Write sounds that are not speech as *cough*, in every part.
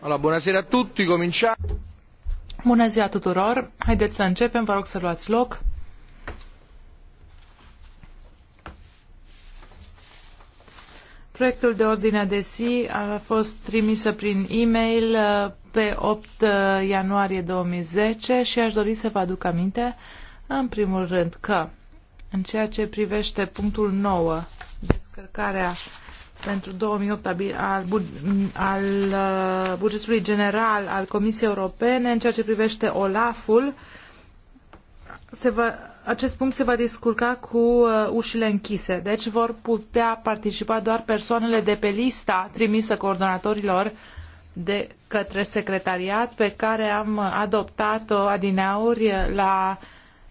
Allora, buonasera a tutti, cominciamo. Bună ziua tuturor! Haideți să începem, vă rog să luați loc. Proiectul de ordine de zi a fost trimisă prin e-mail uh, pe 8 uh, ianuarie 2010 și aș dori să vă aduc aminte, în primul rând, că în ceea ce privește punctul 9, descărcarea pentru 2008 al, al uh, bugetului general al Comisiei Europene în ceea ce privește OLAF-ul. Se va, acest punct se va descurca cu uh, ușile închise, deci vor putea participa doar persoanele de pe lista trimisă coordonatorilor de către secretariat pe care am adoptat-o adineauri la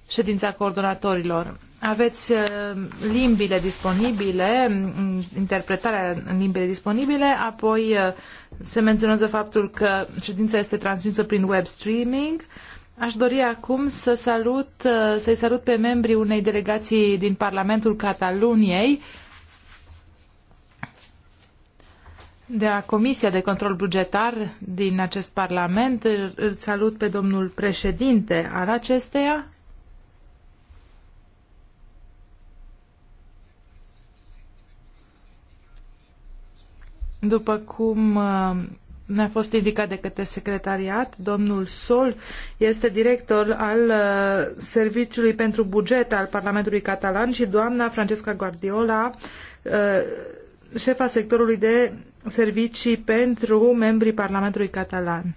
ședința coordonatorilor aveți uh, limbile disponibile, interpretarea în limbile disponibile, apoi uh, se menționează faptul că ședința este transmisă prin web streaming. Aș dori acum să salut, uh, să-i salut pe membrii unei delegații din Parlamentul Cataluniei, de la Comisia de Control Bugetar din acest Parlament. Îl salut pe domnul președinte al acesteia, După cum uh, ne-a fost indicat de către secretariat, domnul Sol este director al uh, Serviciului pentru Buget al Parlamentului Catalan și doamna Francesca Guardiola, uh, șefa sectorului de servicii pentru membrii Parlamentului Catalan.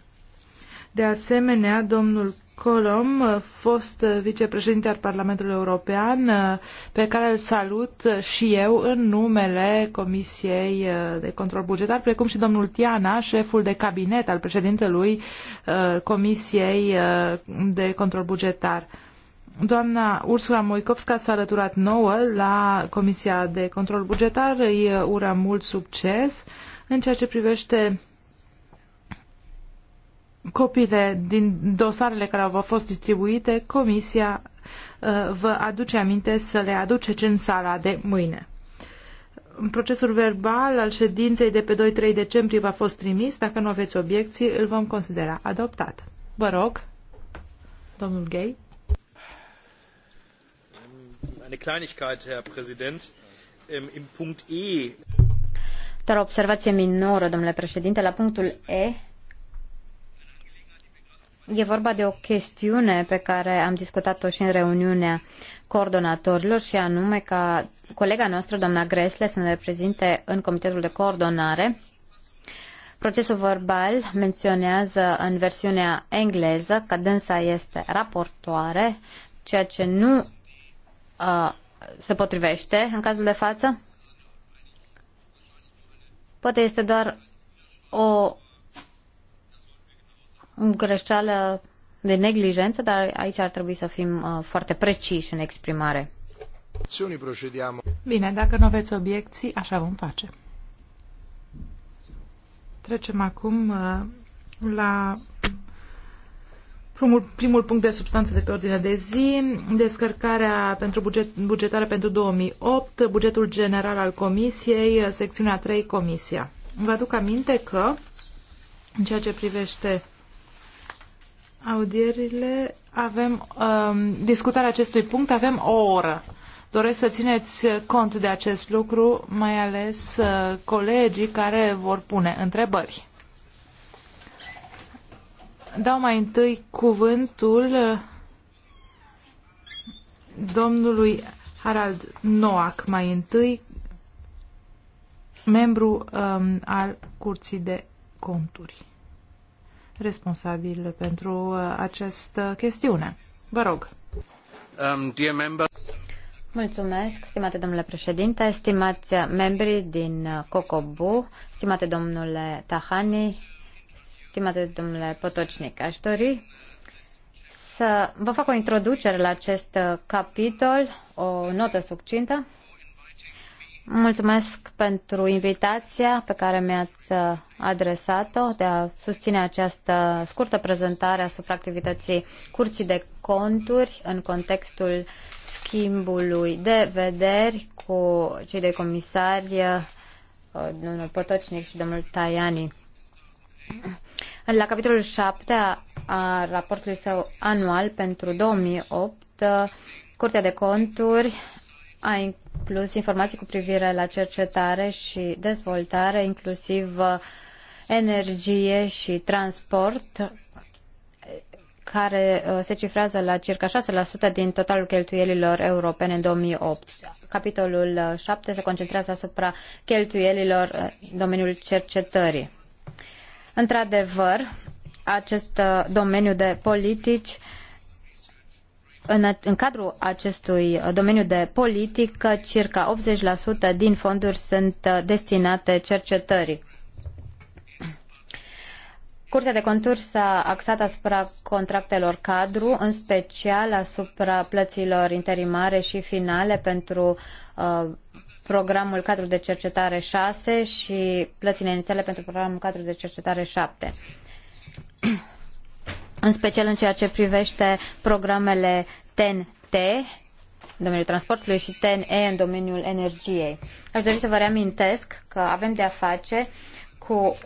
De asemenea, domnul Colom, uh, fost uh, vicepreședinte al Parlamentului European, uh, pe care îl salut și eu în numele Comisiei de Control Bugetar, precum și domnul Tiana, șeful de cabinet al președintelui Comisiei de Control Bugetar. Doamna Ursula Moicovska s-a alăturat nouă la Comisia de Control Bugetar. Îi urăm mult succes în ceea ce privește copiile din dosarele care au fost distribuite, comisia uh, vă aduce aminte să le aduceți în sala de mâine. Procesul verbal al ședinței de pe 2-3 decembrie v-a fost trimis. Dacă nu aveți obiecții, îl vom considera adoptat. Vă rog, domnul Gay. Eine Kleinigkeit, Herr Präsident. Ähm, Im Punkt E. Dar observație minoră, domnule președinte, la punctul E E vorba de o chestiune pe care am discutat-o și în reuniunea coordonatorilor și anume ca colega noastră, doamna Gresle, să ne reprezinte în Comitetul de Coordonare. Procesul verbal menționează în versiunea engleză că dânsa este raportoare, ceea ce nu uh, se potrivește în cazul de față. Poate este doar o greșeală de neglijență, dar aici ar trebui să fim uh, foarte preciși în exprimare. Bine, dacă nu aveți obiecții, așa vom face. Trecem acum uh, la primul, primul punct de substanță de pe ordinea de zi, descărcarea pentru buget, bugetară pentru 2008, bugetul general al Comisiei, secțiunea 3, Comisia. Vă aduc aminte că, în ceea ce privește Audierile avem, um, discutarea acestui punct avem o oră. Doresc să țineți cont de acest lucru, mai ales uh, colegii care vor pune întrebări. Dau mai întâi cuvântul uh, domnului Harald Noack, mai întâi membru um, al Curții de Conturi responsabil pentru uh, această chestiune. Vă rog. Um, dear members. Mulțumesc, stimate domnule președinte, stimați membri din uh, COCOBU, stimate domnule Tahani, stimate domnule Potocnic. Aș dori să vă fac o introducere la acest uh, capitol, o notă succintă. Mulțumesc pentru invitația pe care mi-ați uh, adresat-o de a susține această scurtă prezentare asupra activității Curții de Conturi în contextul schimbului de vederi cu cei de comisari, uh, domnul Potocnic și domnul Taiani. La capitolul 7 a raportului său anual pentru 2008, uh, Curtea de Conturi a inclus informații cu privire la cercetare și dezvoltare, inclusiv uh, energie și transport, care uh, se cifrează la circa 6% din totalul cheltuielilor europene în 2008. Capitolul 7 uh, se concentrează asupra cheltuielilor în domeniul cercetării. Într-adevăr, acest domeniu de politici în, în cadrul acestui uh, domeniu de politică, circa 80% din fonduri sunt uh, destinate cercetării. Curtea de conturi s-a axat asupra contractelor cadru, în special asupra plăților interimare și finale pentru uh, programul cadru de cercetare 6 și plățile inițiale pentru programul cadru de cercetare 7 în special în ceea ce privește programele TEN-T, în domeniul transportului și TNE în domeniul energiei. Aș dori să vă reamintesc că avem de a face cu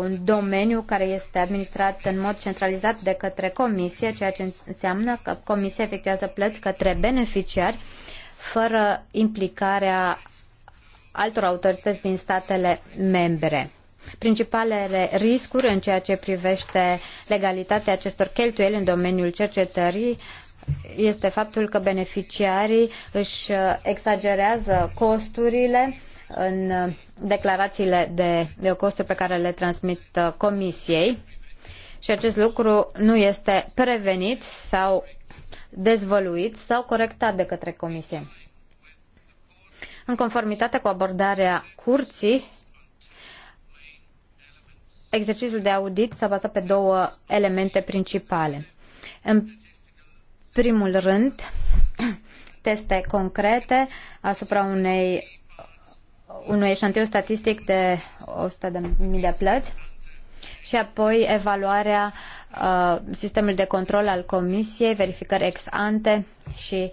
un domeniu care este administrat în mod centralizat de către comisie, ceea ce înseamnă că comisia efectuează plăți către beneficiari fără implicarea altor autorități din statele membre. Principalele riscuri în ceea ce privește legalitatea acestor cheltuieli în domeniul cercetării este faptul că beneficiarii își exagerează costurile în declarațiile de costuri pe care le transmit uh, comisiei și acest lucru nu este prevenit sau dezvăluit sau corectat de către comisie. În conformitate cu abordarea curții, exercițiul de audit s-a bazat pe două elemente principale. În primul rând, *clears throat* teste concrete asupra unei unui eșantion statistic de 100.000 de, de plăți și apoi evaluarea uh, sistemului de control al comisiei, verificări ex ante și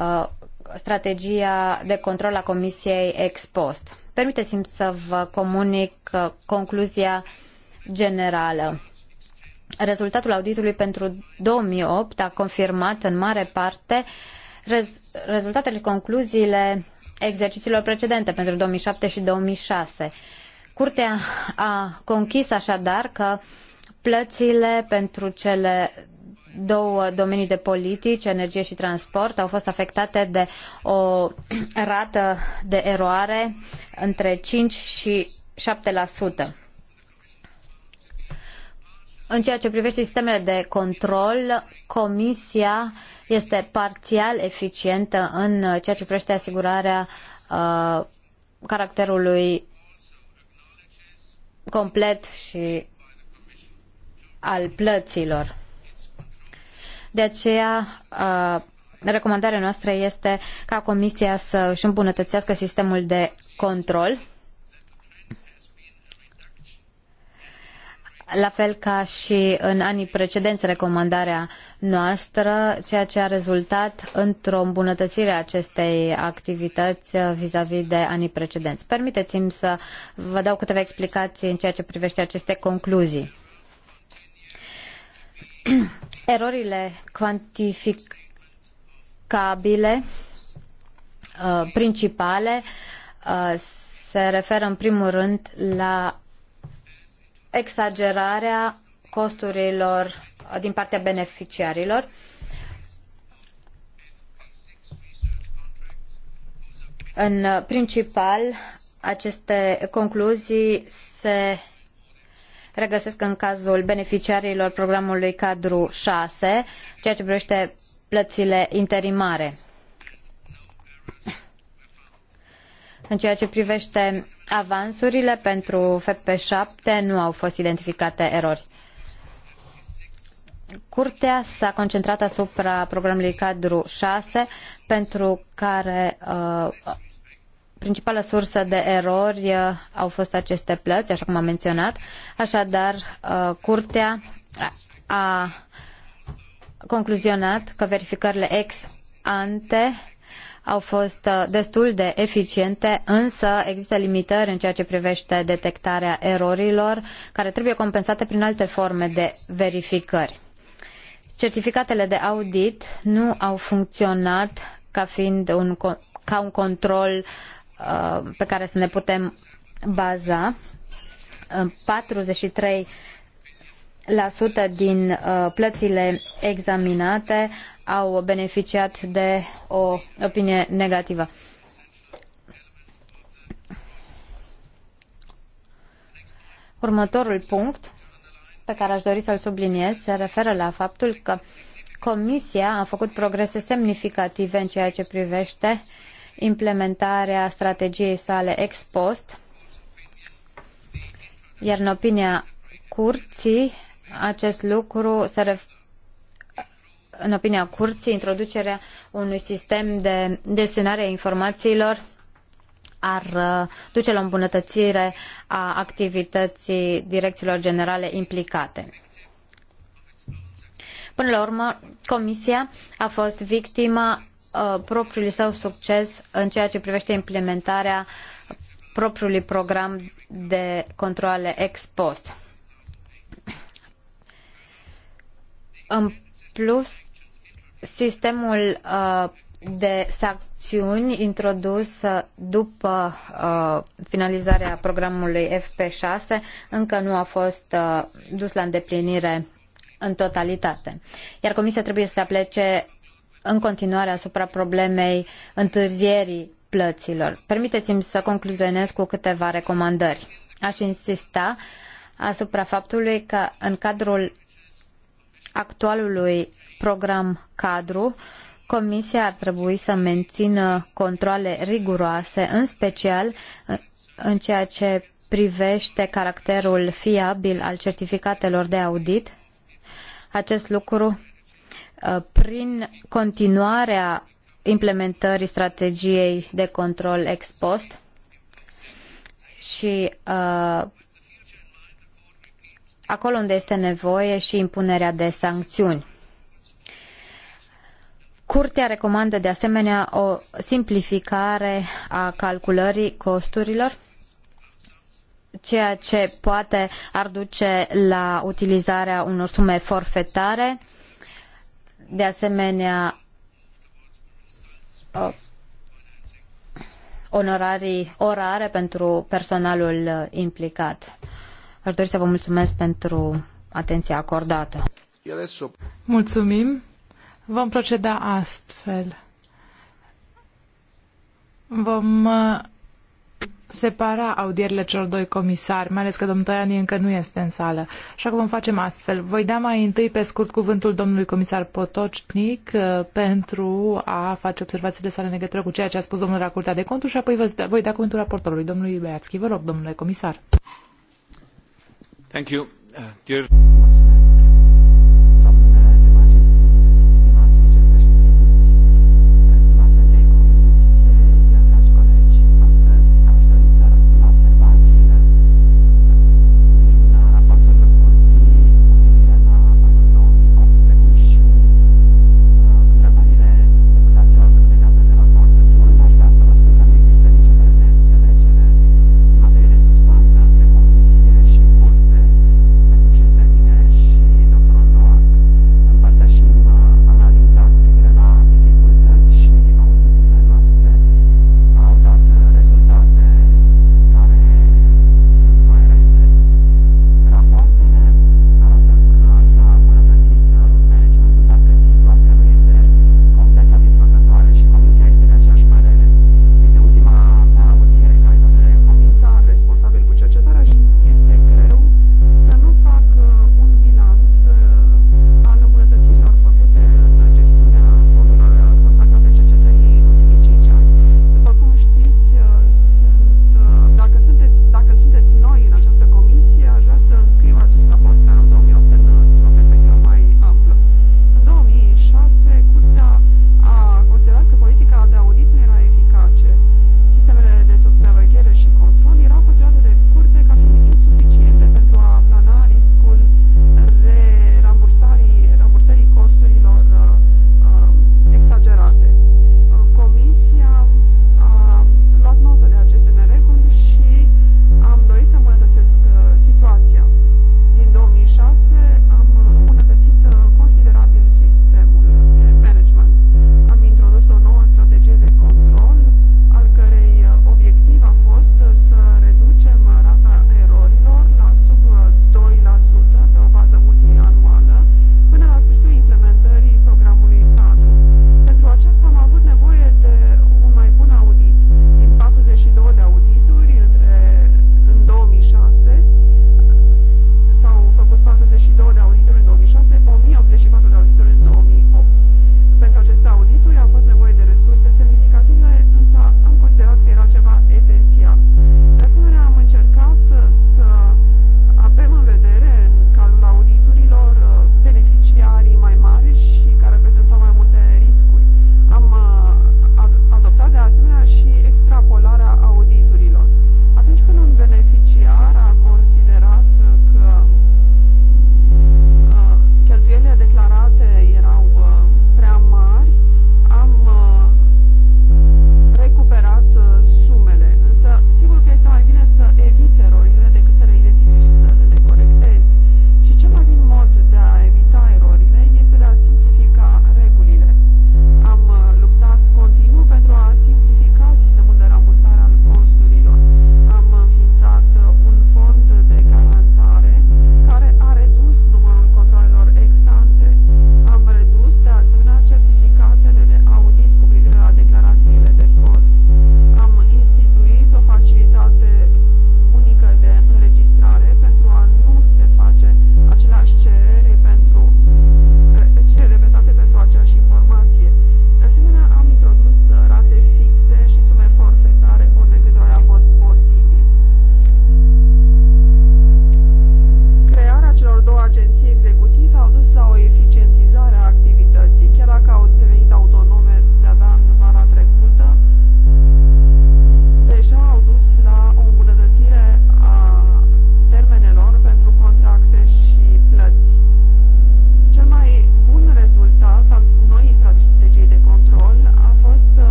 uh, strategia de control a Comisiei ex post. Permiteți-mi să vă comunic uh, concluzia generală. Rezultatul auditului pentru 2008 a confirmat în mare parte rez- rezultatele și concluziile exercițiilor precedente pentru 2007 și 2006. Curtea a conchis așadar că plățile pentru cele două domenii de politici, energie și transport, au fost afectate de o *clears throat* rată de eroare între 5 și 7%. În ceea ce privește sistemele de control, Comisia este parțial eficientă în ceea ce privește asigurarea uh, caracterului complet și al plăților. De aceea, recomandarea noastră este ca Comisia să își îmbunătățească sistemul de control, la fel ca și în anii precedenți recomandarea noastră, ceea ce a rezultat într-o îmbunătățire a acestei activități vis-a-vis de anii precedenți. Permiteți-mi să vă dau câteva explicații în ceea ce privește aceste concluzii erorile cuantificabile uh, principale uh, se referă în primul rând la exagerarea costurilor uh, din partea beneficiarilor. În principal, aceste concluzii se regăsesc în cazul beneficiarilor programului cadru 6, ceea ce privește plățile interimare. În ceea ce privește avansurile pentru FP7, nu au fost identificate erori. Curtea s-a concentrat asupra programului cadru 6, pentru care uh, principală sursă de erori uh, au fost aceste plăți, așa cum am menționat. Așadar, uh, curtea a concluzionat că verificările ex ante au fost uh, destul de eficiente, însă există limitări în ceea ce privește detectarea erorilor, care trebuie compensate prin alte forme de verificări. Certificatele de audit nu au funcționat ca fiind un, ca un control Uh, pe care să ne putem baza. 43 din uh, plățile examinate au beneficiat de o opinie negativă. Următorul punct pe care aș dori să-l subliniez se referă la faptul că Comisia a făcut progrese semnificative în ceea ce privește implementarea strategiei sale ex post, iar în opinia curții, acest lucru se ref- în opinia curții, introducerea unui sistem de gestionare a informațiilor ar uh, duce la îmbunătățire a activității direcțiilor generale implicate. Până la urmă, Comisia a fost victima Uh, propriului său succes în ceea ce privește implementarea propriului program de controle ex post. În plus, sistemul uh, de sancțiuni introdus uh, după uh, finalizarea programului FP6 încă nu a fost uh, dus la îndeplinire în totalitate. Iar Comisia trebuie să se aplece în continuare asupra problemei întârzierii plăților. Permiteți-mi să concluzionez cu câteva recomandări. Aș insista asupra faptului că în cadrul actualului program cadru, Comisia ar trebui să mențină controle riguroase, în special în ceea ce privește caracterul fiabil al certificatelor de audit. Acest lucru Uh, prin continuarea implementării strategiei de control ex post și uh, acolo unde este nevoie și impunerea de sancțiuni. Curtea recomandă de asemenea o simplificare a calculării costurilor, ceea ce poate ar duce la utilizarea unor sume forfetare uh, de asemenea onorarii orare pentru personalul implicat. Aș dori să vă mulțumesc pentru atenția acordată. Mulțumim. Vom proceda astfel. Vom separa audierile celor doi comisari, mai ales că domnul Tăiani încă nu este în sală. Așa că vom facem astfel. Voi da mai întâi pe scurt cuvântul domnului comisar Potocnic uh, pentru a face observațiile sale în legătură cu ceea ce a spus domnul la Curtea de Conturi și apoi vă da- voi da cuvântul raportorului, domnului Beațchi. Vă rog, domnule comisar. Thank you. Uh, dear...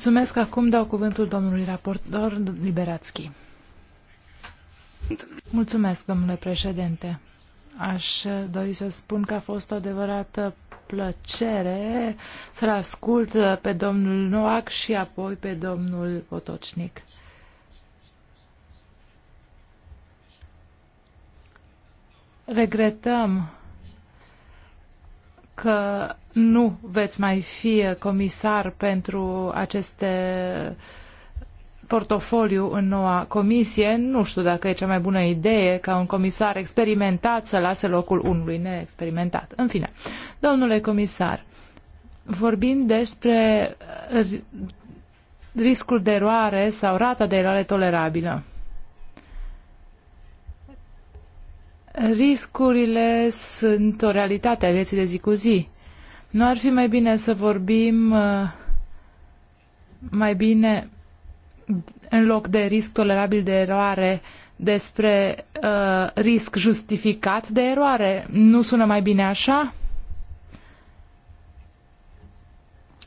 Mulțumesc. Acum dau cuvântul domnului raportor Liberațchi. Mulțumesc, domnule președinte. Aș dori să spun că a fost o adevărată plăcere să-l ascult pe domnul Noac și apoi pe domnul Potocnic. Regretăm că nu veți mai fi comisar pentru aceste portofoliu în noua comisie. Nu știu dacă e cea mai bună idee ca un comisar experimentat să lase locul unului neexperimentat. În fine, domnule comisar, vorbim despre riscul de eroare sau rata de eroare tolerabilă. Riscurile sunt o realitate a vieții de zi cu zi nu ar fi mai bine să vorbim uh, mai bine în loc de risc tolerabil de eroare despre uh, risc justificat de eroare. Nu sună mai bine așa?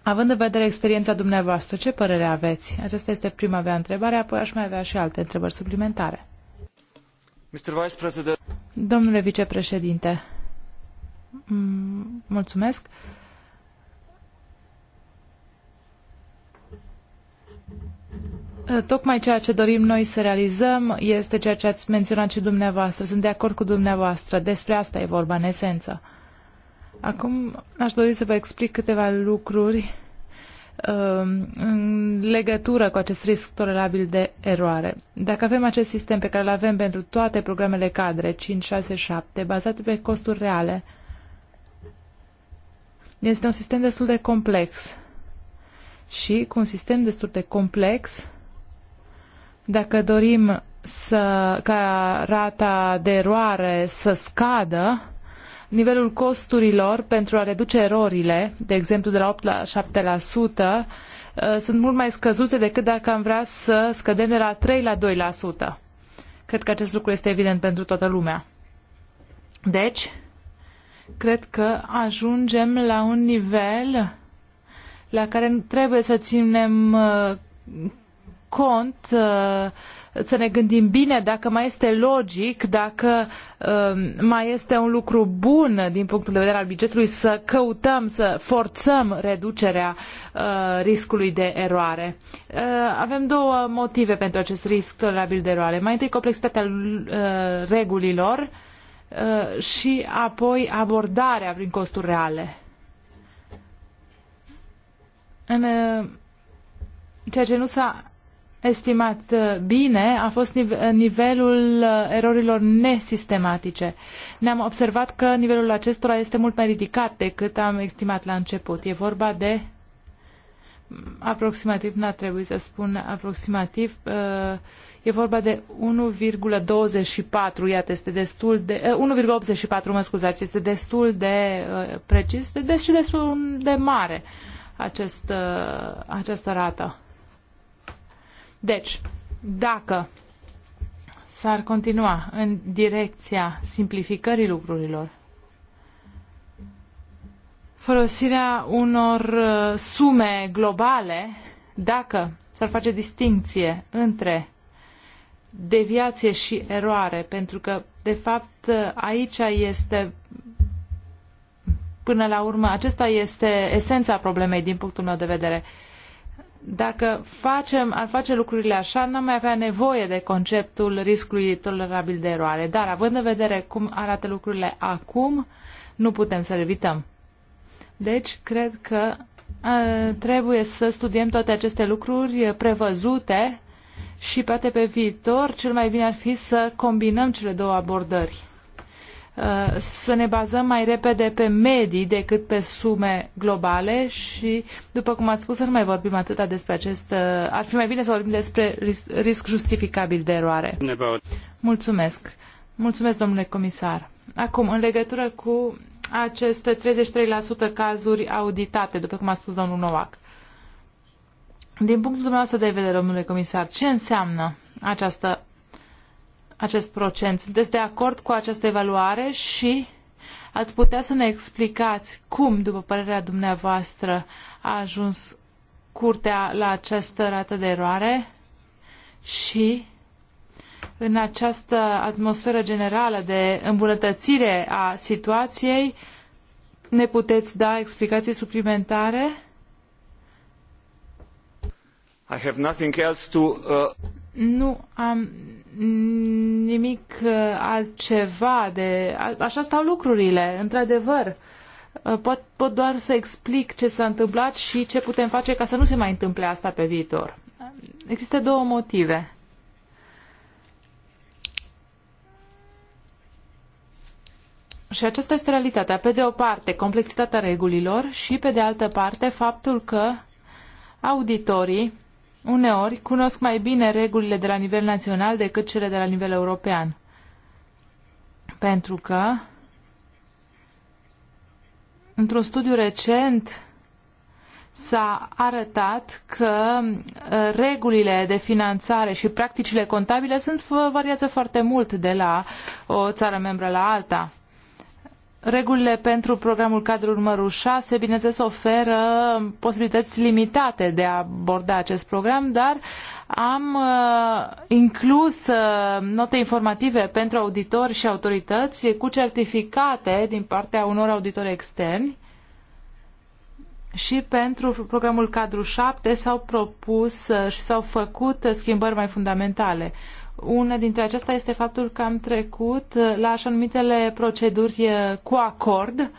Având în vedere experiența dumneavoastră, ce părere aveți? Aceasta este prima mea întrebare, apoi aș mai avea și alte întrebări suplimentare. Mr. Vice President. Domnule vicepreședinte, Mm, mulțumesc. Eh, tocmai ceea ce dorim noi să realizăm este ceea ce ați menționat și dumneavoastră. Sunt de acord cu dumneavoastră. Despre asta e vorba, în esență. Acum aș dori să vă explic câteva lucruri eh, în legătură cu acest risc tolerabil de eroare. Dacă avem acest sistem pe care îl avem pentru toate programele cadre 5, 6, 7, bazate pe costuri reale, este un sistem destul de complex. Și cu un sistem destul de complex, dacă dorim să, ca rata de eroare să scadă, nivelul costurilor pentru a reduce erorile, de exemplu de la 8 la 7%, uh, sunt mult mai scăzute decât dacă am vrea să scădem de la 3 la 2%. Cred că acest lucru este evident pentru toată lumea. Deci, cred că ajungem la un nivel la care trebuie să ținem uh, cont, uh, să ne gândim bine dacă mai este logic, dacă uh, mai este un lucru bun din punctul de vedere al bugetului să căutăm, să forțăm reducerea riscului de eroare. Avem două motive pentru acest risc tolerabil de eroare. Mai întâi, complexitatea regulilor Uh, și apoi abordarea prin costuri reale. În uh, ceea ce nu s-a estimat uh, bine a fost nivelul erorilor nesistematice. Ne-am observat că nivelul acestora este mult mai ridicat decât am estimat la început. E vorba de mm, aproximativ, n-ar trebui să spun aproximativ, E vorba de 1,24, iată, este destul de... 1,84, eh, mă scuzați, este destul de eh, precis, precis, de des și destul de mare acest, eh, această rată. Deci, dacă s-ar continua în direcția simplificării lucrurilor, folosirea unor sume globale, dacă s-ar face distinție între deviație și eroare, pentru că, de fapt, aici este, până la urmă, acesta este esența problemei din punctul meu de vedere. Dacă facem, ar face lucrurile așa, n-am mai avea nevoie de conceptul riscului tolerabil de eroare. Dar, având în vedere cum arată lucrurile acum, nu putem să evităm. Deci, cred că trebuie să studiem toate aceste lucruri prevăzute și poate pe viitor cel mai bine ar fi să combinăm cele două abordări. Uh, să ne bazăm mai repede pe medii decât pe sume globale și, după cum ați spus, să nu mai vorbim atâta despre acest... Uh, ar fi mai bine să vorbim despre risc justificabil de eroare. Mulțumesc. Mulțumesc, domnule comisar. Acum, în legătură cu aceste 33% cazuri auditate, după cum a spus domnul Novac. Din punctul dumneavoastră de vedere, domnule comisar, ce înseamnă această, acest procent? Sunteți de acord cu această evaluare și ați putea să ne explicați cum, după părerea dumneavoastră, a ajuns curtea la această rată de eroare și în această atmosferă generală de îmbunătățire a situației, ne puteți da explicații suplimentare? I have nothing else to, uh... Nu am nimic uh, altceva de... Așa stau lucrurile, într-adevăr. Uh, pot, pot doar să explic ce s-a întâmplat și ce putem face ca să nu se mai întâmple asta pe viitor. Există două motive. Și aceasta este realitatea. Pe de o parte, complexitatea regulilor și pe de altă parte, faptul că auditorii uneori cunosc mai bine regulile de la nivel național decât cele de la nivel european. Pentru că într-un studiu recent s-a arătat că uh, regulile de finanțare și practicile contabile sunt variază foarte mult de la o țară membră la alta. Regulile pentru programul cadru numărul 6, bineînțeles, oferă posibilități limitate de a aborda acest program, dar am uh, inclus uh, note informative pentru auditori și autorități cu certificate din partea unor auditori externi și pentru programul cadru 7 s-au propus uh, și s-au făcut schimbări mai fundamentale. Una dintre acestea este faptul că am trecut la așa numitele proceduri eh, cu acord. Eh,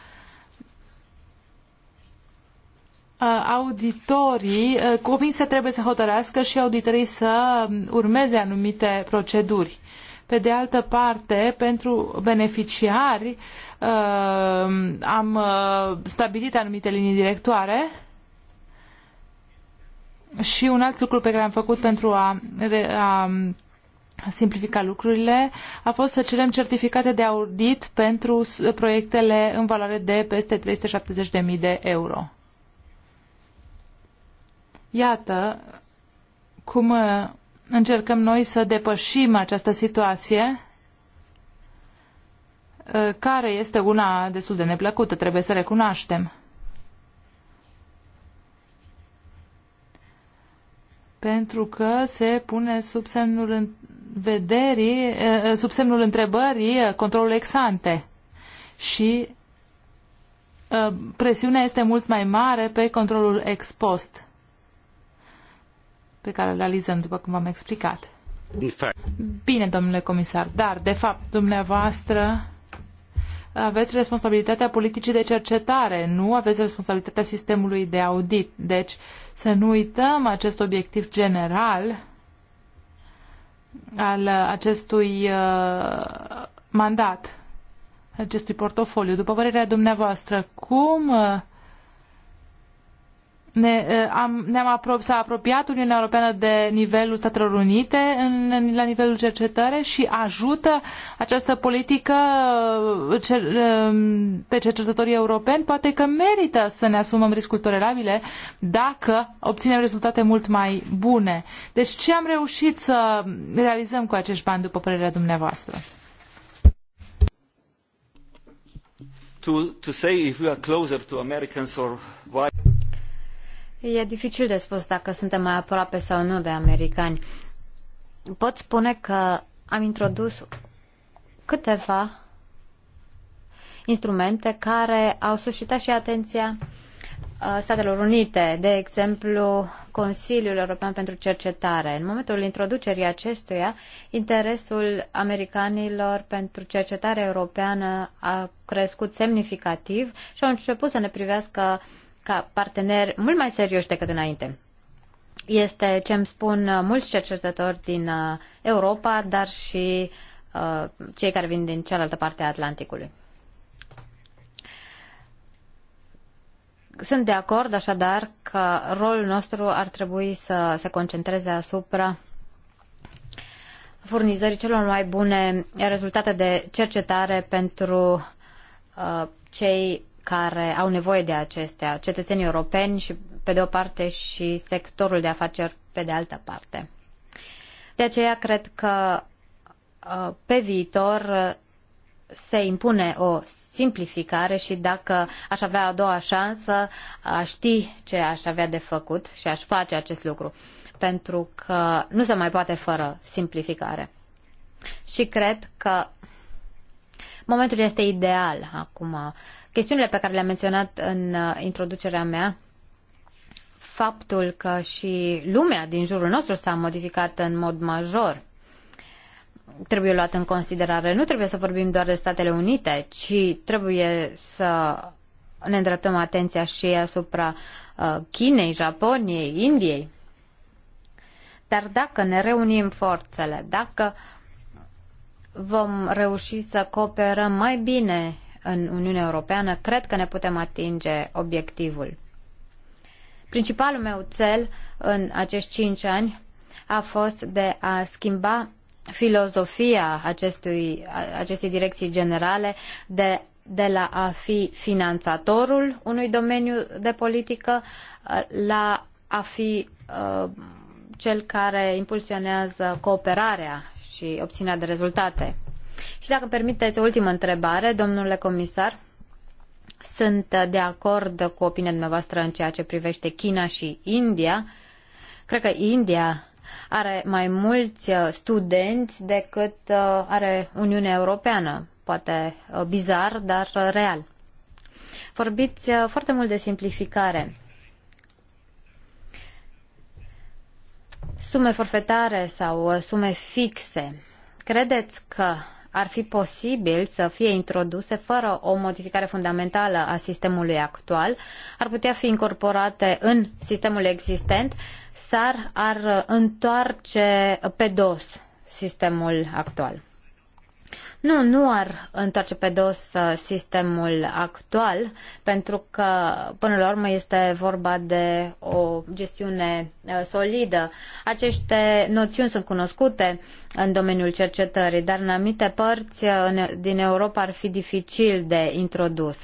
auditorii, eh, comisia trebuie să hotărească și auditorii să urmeze anumite proceduri. Pe de altă parte, pentru beneficiari am stabilit anumite linii directoare și un alt lucru pe care am făcut pentru a, a simplifica lucrurile a fost să cerem certificate de audit pentru proiectele în valoare de peste 370.000 de euro. Iată cum uh, încercăm noi să depășim această situație uh, care este una destul de neplăcută, trebuie să recunoaștem. pentru că se pune sub semnul vederii, sub semnul întrebării, controlul ex-ante. Și presiunea este mult mai mare pe controlul ex-post pe care îl realizăm, după cum v-am explicat. Bine, domnule comisar, dar, de fapt, dumneavoastră aveți responsabilitatea politicii de cercetare, nu aveți responsabilitatea sistemului de audit. Deci, să nu uităm acest obiectiv general al acestui uh, mandat, acestui portofoliu. După părerea dumneavoastră, cum uh, ne, am, ne-am apro- s-a apropiat Uniunea Europeană de nivelul Statelor Unite în, în, la nivelul cercetării și ajută această politică cer, pe cercetătorii europeni. Poate că merită să ne asumăm riscuri tolerabile dacă obținem rezultate mult mai bune. Deci ce am reușit să realizăm cu acești bani, după părerea dumneavoastră? To, to say if we are closer to Americans or why... E dificil de spus dacă suntem mai aproape sau nu de americani. Pot spune că am introdus câteva instrumente care au suscitat și atenția uh, Statelor Unite, de exemplu Consiliul European pentru Cercetare. În momentul introducerii acestuia, interesul americanilor pentru cercetare europeană a crescut semnificativ și au început să ne privească uh, ca parteneri mult mai serioși decât înainte. Este ce îmi spun uh, mulți cercetători din uh, Europa, dar și uh, cei care vin din cealaltă parte a Atlanticului. Sunt de acord, așadar, că rolul nostru ar trebui să se concentreze asupra furnizării celor mai bune rezultate de cercetare pentru uh, cei care au nevoie de acestea, cetățenii europeni și pe de o parte și sectorul de afaceri pe de altă parte. De aceea cred că uh, pe viitor uh, se impune o simplificare și dacă aș avea a doua șansă, aș ști ce aș avea de făcut și aș face acest lucru. Pentru că nu se mai poate fără simplificare. Și cred că Momentul este ideal acum. Chestiunile pe care le-am menționat în uh, introducerea mea, faptul că și lumea din jurul nostru s-a modificat în mod major, trebuie luat în considerare. Nu trebuie să vorbim doar de Statele Unite, ci trebuie să ne îndreptăm atenția și asupra uh, Chinei, Japoniei, Indiei. Dar dacă ne reunim forțele, dacă uh, vom reuși să cooperăm mai bine în Uniunea Europeană, cred că ne putem atinge obiectivul. Principalul meu cel în acești cinci ani a fost de a schimba filozofia acestui, acestei direcții generale de, de la a fi finanțatorul unui domeniu de politică la a fi uh, cel care impulsionează cooperarea și obținerea de rezultate. Și dacă permiteți o ultimă întrebare, domnule comisar, sunt de acord cu opinia dumneavoastră în ceea ce privește China și India. Cred că India are mai mulți uh, studenți decât uh, are Uniunea Europeană. Poate uh, bizar, dar real. Vorbiți foarte mult de simplificare. sume forfetare sau uh, sume fixe, credeți că ar fi posibil să fie introduse fără o modificare fundamentală a sistemului actual, ar putea fi incorporate în sistemul existent, s-ar ar întoarce pe dos sistemul actual. Nu, nu ar întoarce pe dos uh, sistemul actual, pentru că, până la urmă, este vorba de o gestiune uh, solidă. Aceste noțiuni sunt cunoscute în domeniul cercetării, dar în anumite părți uh, din Europa ar fi dificil de introdus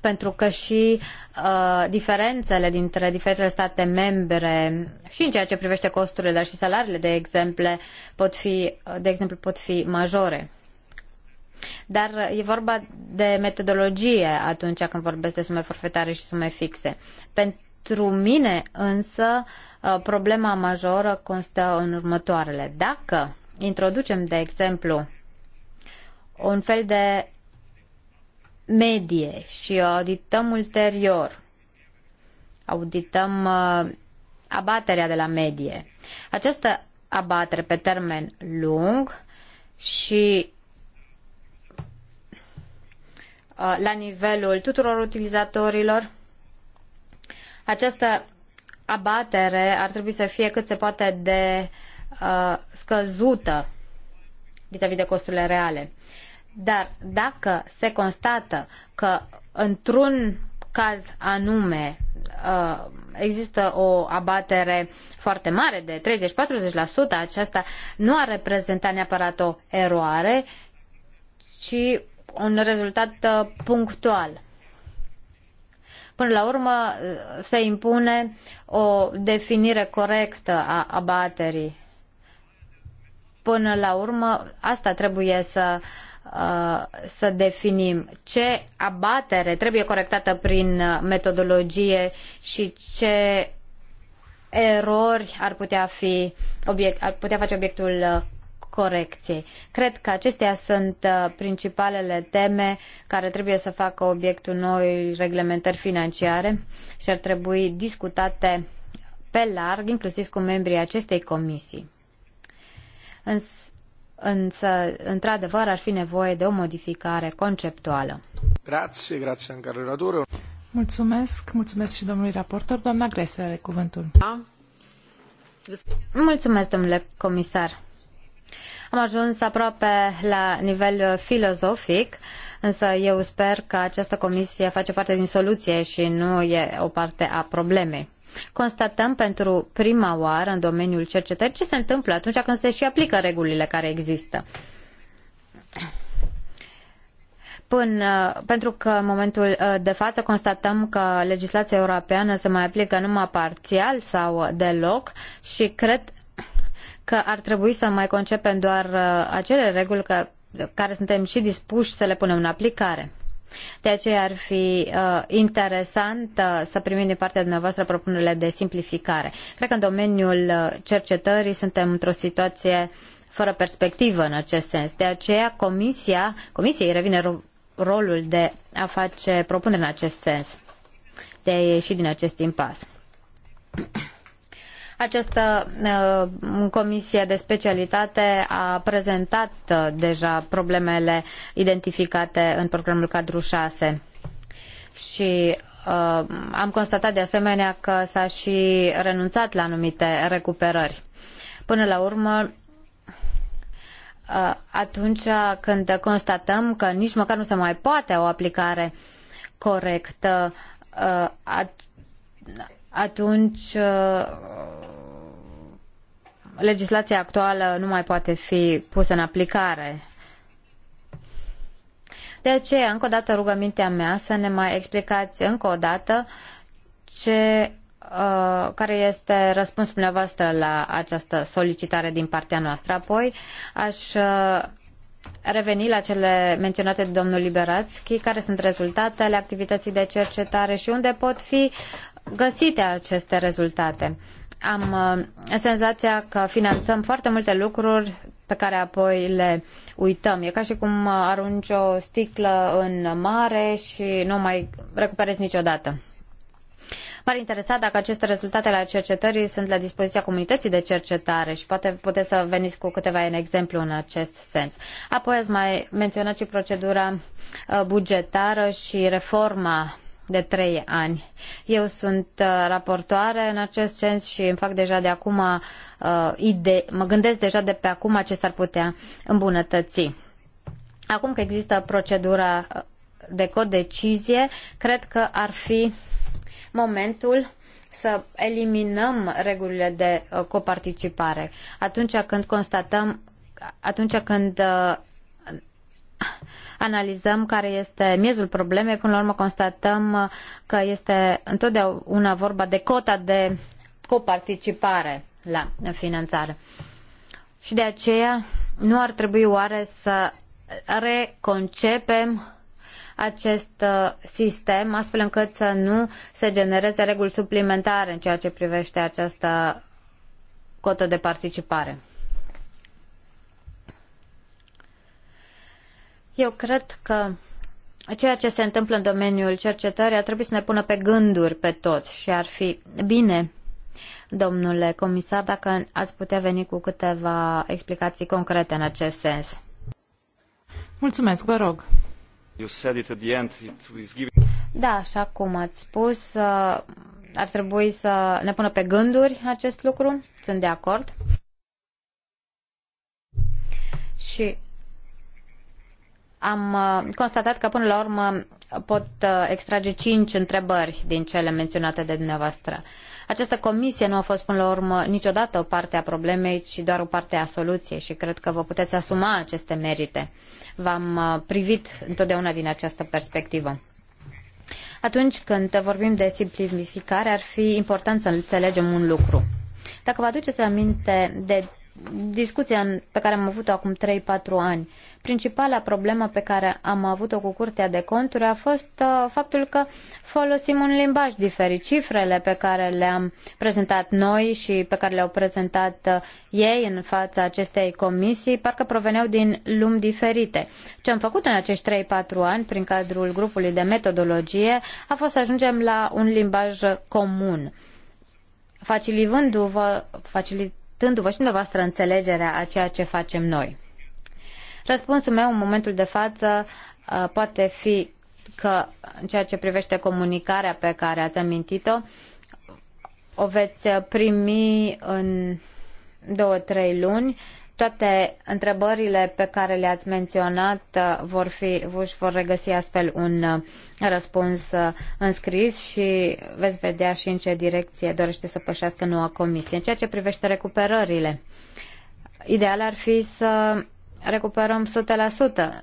pentru că și uh, diferențele dintre diferitele state membre și în ceea ce privește costurile, dar și salariile, de exemplu, pot fi, de exemplu, pot fi majore. Dar e vorba de metodologie atunci când vorbesc de sume forfetare și sume fixe. Pentru mine însă uh, problema majoră constă în următoarele. Dacă introducem, de exemplu, un fel de medie și o audităm ulterior. Audităm uh, abaterea de la medie. Această abatere pe termen lung și uh, la nivelul tuturor utilizatorilor, această abatere ar trebui să fie cât se poate de uh, scăzută vis-a-vis -vis de costurile reale. Dar dacă se constată că într-un caz anume uh, există o abatere foarte mare de 30-40%, aceasta nu ar reprezenta neapărat o eroare, ci un rezultat uh, punctual. Până la urmă uh, se impune o definire corectă a abaterii. Până la urmă asta trebuie să uh, Uh, să definim ce abatere trebuie corectată prin metodologie și ce erori ar putea, fi, obiect, ar putea face obiectul uh, corecției. Cred că acestea sunt uh, principalele teme care trebuie să facă obiectul noi reglementări financiare și ar trebui discutate pe larg, inclusiv cu membrii acestei comisii. Însă, însă, într-adevăr, ar fi nevoie de o modificare conceptuală. Grazie, grazie anche relatore. Mulțumesc, mulțumesc și domnului raportor. Doamna Gresler are cuvântul. Mulțumesc, domnule comisar. Am ajuns aproape la nivel filozofic, însă eu sper că această comisie face parte din soluție și nu e o parte a problemei constatăm pentru prima oară în domeniul cercetării ce se întâmplă atunci când se și aplică regulile care există. Până, pentru că în momentul uh, de față constatăm că legislația europeană se mai aplică numai parțial sau deloc și cred că ar trebui să mai concepem doar uh, acele reguli că, care suntem și dispuși să le punem în aplicare. De aceea ar fi uh, interesant uh, să primim din partea dumneavoastră propunerile de simplificare. Cred că în domeniul uh, cercetării suntem într-o situație fără perspectivă în acest sens. De aceea comisia, comisiei revine rolul de a face propuneri în acest sens, de a ieși din acest impas. Această uh, comisie de specialitate a prezentat uh, deja problemele identificate în programul cadru 6 și uh, am constatat de asemenea că s-a și renunțat la anumite recuperări. Până la urmă, uh, atunci când constatăm că nici măcar nu se mai poate o aplicare corectă, atunci uh, legislația actuală nu mai poate fi pusă în aplicare. De aceea, încă o dată rugămintea mea să ne mai explicați încă o dată ce, uh, care este răspunsul dumneavoastră la această solicitare din partea noastră. Apoi aș uh, reveni la cele menționate de domnul Liberațchi, care sunt rezultatele activității de cercetare și unde pot fi găsite aceste rezultate. Am uh, senzația că finanțăm foarte multe lucruri pe care apoi le uităm. E ca și cum uh, arunci o sticlă în mare și nu mai recuperezi niciodată. M-ar interesa dacă aceste rezultate ale cercetării sunt la dispoziția comunității de cercetare și poate puteți să veniți cu câteva în exemplu în acest sens. Apoi ați mai menționat și procedura uh, bugetară și reforma de trei ani. Eu sunt uh, raportoare în acest sens și îmi fac deja de acum uh, idei, mă gândesc deja de pe acum ce s-ar putea îmbunătăți. Acum că există procedura uh, de codecizie, cred că ar fi momentul să eliminăm regulile de uh, coparticipare. Atunci când constatăm atunci când analizăm care este miezul problemei, până la urmă constatăm că este întotdeauna vorba de cota de coparticipare la finanțare. Și de aceea nu ar trebui oare să reconcepem acest uh, sistem astfel încât să nu se genereze reguli suplimentare în ceea ce privește această cotă de participare. Eu cred că ceea ce se întâmplă în domeniul cercetării ar trebui să ne pună pe gânduri pe toți și ar fi bine, domnule comisar, dacă ați putea veni cu câteva explicații concrete în acest sens. Mulțumesc, vă rog. Da, așa cum ați spus, uh, ar trebui să ne pună pe gânduri acest lucru. Sunt de acord. Și am uh, constatat că până la urmă pot uh, extrage cinci întrebări din cele menționate de dumneavoastră. Această comisie nu a fost până la urmă niciodată o parte a problemei, ci doar o parte a soluției și cred că vă puteți asuma aceste merite. V-am uh, privit întotdeauna din această perspectivă. Atunci când vorbim de simplificare, ar fi important să înțelegem un lucru. Dacă vă aduceți aminte de discuția pe care am avut-o acum 3-4 ani. Principala problemă pe care am avut-o cu Curtea de Conturi a fost uh, faptul că folosim un limbaj diferit. Cifrele pe care le-am prezentat noi și pe care le-au prezentat uh, ei în fața acestei comisii parcă proveneau din lumi diferite. Ce am făcut în acești 3-4 ani prin cadrul grupului de metodologie a fost să ajungem la un limbaj comun facilitându-vă, facilitându vă facilit dându-vă și dumneavoastră înțelegerea a ceea ce facem noi. Răspunsul meu în momentul de față uh, poate fi că în ceea ce privește comunicarea pe care ați amintit-o, o veți primi în două-trei luni toate întrebările pe care le-ați menționat uh, vor fi, își vor regăsi astfel un uh, răspuns uh, înscris și veți vedea și în ce direcție dorește să pășească noua comisie. În ceea ce privește recuperările, ideal ar fi să recuperăm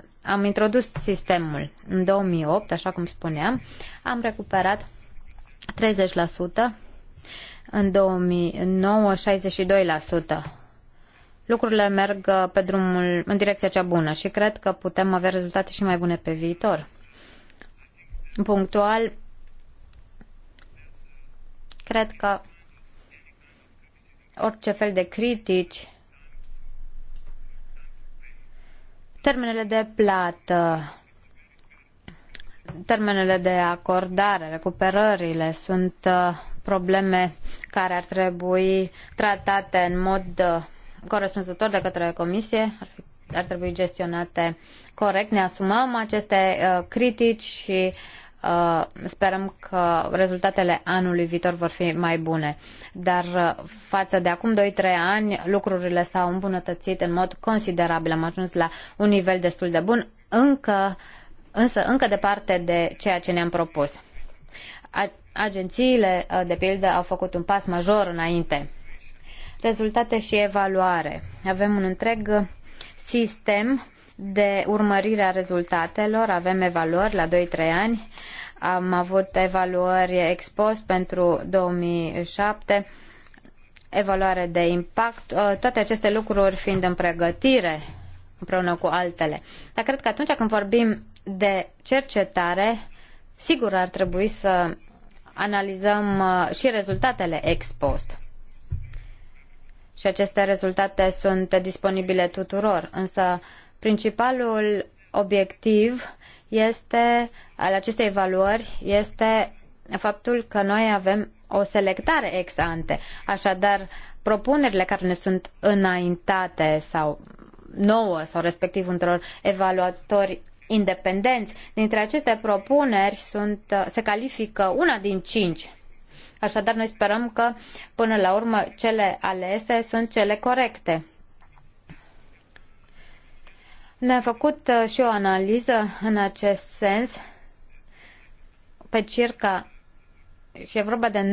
100%. Am introdus sistemul în 2008, așa cum spuneam, am recuperat 30%, în 2009 62% lucrurile merg uh, pe drumul, în direcția cea bună și cred că putem avea rezultate și mai bune pe viitor. Punctual, cred că orice fel de critici, termenele de plată, termenele de acordare, recuperările sunt uh, probleme care ar trebui tratate în mod uh, corespunzător de către Comisie ar, fi, ar trebui gestionate corect. Ne asumăm aceste uh, critici și uh, sperăm că rezultatele anului viitor vor fi mai bune. Dar uh, față de acum 2-3 ani, lucrurile s-au îmbunătățit în mod considerabil. Am ajuns la un nivel destul de bun, încă, însă încă departe de ceea ce ne-am propus. A, agențiile, uh, de pildă, au făcut un pas major înainte rezultate și evaluare. Avem un întreg sistem de urmărire a rezultatelor, avem evaluări la 2-3 ani, am avut evaluări expost pentru 2007, evaluare de impact, ă, toate aceste lucruri fiind în pregătire împreună cu altele. Dar cred că atunci când vorbim de cercetare, sigur ar trebui să analizăm ă, și rezultatele ex post și aceste rezultate sunt disponibile tuturor. Însă principalul obiectiv este, al acestei evaluări este faptul că noi avem o selectare ex ante. Așadar, propunerile care ne sunt înaintate sau nouă sau respectiv într un evaluatori independenți, dintre aceste propuneri sunt, se califică una din cinci Așadar, noi sperăm că, până la urmă, cele alese sunt cele corecte. Ne-a făcut uh, și o analiză în acest sens pe circa, și e vorba de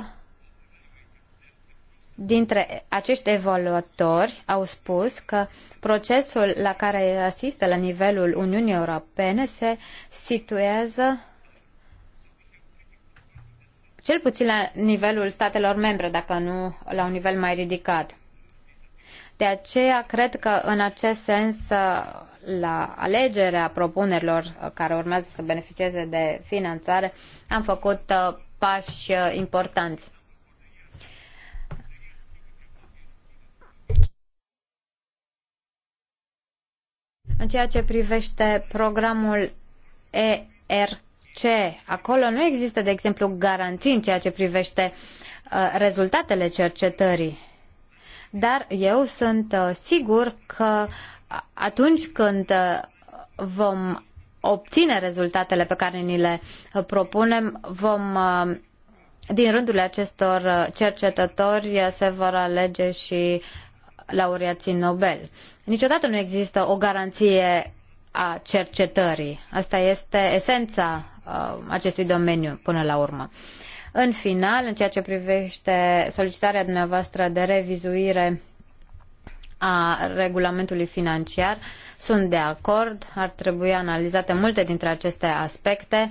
90% dintre acești evaluatori au spus că procesul la care asistă la nivelul Uniunii Europene se situează cel puțin la nivelul statelor membre, dacă nu la un nivel mai ridicat. De aceea cred că în acest sens la alegerea propunerilor uh, care urmează să beneficieze de finanțare am făcut uh, pași uh, importanți. În ceea ce privește programul ER ce acolo nu există, de exemplu, garanții în ceea ce privește uh, rezultatele cercetării. Dar eu sunt uh, sigur că atunci când uh, vom obține rezultatele pe care ni le uh, propunem, vom uh, din rândul acestor uh, cercetători se vor alege și laureații Nobel. Niciodată nu există o garanție a cercetării. Asta este esența Uh, acestui domeniu până la urmă. În final, în ceea ce privește solicitarea dumneavoastră de revizuire a regulamentului financiar, sunt de acord, ar trebui analizate multe dintre aceste aspecte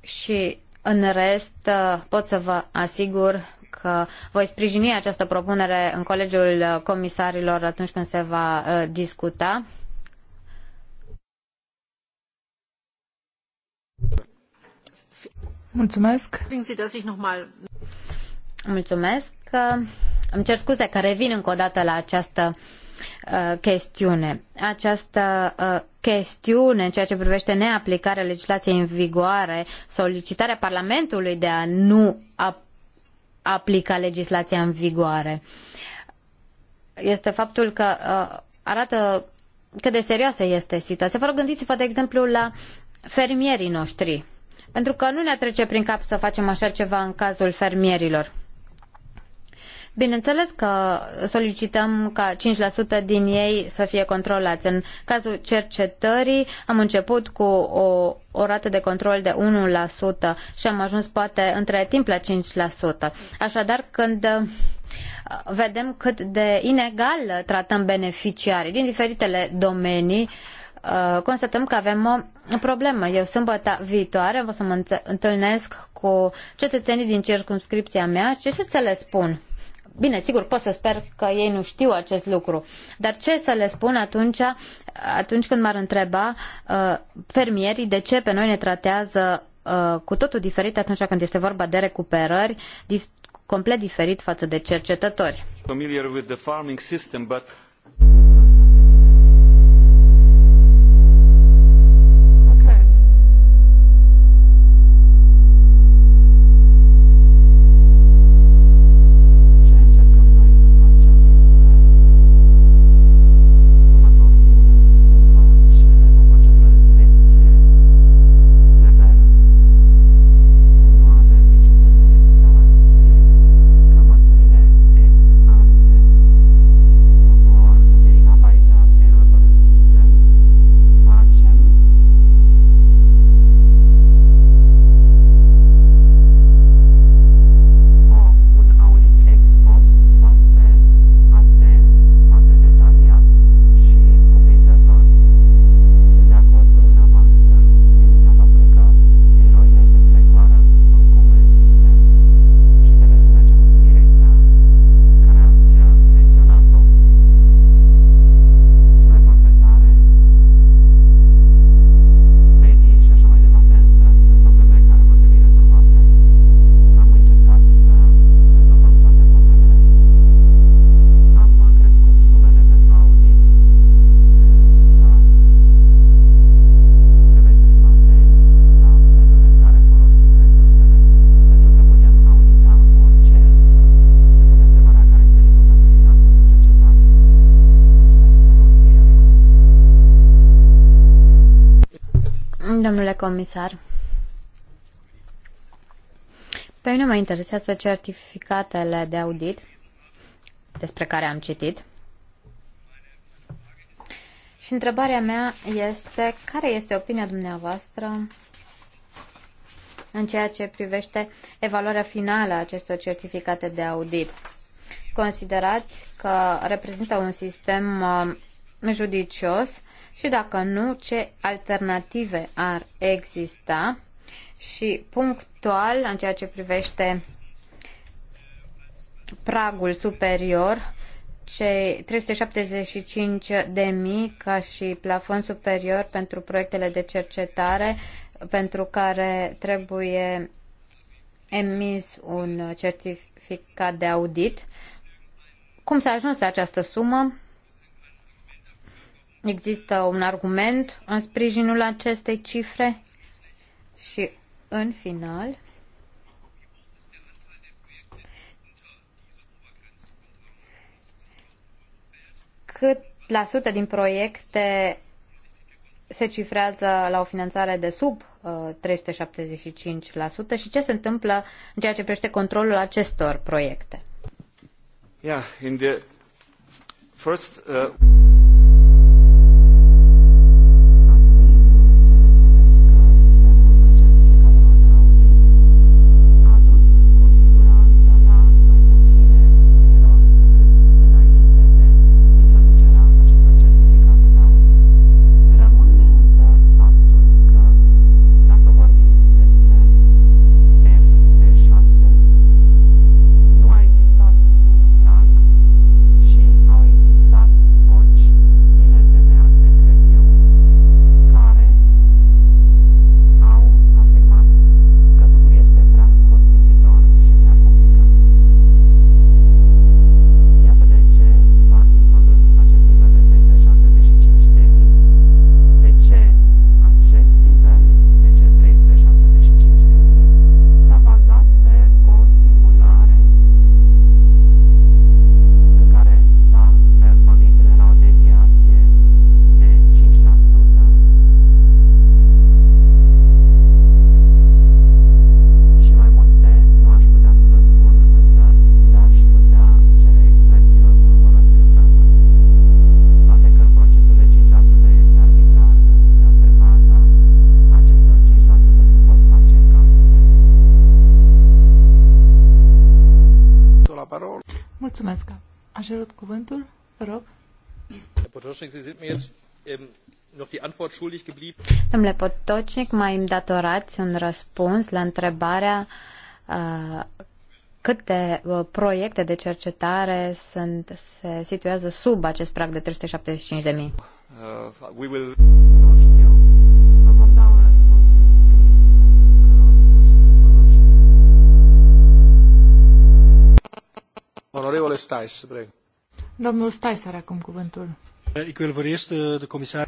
și în rest uh, pot să vă asigur că voi sprijini această propunere în Colegiul Comisarilor atunci când se va uh, discuta. Mulțumesc. Mulțumesc. Îmi cer scuze că revin încă o dată la această uh, chestiune. Această uh, chestiune în ceea ce privește neaplicarea legislației în vigoare, solicitarea Parlamentului de a nu ap- aplica legislația în vigoare, este faptul că uh, arată cât de serioasă este situația. Vă rog, gândiți-vă, de exemplu, la fermierii noștri pentru că nu ne trece prin cap să facem așa ceva în cazul fermierilor. Bineînțeles că solicităm ca 5% din ei să fie controlați. În cazul cercetării am început cu o, o rată de control de 1% și am ajuns poate între timp la 5%. Așadar, când uh, vedem cât de inegal tratăm beneficiarii din diferitele domenii, uh, Uh, constatăm că avem o problemă. Eu sâmbătă viitoare o să mă întâlnesc cu cetățenii din circunscripția mea și ce să le spun? Bine, sigur, pot să sper că ei nu știu acest lucru, dar ce să le spun atunci, atunci când m-ar întreba uh, fermierii de ce pe noi ne tratează uh, cu totul diferit atunci când este vorba de recuperări, dif- complet diferit față de cercetători. Familiar with the farming system, but domnule comisar. Pe mine mă interesează certificatele de audit despre care am citit. Și întrebarea mea este, care este opinia dumneavoastră în ceea ce privește evaluarea finală a acestor certificate de audit? Considerați că reprezintă un sistem uh, judicios și dacă nu, ce alternative ar exista și punctual în ceea ce privește pragul superior, cei 375 de mii ca și plafon superior pentru proiectele de cercetare pentru care trebuie emis un certificat de audit. Cum s-a ajuns la această sumă? Există un argument în sprijinul acestei cifre? Și în final, cât la sută din proiecte se cifrează la o finanțare de sub 375% uh, și ce se întâmplă în ceea ce privește controlul acestor proiecte? Yeah, in the first, uh... Ähm, Domnule Potocnic, mai îmi datorați un răspuns la întrebarea uh, câte uh, proiecte de cercetare sunt, se situează sub acest prag de 375.000? Uh, Onorevole Stais, prego. Domnul Stai are acum cuvântul. Eh, ik wil voor eerst eh, de commissaris...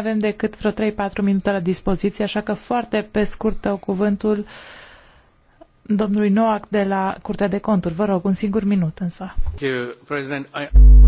mai avem decât vreo 3-4 minute la dispoziție, așa că foarte pe scurt tău cuvântul domnului Noac de la Curtea de Conturi. Vă rog, un singur minut însă. Thank you,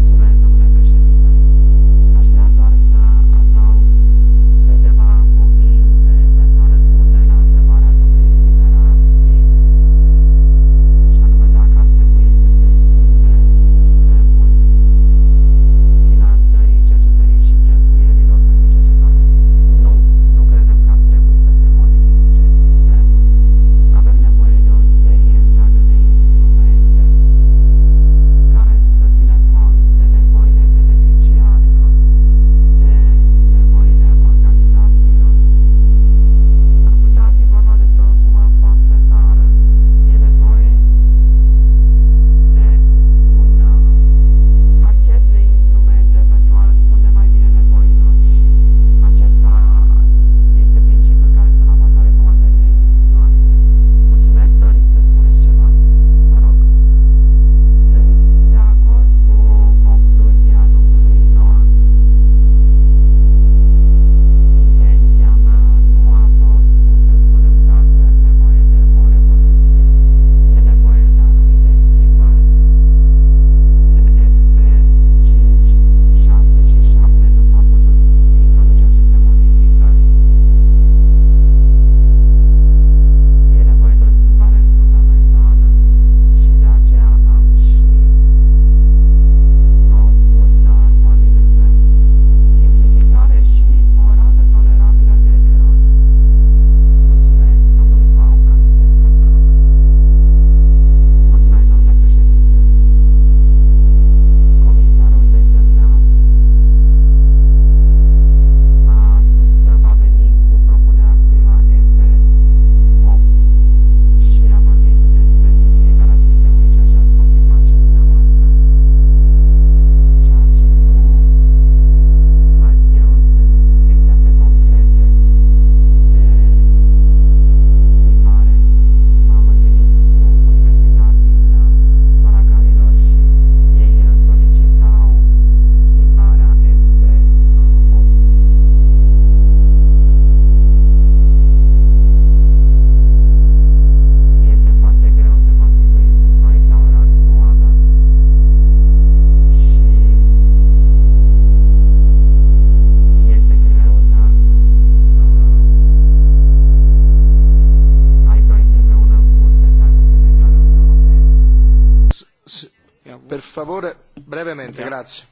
brevemente, da. grazie.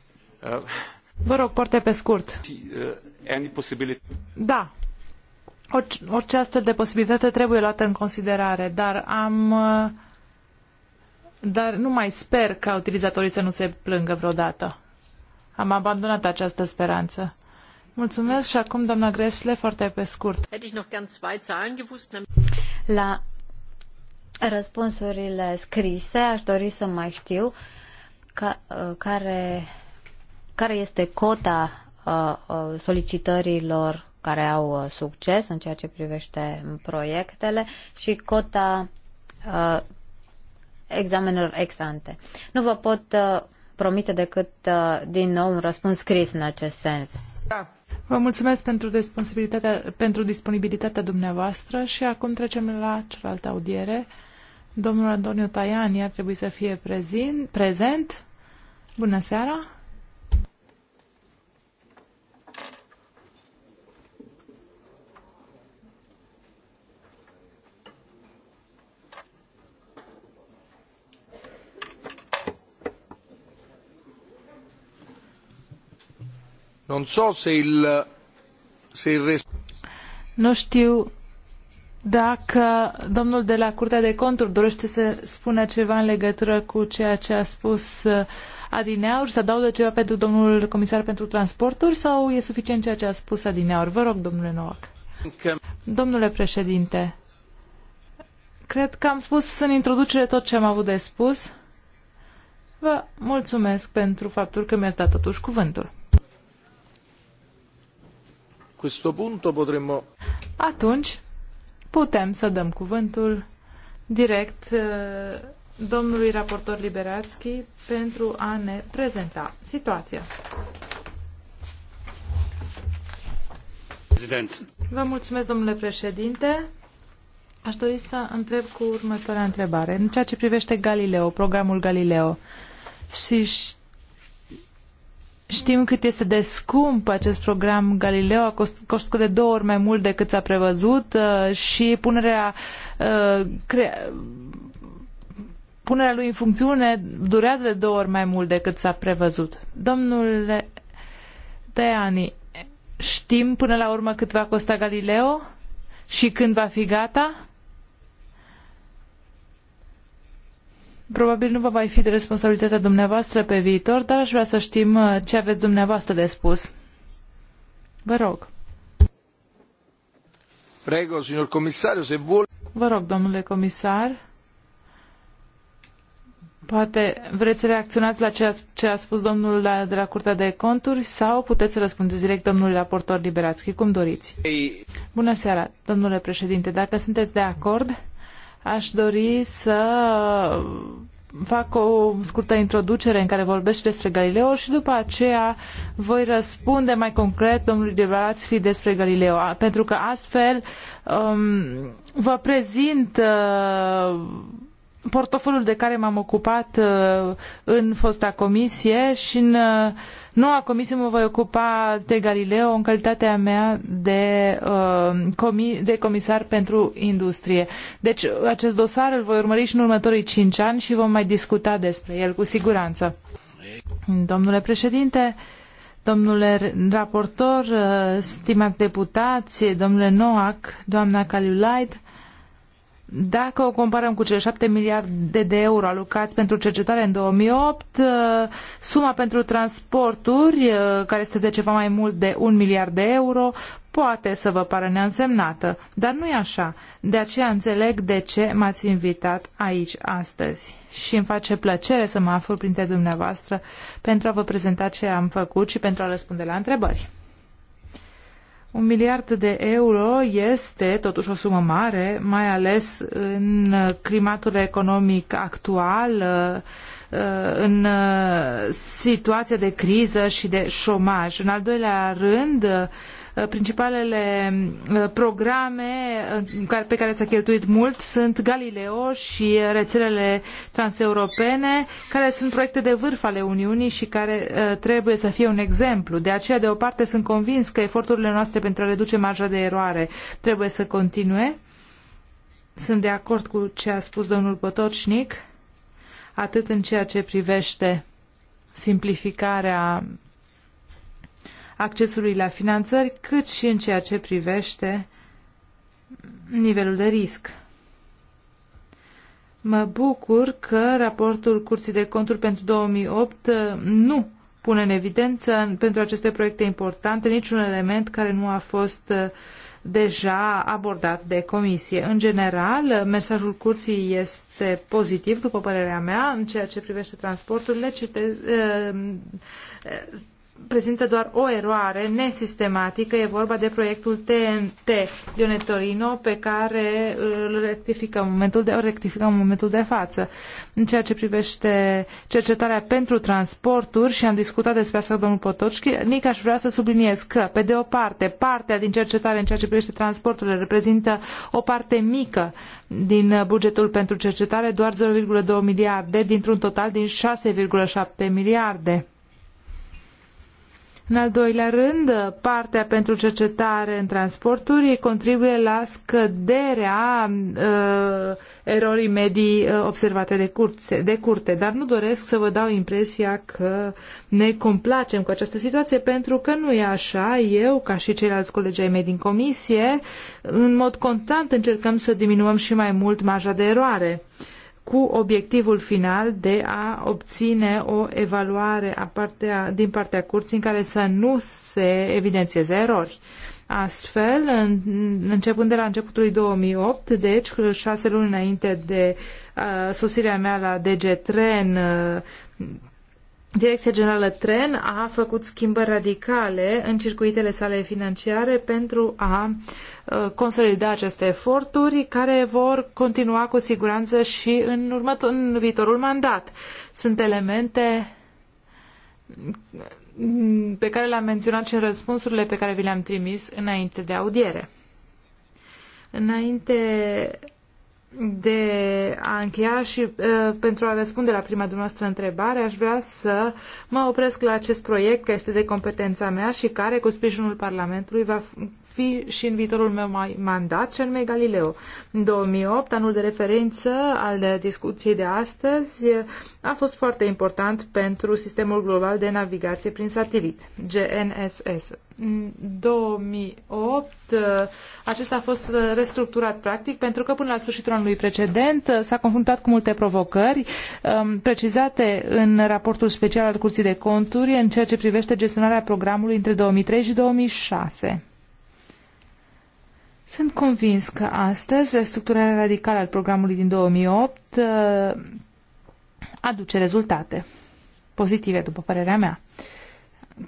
Vă rog, foarte pe scurt. Eh, da, orice, orice astfel de posibilitate trebuie luată în considerare, dar am... Eh, dar nu mai sper ca utilizatorii să nu se plângă vreodată. Am abandonat această speranță. Mulțumesc și acum, doamna Gresle, foarte pe scurt. La răspunsurile scrise aș dori să mai știu uh, Uh, care, care este cota uh, uh, solicitărilor care au succes în ceea ce privește proiectele și cota examenelor ex ante. Nu vă pot promite decât din nou un răspuns scris în acest sens. Da. Vă mulțumesc pentru, pentru disponibilitatea dumneavoastră și acum trecem la cealaltă audiere. Domnul Antonio Tajani ar trebui să fie prezin, prezent. Bună seara! Non so se il, se il... Nu știu dacă domnul de la Curtea de Conturi dorește să spună ceva în legătură cu ceea ce a spus uh, Adineaur, să adaugă ceva pentru domnul comisar pentru transporturi sau e suficient ceea ce a spus Adineaur? Vă rog, domnule Noac. Domnule președinte, cred că am spus în introducere tot ce am avut de spus. Vă mulțumesc pentru faptul că mi-ați dat totuși cuvântul. Atunci, putem să dăm cuvântul direct uh, domnului raportor Liberațchi pentru a ne prezenta situația. Prezident. Vă mulțumesc, domnule președinte. Aș dori să întreb cu următoarea întrebare. În ceea ce privește Galileo, programul Galileo, și Știm cât este de scump acest program Galileo, a costat de două ori mai mult decât s-a prevăzut uh, și punerea, uh, punerea lui în funcțiune durează de două ori mai mult decât s-a prevăzut. Domnule Teani, știm până la urmă cât va costa Galileo și când va fi gata? Probabil nu vă va fi de responsabilitatea dumneavoastră pe viitor, dar aș vrea să știm uh, ce aveți dumneavoastră de spus. Vă rog. Prego, signor comisariu, se vuole... Vă rog, domnule comisar. Poate vreți să reacționați la ce a, ce a spus domnul la, de la Curtea de Conturi sau puteți să răspundeți direct domnului raportor Liberațchi, cum doriți. Ei... Bună seara, domnule președinte. Dacă sunteți de acord, Aș dori să fac o scurtă introducere în care vorbesc și despre Galileo și după aceea voi răspunde mai concret domnului fi despre Galileo, pentru că astfel um, vă prezint uh, portofoliul de care m-am ocupat uh, în fosta comisie și în uh, Noua comisie mă voi ocupa de Galileo în calitatea mea de, uh, de comisar pentru industrie. Deci acest dosar îl voi urmări și în următorii cinci ani și vom mai discuta despre el cu siguranță. Domnule președinte, domnule raportor, uh, stimați deputați, domnule Noac, doamna Caliulaid, dacă o comparăm cu cele 7 miliarde de euro alocați pentru cercetare în 2008, uh, suma pentru transporturi, uh, care este de ceva mai mult de 1 miliard de euro, poate să vă pară neînsemnată, dar nu e așa. De aceea înțeleg de ce m-ați invitat aici astăzi și îmi face plăcere să mă aflu printre dumneavoastră pentru a vă prezenta ce am făcut și pentru a răspunde la întrebări. Un miliard de euro este totuși o sumă mare, mai ales în climatul economic actual, uh, uh, în uh, situația de criză și de șomaj. În al doilea rând, Eh, principalele eh, programe eh, pe care s-a cheltuit mult sunt Galileo și rețelele transeuropene, care sunt proiecte de vârf ale Uniunii și care trebuie să fie un exemplu. De aceea, de o parte, sunt convins că eforturile noastre pentru a reduce marja de eroare trebuie să continue. Sunt de acord cu ce a spus domnul Potocnic, atât în ceea ce privește simplificarea accesului la finanțări, cât și în ceea ce privește nivelul de risc. Mă bucur că raportul Curții de Conturi pentru 2008 uh, nu pune în evidență pentru aceste proiecte importante niciun element care nu a fost uh, deja abordat de comisie. În general, uh, mesajul curții este pozitiv, după părerea mea, în ceea ce privește transporturile. Cite, prezintă doar o eroare nesistematică. E vorba de proiectul TNT Lione Torino pe care îl rectificăm în momentul de, rectificăm în momentul de față. În ceea ce privește cercetarea pentru transporturi și am discutat despre asta domnul Potocchi, nic aș vrea să subliniez că, pe de o parte, partea din cercetare în ceea ce privește transporturile reprezintă o parte mică din bugetul pentru cercetare, doar 0,2 miliarde dintr-un total din 6,7 miliarde în al doilea rând, partea pentru cercetare în transporturi contribuie la scăderea uh, erorii medii uh, observate de, curte, de curte, dar nu doresc să vă dau impresia că ne complacem cu această situație, pentru că nu e așa. Eu, ca și ceilalți colegi ai mei din comisie, în mod constant încercăm să diminuăm și mai mult marja de eroare. Uh, cu obiectivul final de a obține o evaluare a partea, din partea curții în care să nu se evidențieze erori. Astfel, în, începând de la începutul 2008, deci șase luni înainte de uh, sosirea mea la DG Tren, uh, Direcția Generală Tren a făcut schimbări radicale în circuitele sale financiare pentru a uh, consolida aceste eforturi care vor continua cu siguranță și în, următor, în viitorul mandat. Sunt elemente pe care le-am menționat și în răspunsurile pe care vi le-am trimis înainte de audiere. Înainte de a încheia și uh, pentru a răspunde la prima dumneavoastră întrebare, aș vrea să mă opresc la acest proiect care este de competența mea și care, cu sprijinul Parlamentului, va fi și în viitorul meu mai mandat, și anume Galileo. În 2008, anul de referință al discuției de astăzi, a fost foarte important pentru sistemul global de navigație prin satelit, GNSS. În 2008, acesta a fost restructurat practic pentru că până la sfârșitul anului precedent s-a confruntat cu multe provocări um, precizate în raportul special al Curții de Conturi în ceea ce privește gestionarea programului între 2003 și 2006. Sunt convins că astăzi restructurarea radicală al programului din 2008 uh, aduce rezultate pozitive, după părerea mea.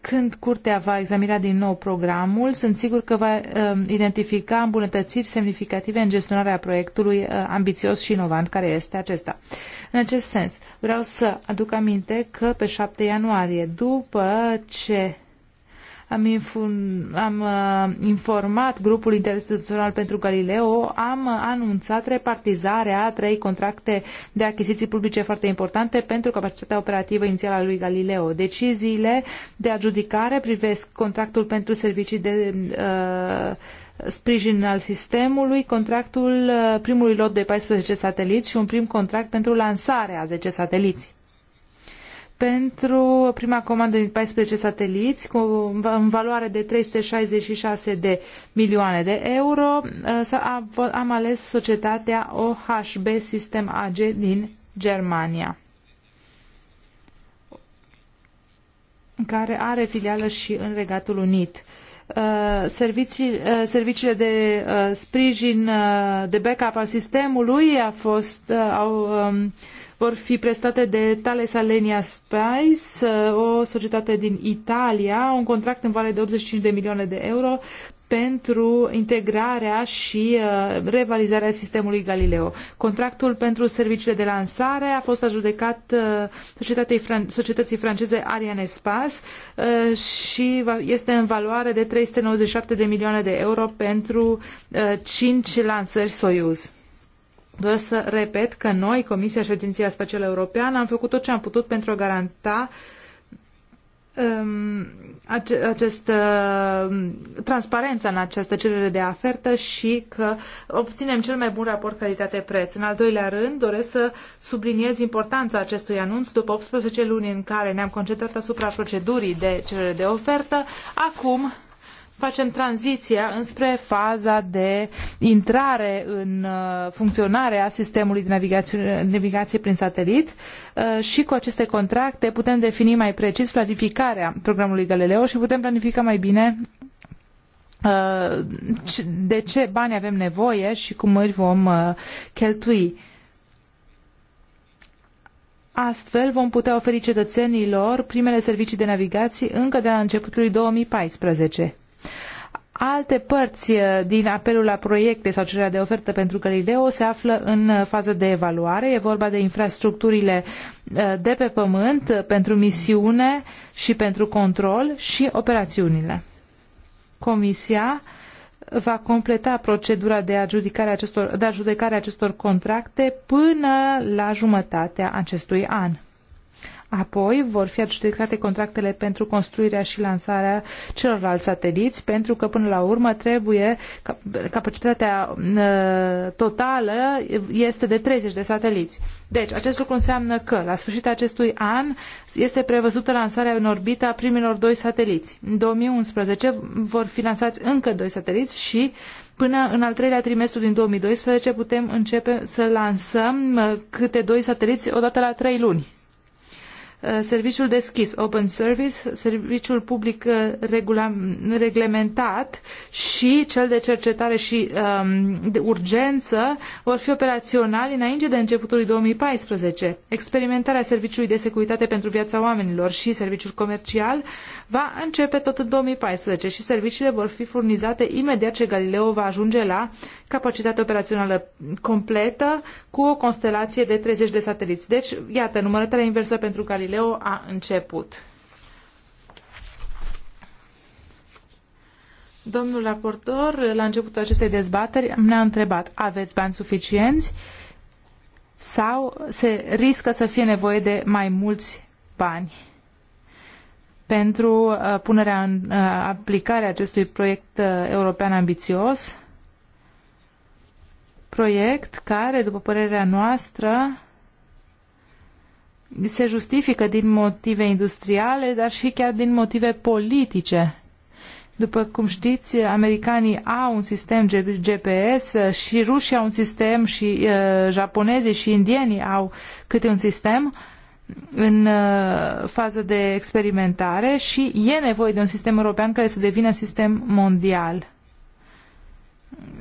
Când curtea va examina din nou programul, sunt sigur că va uh, identifica îmbunătățiri semnificative în gestionarea proiectului uh, ambițios și inovant care este acesta. În acest sens, vreau să aduc aminte că pe 7 ianuarie, după ce am, am uh, informat grupul interinstituțional pentru Galileo, am anunțat repartizarea a trei contracte de achiziții publice foarte importante pentru capacitatea operativă inițială a lui Galileo. Deciziile de adjudicare privesc contractul pentru servicii de uh, sprijin al sistemului, contractul uh, primului lot de 14 sateliți și un prim contract pentru lansarea 10 sateliți pentru prima comandă din 14 sateliți cu în valoare de 366 de milioane de euro uh, am ales societatea OHB System AG din Germania care are filială și în Regatul Unit. Uh, servicii, uh, serviciile de sprijin de backup al sistemului a fost, au um, vor fi prestate de Thales Alenia Spice, o societate din Italia, un contract în valoare de 85 de milioane de euro pentru integrarea și uh, revalizarea sistemului Galileo. Contractul pentru serviciile de lansare a fost ajudecat uh, societății, fran- societății franceze Ariane Spas uh, și este în valoare de 397 de milioane de euro pentru 5 lansări Soyuz. Doresc să repet că noi, Comisia și Agenția Spațială Europeană, am făcut tot ce am putut pentru a garanta um, ace- acest, uh, transparența în această cerere de ofertă și că obținem cel mai bun raport calitate-preț. În al doilea rând, doresc să subliniez importanța acestui anunț. După 18 luni în care ne-am concentrat asupra procedurii de cerere de ofertă, acum facem tranziția înspre faza de intrare în uh, funcționare a sistemului de navigație, navigație prin satelit uh, și cu aceste contracte putem defini mai precis planificarea programului Galileo și putem planifica mai bine uh, de ce bani avem nevoie și cum îi vom cheltui. Astfel vom putea oferi cetățenilor primele servicii de navigații încă de la începutul 2014. Alte părți eh, din apelul la proiecte sau cererea de ofertă pentru Galileo se află în eh, fază de evaluare. E vorba de infrastructurile eh, de pe pământ pentru misiune și pentru control și operațiunile. Comisia va completa procedura de adjudicare, acestor, de adjudicare acestor contracte până la jumătatea acestui an. Apoi vor fi adjudicate contractele pentru construirea și lansarea celorlalți sateliți, pentru că până la urmă trebuie, capacitatea uh, totală este de 30 de sateliți. Deci, acest lucru înseamnă că la sfârșitul acestui an este prevăzută lansarea în orbită a primilor doi sateliți. În 2011 vor fi lansați încă doi sateliți și Până în al treilea trimestru din 2012 putem începe să lansăm uh, câte doi sateliți odată la trei luni. Uh, serviciul deschis, open service, serviciul public uh, reglementat și cel de cercetare și um, de urgență vor fi operaționali înainte de începutul 2014. Experimentarea serviciului de securitate pentru viața oamenilor și serviciul comercial va începe tot în 2014 și serviciile vor fi furnizate imediat ce Galileo va ajunge la capacitate operațională completă cu o constelație de 30 de sateliți. Deci, iată, numărătarea inversă pentru Galileo Galileo a început. Domnul raportor, la începutul acestei dezbateri, ne-a întrebat, aveți bani suficienți sau se riscă să fie nevoie de mai mulți bani pentru uh, punerea în uh, aplicare acestui proiect uh, european ambițios? Proiect care, după părerea noastră, se justifică din motive industriale, dar și chiar din motive politice. După cum știți, americanii au un sistem GPS și rușii au un sistem și uh, japonezii și indienii au câte un sistem în uh, fază de experimentare și e nevoie de un sistem european care să devină sistem mondial.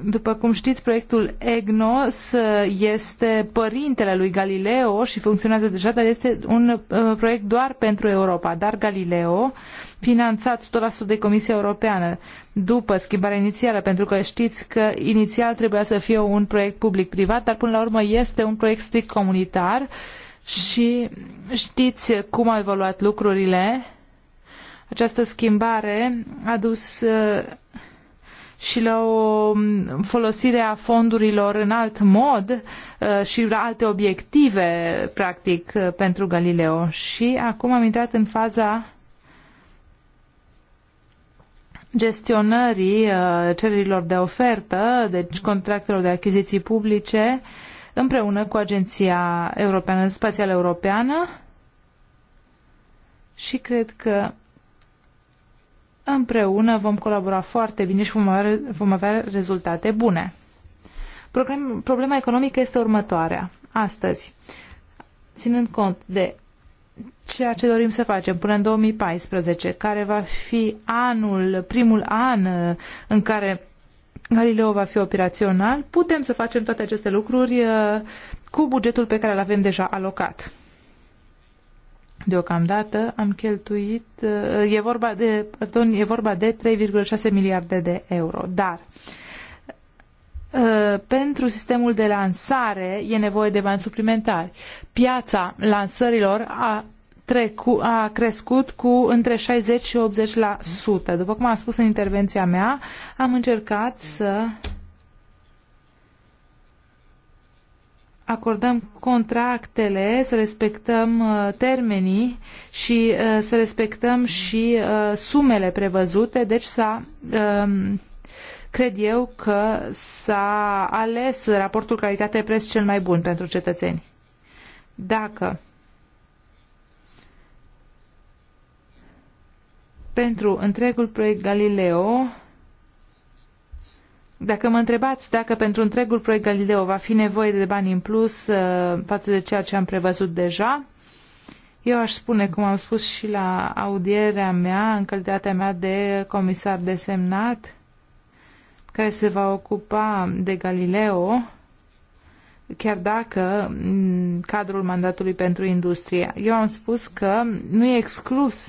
După cum știți, proiectul EGNOS uh, este părintele lui Galileo și funcționează deja, dar este un uh, proiect doar pentru Europa. Dar Galileo, finanțat 100% de Comisia Europeană, după schimbarea inițială, pentru că știți că inițial trebuia să fie un proiect public-privat, dar până la urmă este un proiect strict comunitar și știți cum au evoluat lucrurile. Această schimbare a dus uh, și la o folosire a fondurilor în alt mod uh, și la alte obiective, practic, uh, pentru Galileo. Și acum am intrat în faza gestionării uh, cererilor de ofertă, deci contractelor de achiziții publice, împreună cu Agenția Europeană Spațială Europeană și cred că împreună vom colabora foarte bine și vom avea, vom avea rezultate bune. Problem, problema economică este următoarea. Astăzi, ținând cont de ceea ce dorim să facem până în 2014, care va fi anul, primul an uh, în care Galileo va fi operațional, putem să facem toate aceste lucruri uh, cu bugetul pe care îl avem deja alocat. Deocamdată am cheltuit, uh, e vorba de, pardon, e vorba de 3,6 miliarde de euro, dar uh, pentru sistemul de lansare e nevoie de bani suplimentari. Piața lansărilor a, trecu, a crescut cu între 60 și 80%. După cum am spus în intervenția mea, am încercat să acordăm contractele, să respectăm uh, termenii și uh, să respectăm și uh, sumele prevăzute, deci să um, cred eu că s-a ales raportul calitate-preț cel mai bun pentru cetățeni. Dacă pentru întregul proiect Galileo dacă mă întrebați dacă pentru întregul proiect Galileo va fi nevoie de bani în plus uh, față de ceea ce am prevăzut deja, eu aș spune, cum am spus și la audierea mea, în calitatea mea de comisar desemnat, care se va ocupa de Galileo, chiar dacă în cadrul mandatului pentru industrie. Eu am spus că nu e exclus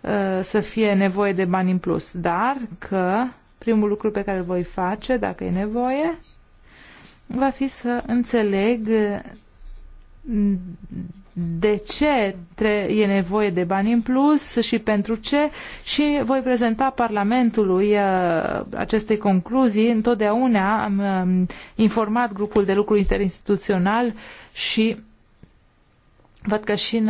uh, să fie nevoie de bani în plus, dar că primul lucru pe care îl voi face, dacă e nevoie, va fi să înțeleg de ce e nevoie de bani în plus și pentru ce și voi prezenta Parlamentului uh, aceste concluzii. Întotdeauna am um, informat grupul de lucru interinstituțional și Văd că și,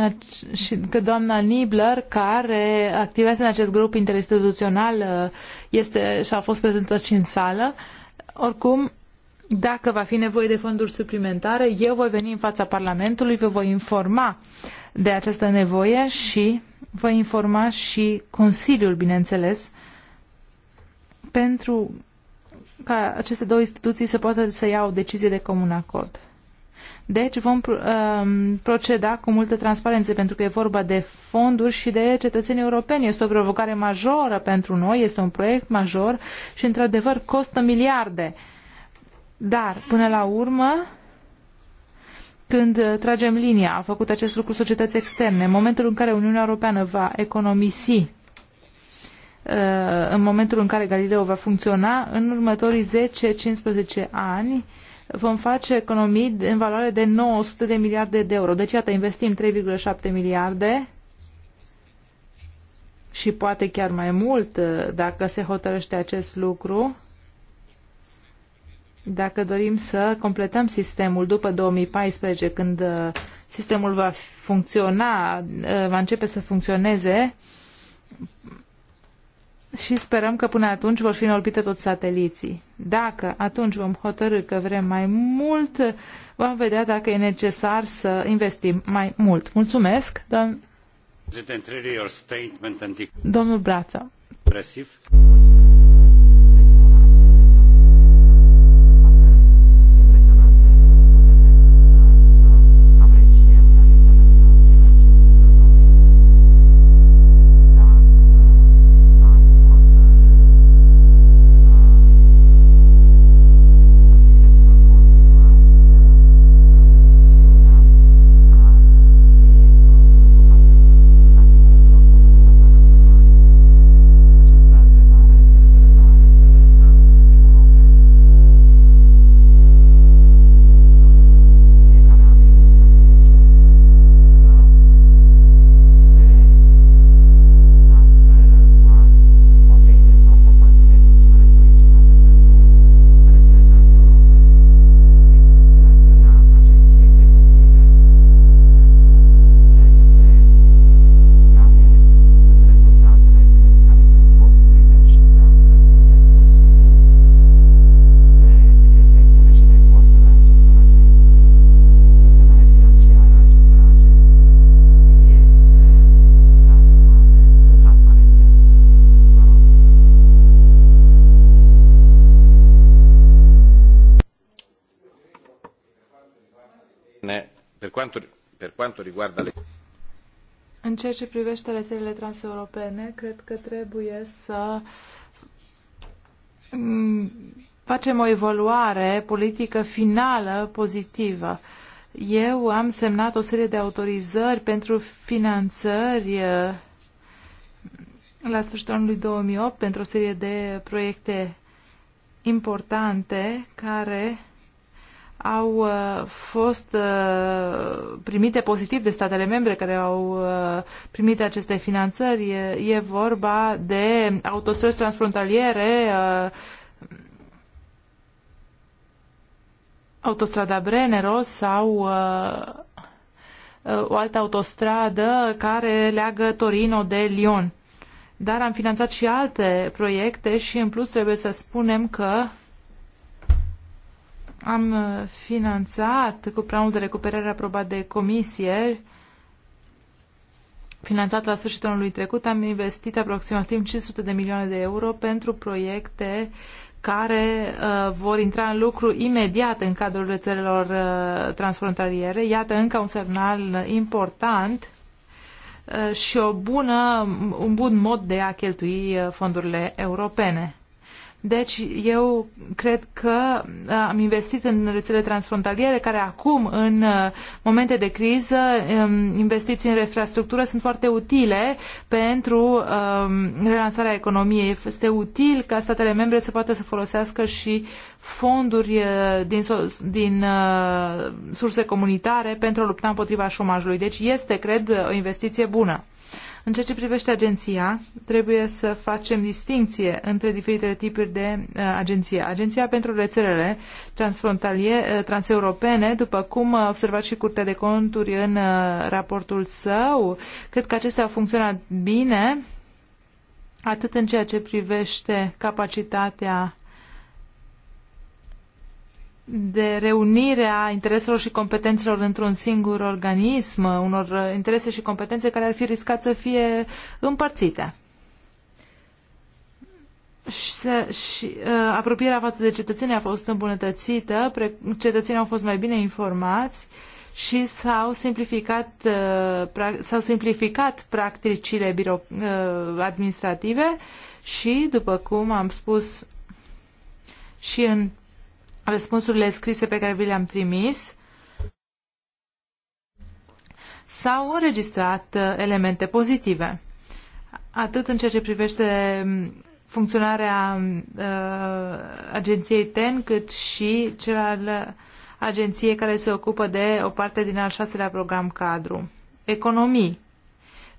și că doamna Nibler, care activează în acest grup interinstituțional, uh, este și a fost prezentă și în sală. Oricum, dacă va fi nevoie de fonduri suplimentare, eu voi veni în fața Parlamentului, vă voi informa de această nevoie și voi informa și Consiliul, bineînțeles, pentru ca aceste două instituții să poată să ia o decizie de comun acord. Deci vom um, proceda cu multă transparență pentru că e vorba de fonduri și de cetățenii europeni. Este o provocare majoră pentru noi, este un proiect major și într-adevăr costă miliarde. Dar, până la urmă, când tragem linia, a făcut acest lucru societăți externe, în momentul în care Uniunea Europeană va economisi uh, în momentul în care Galileo va funcționa, în următorii 10-15 ani, vom face economii în valoare de 900 de miliarde de euro. Deci, iată, investim 3,7 miliarde și poate chiar mai mult uh, dacă se hotărăște acest lucru. Dacă dorim să completăm sistemul după 2014, când uh, sistemul va funcționa, uh, va începe să funcționeze, și sperăm că până atunci vor fi înolpite toți sateliții. Dacă atunci vom hotărâ că vrem mai mult, vom vedea dacă e necesar să investim mai mult. Mulțumesc, doamnă. Domnul Brața. Impresiv. În ceea ce privește rețelele transeuropene, cred că trebuie să mm, facem o evaluare politică finală pozitivă. Eu am semnat o serie de autorizări pentru finanțări eh, la sfârșitul anului 2008 pentru o serie de proiecte importante care au uh, fost uh, primite pozitiv de statele membre care au uh, primit aceste finanțări. E vorba de autostrăzi transfrontaliere, autostrada Brenero sau o altă autostradă care leagă Torino de Lyon. Dar am finanțat și alte proiecte și în plus trebuie să spunem că am uh, finanțat cu planul de recuperare aprobat de comisie, finanțat la sfârșitul anului trecut, am investit aproximativ 500 de milioane de euro pentru proiecte care uh, vor intra în lucru imediat în cadrul rețelelor uh, transfrontaliere. Iată încă un semnal important uh, și o bună, un bun mod de a cheltui uh, fondurile europene. Deci eu cred că uh, am investit în rețele transfrontaliere care acum, în uh, momente de criză, um, investiții în infrastructură sunt foarte utile pentru um, relansarea economiei. Este util ca statele membre să poată să folosească și fonduri uh, din, din surse comunitare pentru a lupta împotriva șomajului. Deci este, cred, o investiție bună. În ceea ce privește agenția, trebuie să facem distinție între diferitele tipuri de uh, agenție. Agenția pentru rețelele transfrontaliere, uh, transeuropene, după cum a observat și Curtea de Conturi în uh, raportul său, cred că acestea au funcționat bine, atât în ceea ce privește capacitatea de reunirea intereselor și competențelor într-un singur organism, unor interese și competențe care ar fi riscat să fie împărțite. Și, și uh, apropierea față de cetățenii a fost îmbunătățită, pre, cetățenii au fost mai bine informați și s-au simplificat, uh, pra, s-au simplificat practicile biro, uh, administrative și, după cum am spus și în răspunsurile scrise pe care vi le-am trimis, s-au înregistrat uh, elemente pozitive, atât în ceea ce privește mm, funcționarea mm, uh, agenției TEN, cât și cel uh, agenție care se ocupă de o parte din al șaselea program cadru. Economii.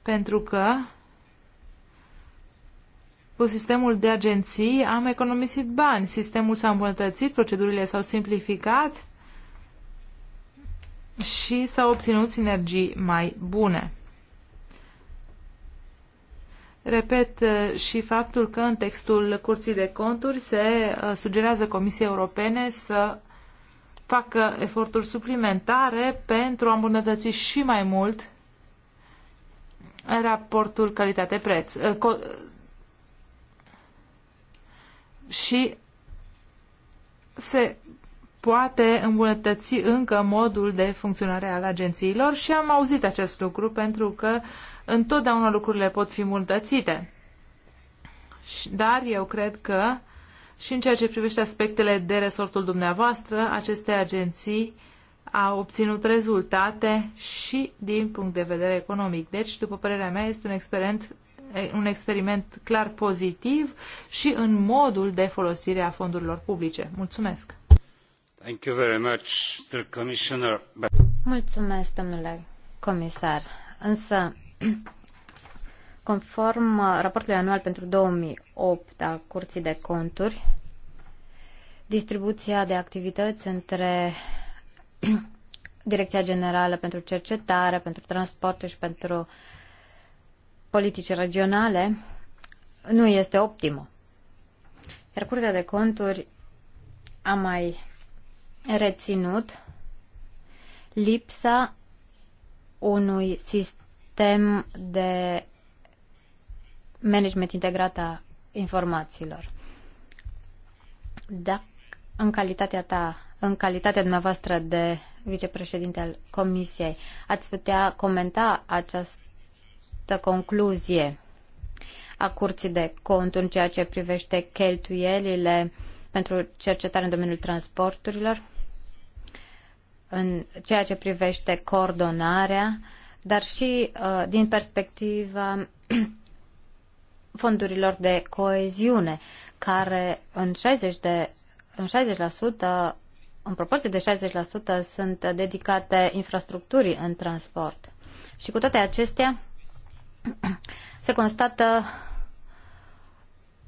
Pentru că cu sistemul de agenții am economisit bani. Sistemul s-a îmbunătățit, procedurile s-au simplificat și s-au obținut sinergii mai bune. Repet uh, și faptul că în textul Curții de Conturi se uh, sugerează Comisiei Europene să facă eforturi suplimentare pentru a îmbunătăți și mai mult raportul calitate-preț, uh, și se poate îmbunătăți încă modul de funcționare al agențiilor și am auzit acest lucru pentru că întotdeauna lucrurile pot fi îmbunătățite. Dar eu cred că și în ceea ce privește aspectele de resortul dumneavoastră, aceste agenții au obținut rezultate și din punct de vedere economic. Deci, după părerea mea, este un experiment un experiment clar pozitiv și în modul de folosire a fondurilor publice. Mulțumesc! Thank you very much, the commissioner. Mulțumesc, domnule comisar. Însă, *clears throat* conform uh, raportului anual pentru 2008 al Curții de Conturi, distribuția de activități între *clears throat* Direcția Generală pentru Cercetare, pentru Transport și pentru politicii regionale nu este optimă. Iar Curtea de Conturi a mai reținut lipsa unui sistem de management integrat a informațiilor. Dacă în calitatea ta, în calitatea dumneavoastră de vicepreședinte al Comisiei, ați putea comenta acest această concluzie a Curții de Cont în ceea ce privește cheltuielile pentru cercetare în domeniul transporturilor, în ceea ce privește coordonarea, dar și uh, din perspectiva *clears throat* fondurilor de coeziune, care în 60%, de, în 60% în proporție de 60% sunt dedicate infrastructurii în transport. Și cu toate acestea, se constată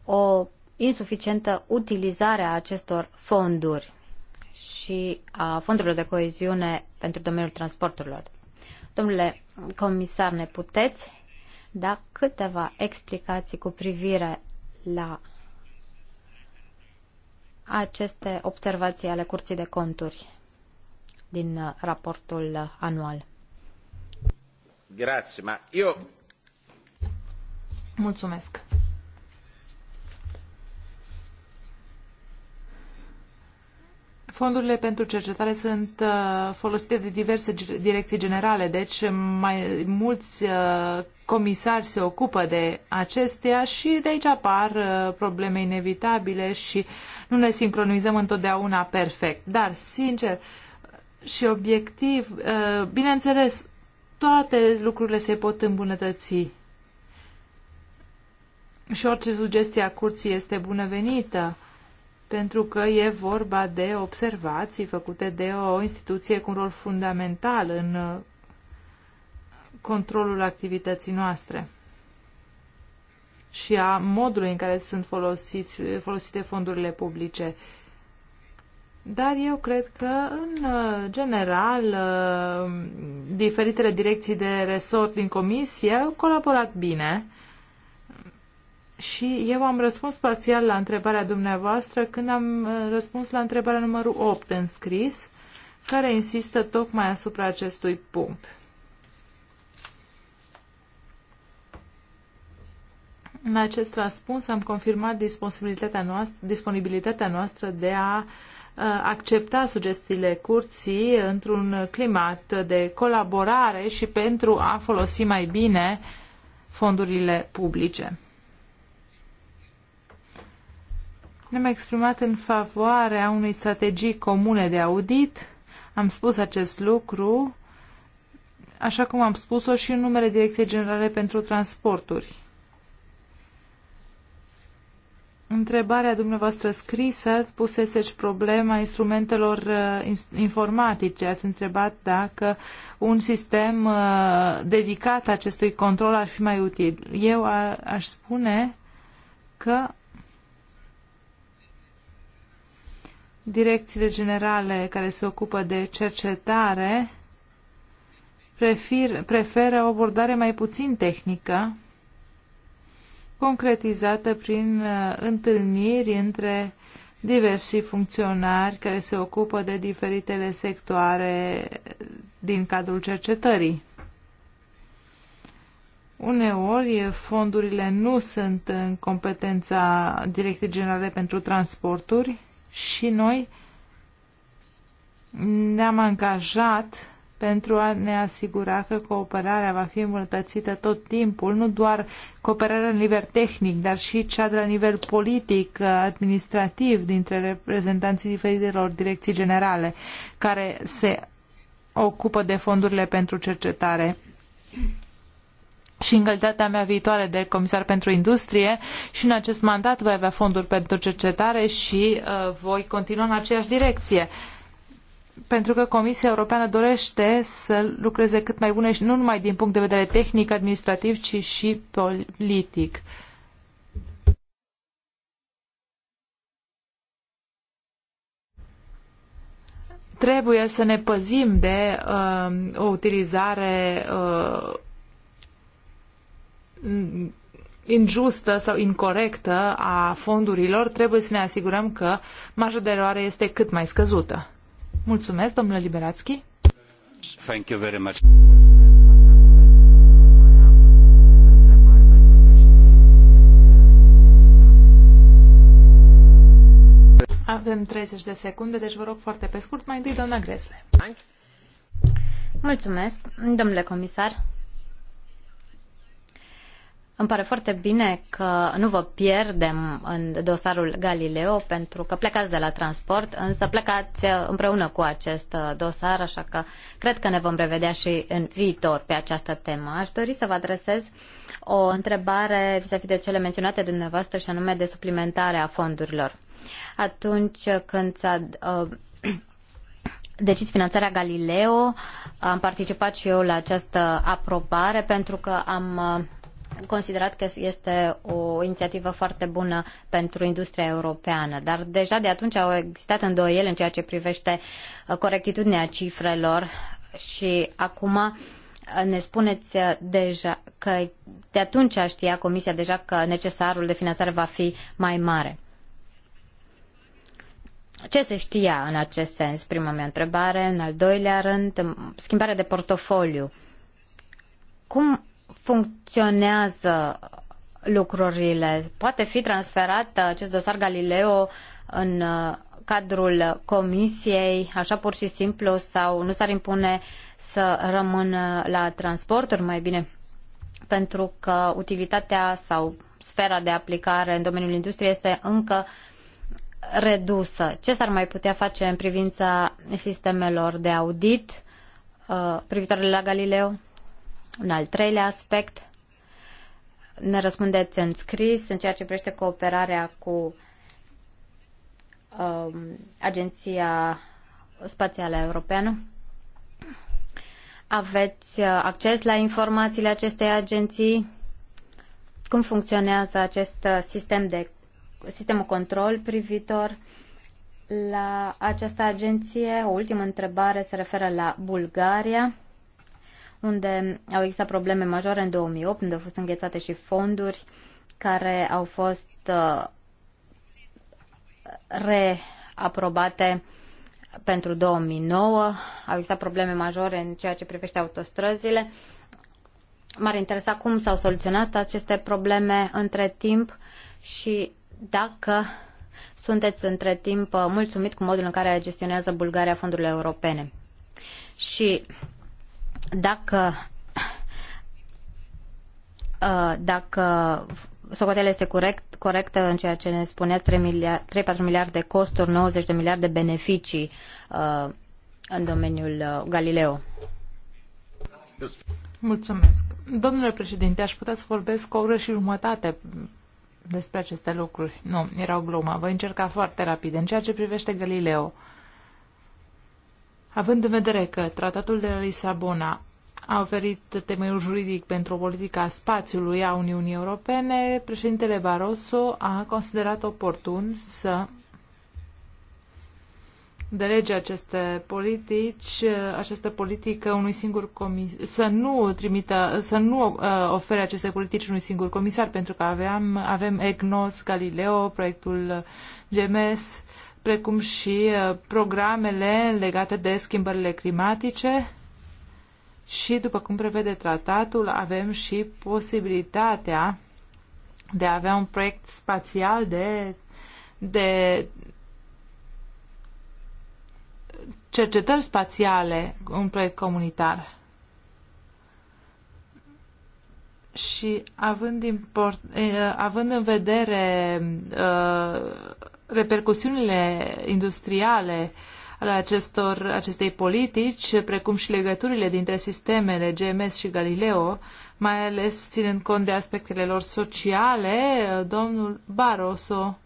o insuficientă utilizare a acestor fonduri și a fondurilor de coeziune pentru domeniul transporturilor. Domnule comisar, ne puteți da câteva explicații cu privire la aceste observații ale Curții de Conturi din uh, raportul uh, anual. Grazie, ma io Mulțumesc! Fondurile pentru cercetare sunt uh, folosite de diverse direcții generale, deci mai mulți uh, comisari se ocupă de acestea și de aici apar uh, probleme inevitabile și nu ne sincronizăm întotdeauna perfect. Dar, sincer și obiectiv, bineînțeles, toate lucrurile se pot îmbunătăți și orice sugestie a curții este bunăvenită, pentru că e vorba de observații făcute de o instituție cu un rol fundamental în uh, controlul activității noastre și a modului în care sunt folosiți, folosite fondurile publice. Dar eu cred că, în uh, general, uh, diferitele direcții de resort din comisie au colaborat bine și eu am răspuns parțial la întrebarea dumneavoastră când am uh, răspuns la întrebarea numărul 8 în scris, care insistă tocmai asupra acestui punct. În acest răspuns am confirmat disponibilitatea noastră, disponibilitatea noastră de a uh, accepta sugestiile curții într-un climat de colaborare și pentru a folosi mai bine fondurile publice. Ne-am exprimat în favoarea unei strategii comune de audit. Am spus acest lucru, așa cum am spus-o și în numele Direcției Generale pentru Transporturi. Întrebarea dumneavoastră scrisă pusese și problema instrumentelor uh, informatice. Ați întrebat dacă un sistem uh, dedicat acestui control ar fi mai util. Eu a, aș spune că direcțiile generale care se ocupă de cercetare prefer, preferă o abordare mai puțin tehnică, concretizată prin uh, întâlniri între diversi funcționari care se ocupă de diferitele sectoare din cadrul cercetării. Uneori, fondurile nu sunt în competența Direcției Generale pentru Transporturi, și noi ne-am angajat pentru a ne asigura că cooperarea va fi îmbunătățită tot timpul, nu doar cooperarea în nivel tehnic, dar și cea de la nivel politic, administrativ, dintre reprezentanții diferitelor direcții generale care se ocupă de fondurile pentru cercetare și în calitatea mea viitoare de comisar pentru industrie și în acest mandat voi avea fonduri pentru cercetare și uh, voi continua în aceeași direcție. Pentru că Comisia Europeană dorește să lucreze cât mai bune și nu numai din punct de vedere tehnic, administrativ, ci și politic. trebuie să ne păzim de uh, o utilizare uh, injustă sau incorrectă a fondurilor, trebuie să ne asigurăm că marja de eroare este cât mai scăzută. Mulțumesc, domnule Liberațchi. Thank you very much. Avem 30 de secunde, deci vă rog foarte pe scurt, mai întâi doamna Gresle. Mulțumesc, domnule comisar. Îmi pare foarte bine că nu vă pierdem în dosarul Galileo, pentru că plecați de la transport, însă plecați uh, împreună cu acest uh, dosar, așa că cred că ne vom revedea și în viitor pe această temă. Aș dori să vă adresez o întrebare vis-a-vis de cele menționate de dumneavoastră și anume de suplimentare a fondurilor. Atunci când s-a uh, *clears throat* decis finanțarea Galileo, am participat și eu la această aprobare pentru că am uh, considerat că este o inițiativă foarte bună pentru industria europeană, dar deja de atunci au existat îndoieli în ceea ce privește uh, corectitudinea cifrelor și acum uh, ne spuneți uh, deja că de atunci știa Comisia deja că necesarul de finanțare va fi mai mare. Ce se știa în acest sens? Prima mea întrebare. În al doilea rând, schimbarea de portofoliu. Cum funcționează lucrurile. Poate fi transferat acest dosar Galileo în uh, cadrul comisiei, așa pur și simplu, sau nu s-ar impune să rămână la transporturi mai bine? Pentru că utilitatea sau sfera de aplicare în domeniul industriei este încă redusă. Ce s-ar mai putea face în privința sistemelor de audit uh, privitoare la Galileo? Un al treilea aspect, ne răspundeți în scris în ceea ce privește cooperarea cu um, Agenția Spațială Europeană. Aveți uh, acces la informațiile acestei agenții? Cum funcționează acest uh, sistem de sistemul control privitor la această agenție? O ultimă întrebare se referă la Bulgaria unde au existat probleme majore în 2008, unde au fost înghețate și fonduri care au fost uh, reaprobate pentru 2009. Au existat probleme majore în ceea ce privește autostrăzile. M-ar interesa cum s-au soluționat aceste probleme între timp și dacă sunteți între timp uh, mulțumit cu modul în care gestionează Bulgaria fondurile europene. Și dacă uh, dacă socotele este corect, corectă în ceea ce ne spunea 3-4 miliarde costuri, 90 de miliarde beneficii uh, în domeniul uh, Galileo. Mulțumesc. Domnule președinte, aș putea să vorbesc o oră și jumătate despre aceste lucruri. Nu, era o glumă. Voi încerca foarte rapid. În ceea ce privește Galileo, uh, Având în vedere că Tratatul de la Lisabona a oferit temeiul juridic pentru politica spațiului a Uniunii Europene, președintele Barroso a considerat oportun să delege aceste politici, această politică unui singur comisar, să nu trimită, să nu uh, ofere aceste politici unui singur comisar, pentru că aveam, avem EGNOS, Galileo, proiectul GMS, precum și uh, programele legate de schimbările climatice și, după cum prevede tratatul, avem și posibilitatea de a avea un proiect spațial de, de cercetări spațiale, un proiect comunitar. Și având, import, eh, având în vedere uh, repercusiunile industriale ale acestor, acestei politici, precum și legăturile dintre sistemele GMS și Galileo, mai ales ținând cont de aspectele lor sociale, domnul Barroso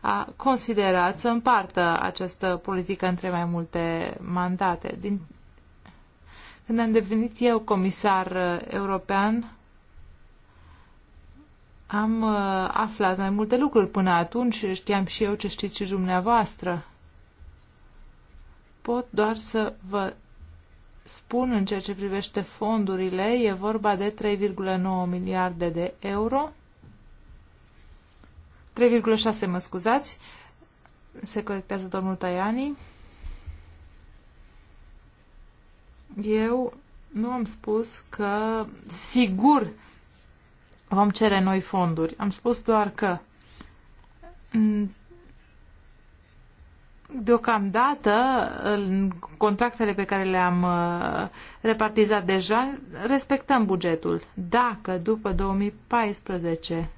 a considerat să împartă această politică între mai multe mandate. Din... Când am devenit eu comisar european, am uh, aflat mai multe lucruri până atunci, știam și eu ce știți și dumneavoastră. Pot doar să vă spun în ceea ce privește fondurile, e vorba de 3,9 miliarde de euro. 3,6, mă scuzați, se corectează domnul Tajani. Eu nu am spus că sigur vom cere noi fonduri. Am spus doar că deocamdată în contractele pe care le-am uh, repartizat deja respectăm bugetul. Dacă după 2014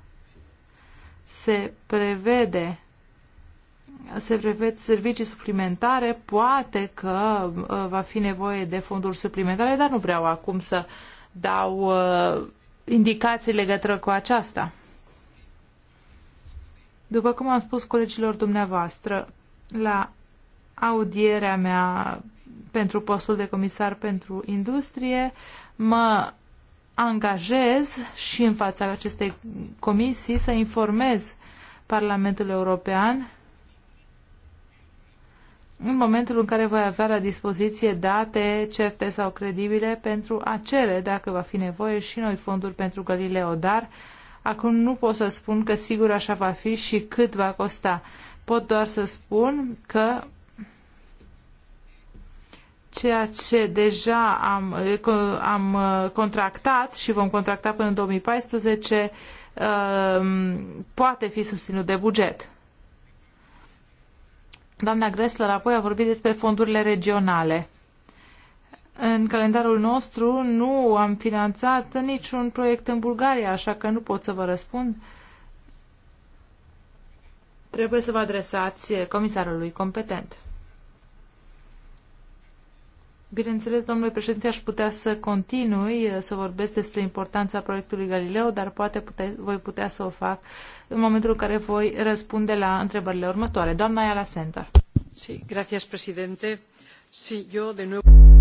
se prevede se prevede servicii suplimentare, poate că uh, va fi nevoie de fonduri suplimentare, dar nu vreau acum să dau uh, indicații legătură cu aceasta. După cum am spus colegilor dumneavoastră, la audierea mea pentru postul de comisar pentru industrie, mă angajez și în fața acestei comisii să informez Parlamentul European în momentul în care voi avea la dispoziție date certe sau credibile pentru a cere, dacă va fi nevoie, și noi fonduri pentru Galileo, dar acum nu pot să spun că sigur așa va fi și cât va costa. Pot doar să spun că ceea ce deja am, am uh, contractat și vom contracta până în 2014 uh, poate fi susținut de buget. Doamna Gressler apoi a vorbit despre fondurile regionale. În calendarul nostru nu am finanțat niciun proiect în Bulgaria, așa că nu pot să vă răspund. Trebuie să vă adresați comisarului competent. Bineînțeles, domnule președinte, aș putea să continui uh, să vorbesc despre importanța proiectului Galileo, dar poate pute, voi putea să o fac în momentul în care voi răspunde la întrebările următoare. Doamna Ayala Center. Sí, gracias, presidente. Sí, yo de nuevo...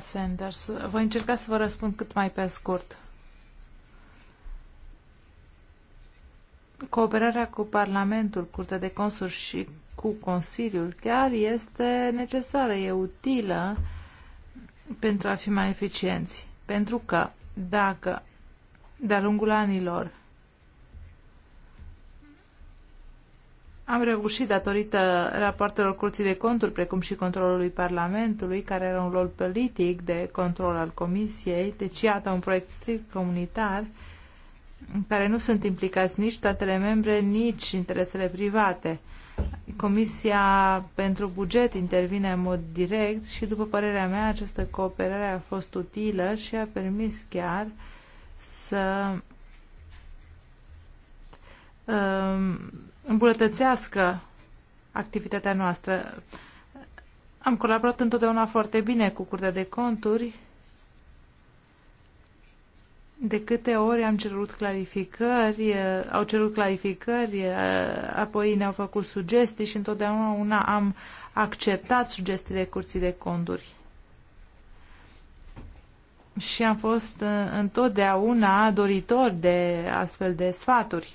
Sanders. Voi încerca să vă răspund cât mai pe scurt. Cooperarea cu Parlamentul, Curtea de Consuri și cu Consiliul chiar este necesară, e utilă pentru a fi mai eficienți. Pentru că dacă de-a lungul anilor Am reușit, datorită rapoartelor Curții de Conturi, precum și controlului Parlamentului, care era un rol politic de control al Comisiei, deci iată un proiect strict comunitar, în care nu sunt implicați nici statele membre, nici interesele private. Comisia pentru buget intervine în mod direct și, după părerea mea, această cooperare a fost utilă și a permis chiar să um, îmbunătățească activitatea noastră. Am colaborat întotdeauna foarte bine cu Curtea de Conturi. De câte ori am cerut clarificări, eh, au cerut clarificări, eh, apoi ne-au făcut sugestii și întotdeauna una am acceptat sugestiile Curții de Conturi și am fost eh, întotdeauna doritor de astfel de sfaturi.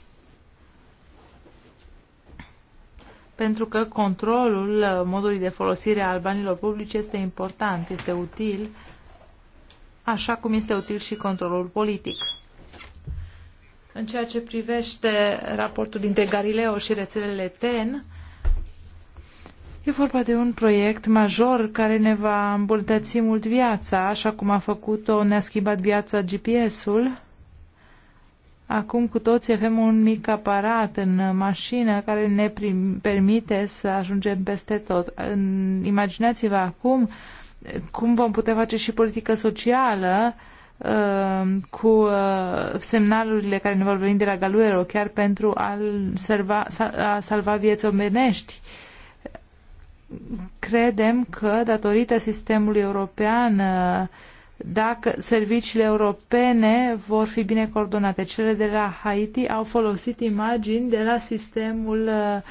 pentru că controlul uh, modului de folosire al banilor publici este important, este util, așa cum este util și controlul politic. În ceea ce privește raportul dintre Galileo și rețelele TEN, e vorba de un proiect major care ne va îmbunătăți mult viața, așa cum a făcut-o, ne-a schimbat viața GPS-ul Acum cu toții avem un mic aparat în mașină care ne permite să ajungem peste tot. Imaginați-vă acum cum vom putea face și politică socială uh, cu uh, semnalurile care ne vor veni de la Galuero, chiar pentru a salva, a salva vieți omenești. Credem că, datorită sistemului european, uh, dacă serviciile europene vor fi bine coordonate. Cele de la Haiti au folosit imagini de la sistemul uh,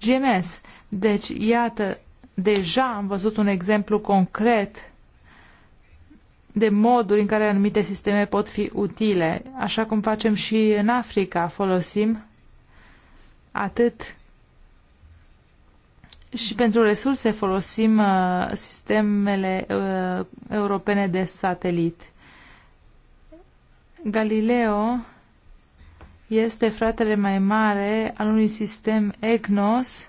GMS. Deci, iată, deja am văzut un exemplu concret de moduri în care anumite sisteme pot fi utile, așa cum facem și în Africa, folosim atât și pentru resurse folosim uh, sistemele uh, europene de satelit. Galileo este fratele mai mare al unui sistem EGNOS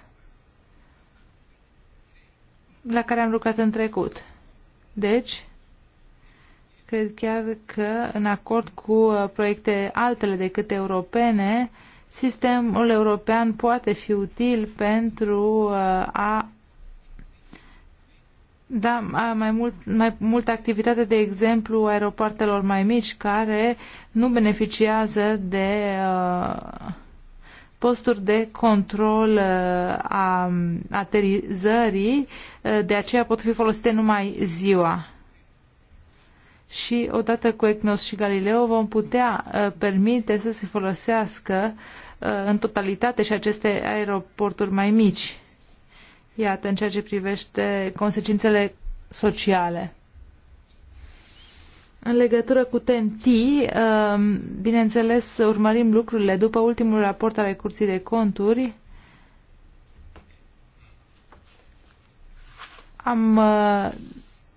la care am lucrat în trecut. Deci, cred chiar că în acord cu uh, proiecte altele decât europene, Sistemul european poate fi util pentru uh, a da mai mult, mai multă activitate, de exemplu, aeropoartelor mai mici care nu beneficiază de uh, posturi de control uh, a aterizării, uh, de aceea pot fi folosite numai ziua. Și odată cu ECNOS și Galileo vom putea uh, permite să se folosească uh, Uh, în totalitate și aceste aeroporturi mai mici. Iată, în ceea ce privește consecințele sociale. În legătură cu TNT, uh, bineînțeles, urmărim lucrurile după ultimul raport al Curții de Conturi. Am uh,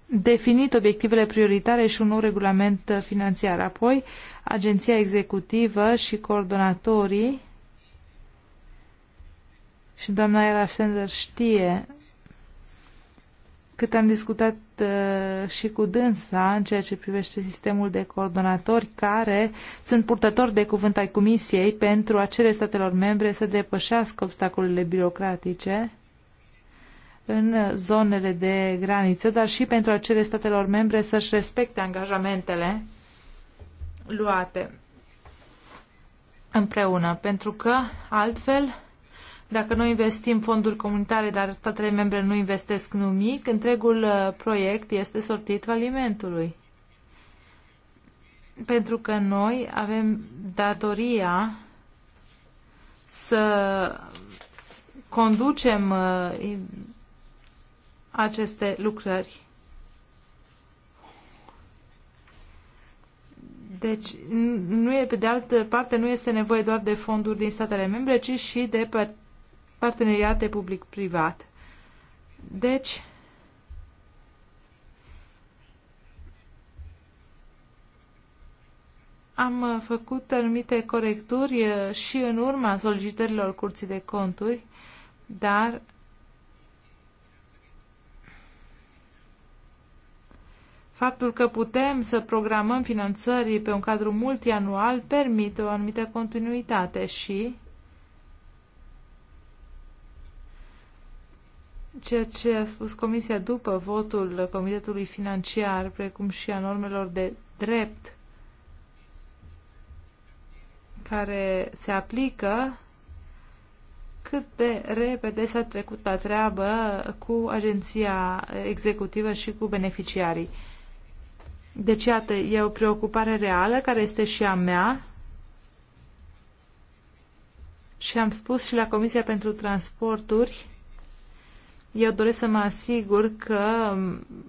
definit obiectivele prioritare și un nou regulament financiar. Apoi, agenția executivă și coordonatorii și doamna Ela Sender știe cât am discutat uh, și cu dânsa în ceea ce privește sistemul de coordonatori care sunt purtători de cuvânt ai Comisiei pentru acele statelor membre să depășească obstacolele birocratice în zonele de graniță, dar și pentru acele statelor membre să-și respecte angajamentele luate împreună, pentru că altfel dacă noi investim fonduri comunitare, dar statele membre nu investesc nimic, întregul uh, proiect este sortit alimentului. Pentru că noi avem datoria să conducem uh, aceste lucrări. Deci, nu e, pe de altă parte, nu este nevoie doar de fonduri din statele membre, ci și de parteneriate public-privat. Deci, am făcut anumite corecturi uh, și în urma solicitărilor curții de conturi, dar Faptul că putem să programăm finanțării pe un cadru multianual permite o anumită continuitate și ceea ce a spus Comisia după votul Comitetului Financiar, precum și a normelor de drept care se aplică, cât de repede s-a trecut la treabă cu agenția executivă și cu beneficiarii. Deci, iată, e o preocupare reală care este și a mea și am spus și la Comisia pentru Transporturi eu doresc să mă asigur că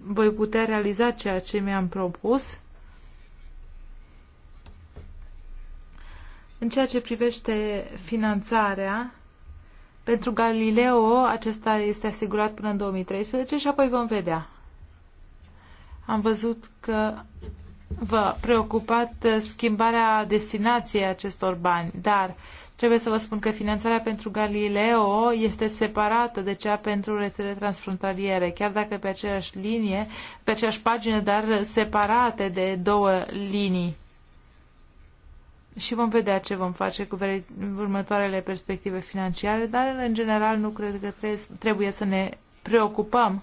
voi putea realiza ceea ce mi-am propus. În ceea ce privește finanțarea, pentru Galileo acesta este asigurat până în 2013 și apoi vom vedea. Am văzut că vă preocupat schimbarea destinației acestor bani, dar Trebuie să vă spun că finanțarea pentru Galileo este separată de cea pentru rețele transfrontaliere, chiar dacă pe aceeași linie, pe aceeași pagină, dar separate de două linii. Și vom vedea ce vom face cu următoarele perspective financiare, dar în general nu cred că trebuie să ne preocupăm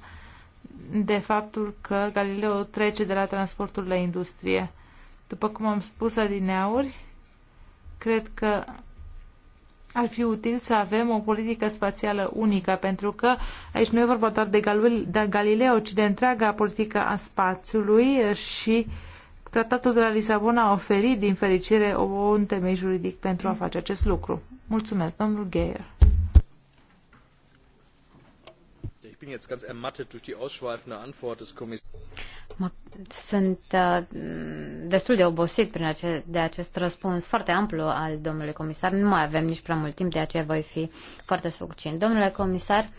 de faptul că Galileo trece de la transportul la industrie. După cum am spus adineauri, cred că ar fi util să avem o politică spațială unică, pentru că aici nu e vorba doar de, Galil de Galileo, ci de întreaga politică a spațiului și Tratatul de la Lisabona a oferit, din fericire, un temei juridic pentru a face acest lucru. Mulțumesc, domnul Geier. bin jetzt ganz ermattet durch die ausschweifende Antwort des Kommissars. Sunt uh, destul de obosit prin ace- de acest răspuns foarte amplu al domnului comisar. Nu mai avem nici prea mult timp, de aceea voi fi foarte succint. Domnule comisar,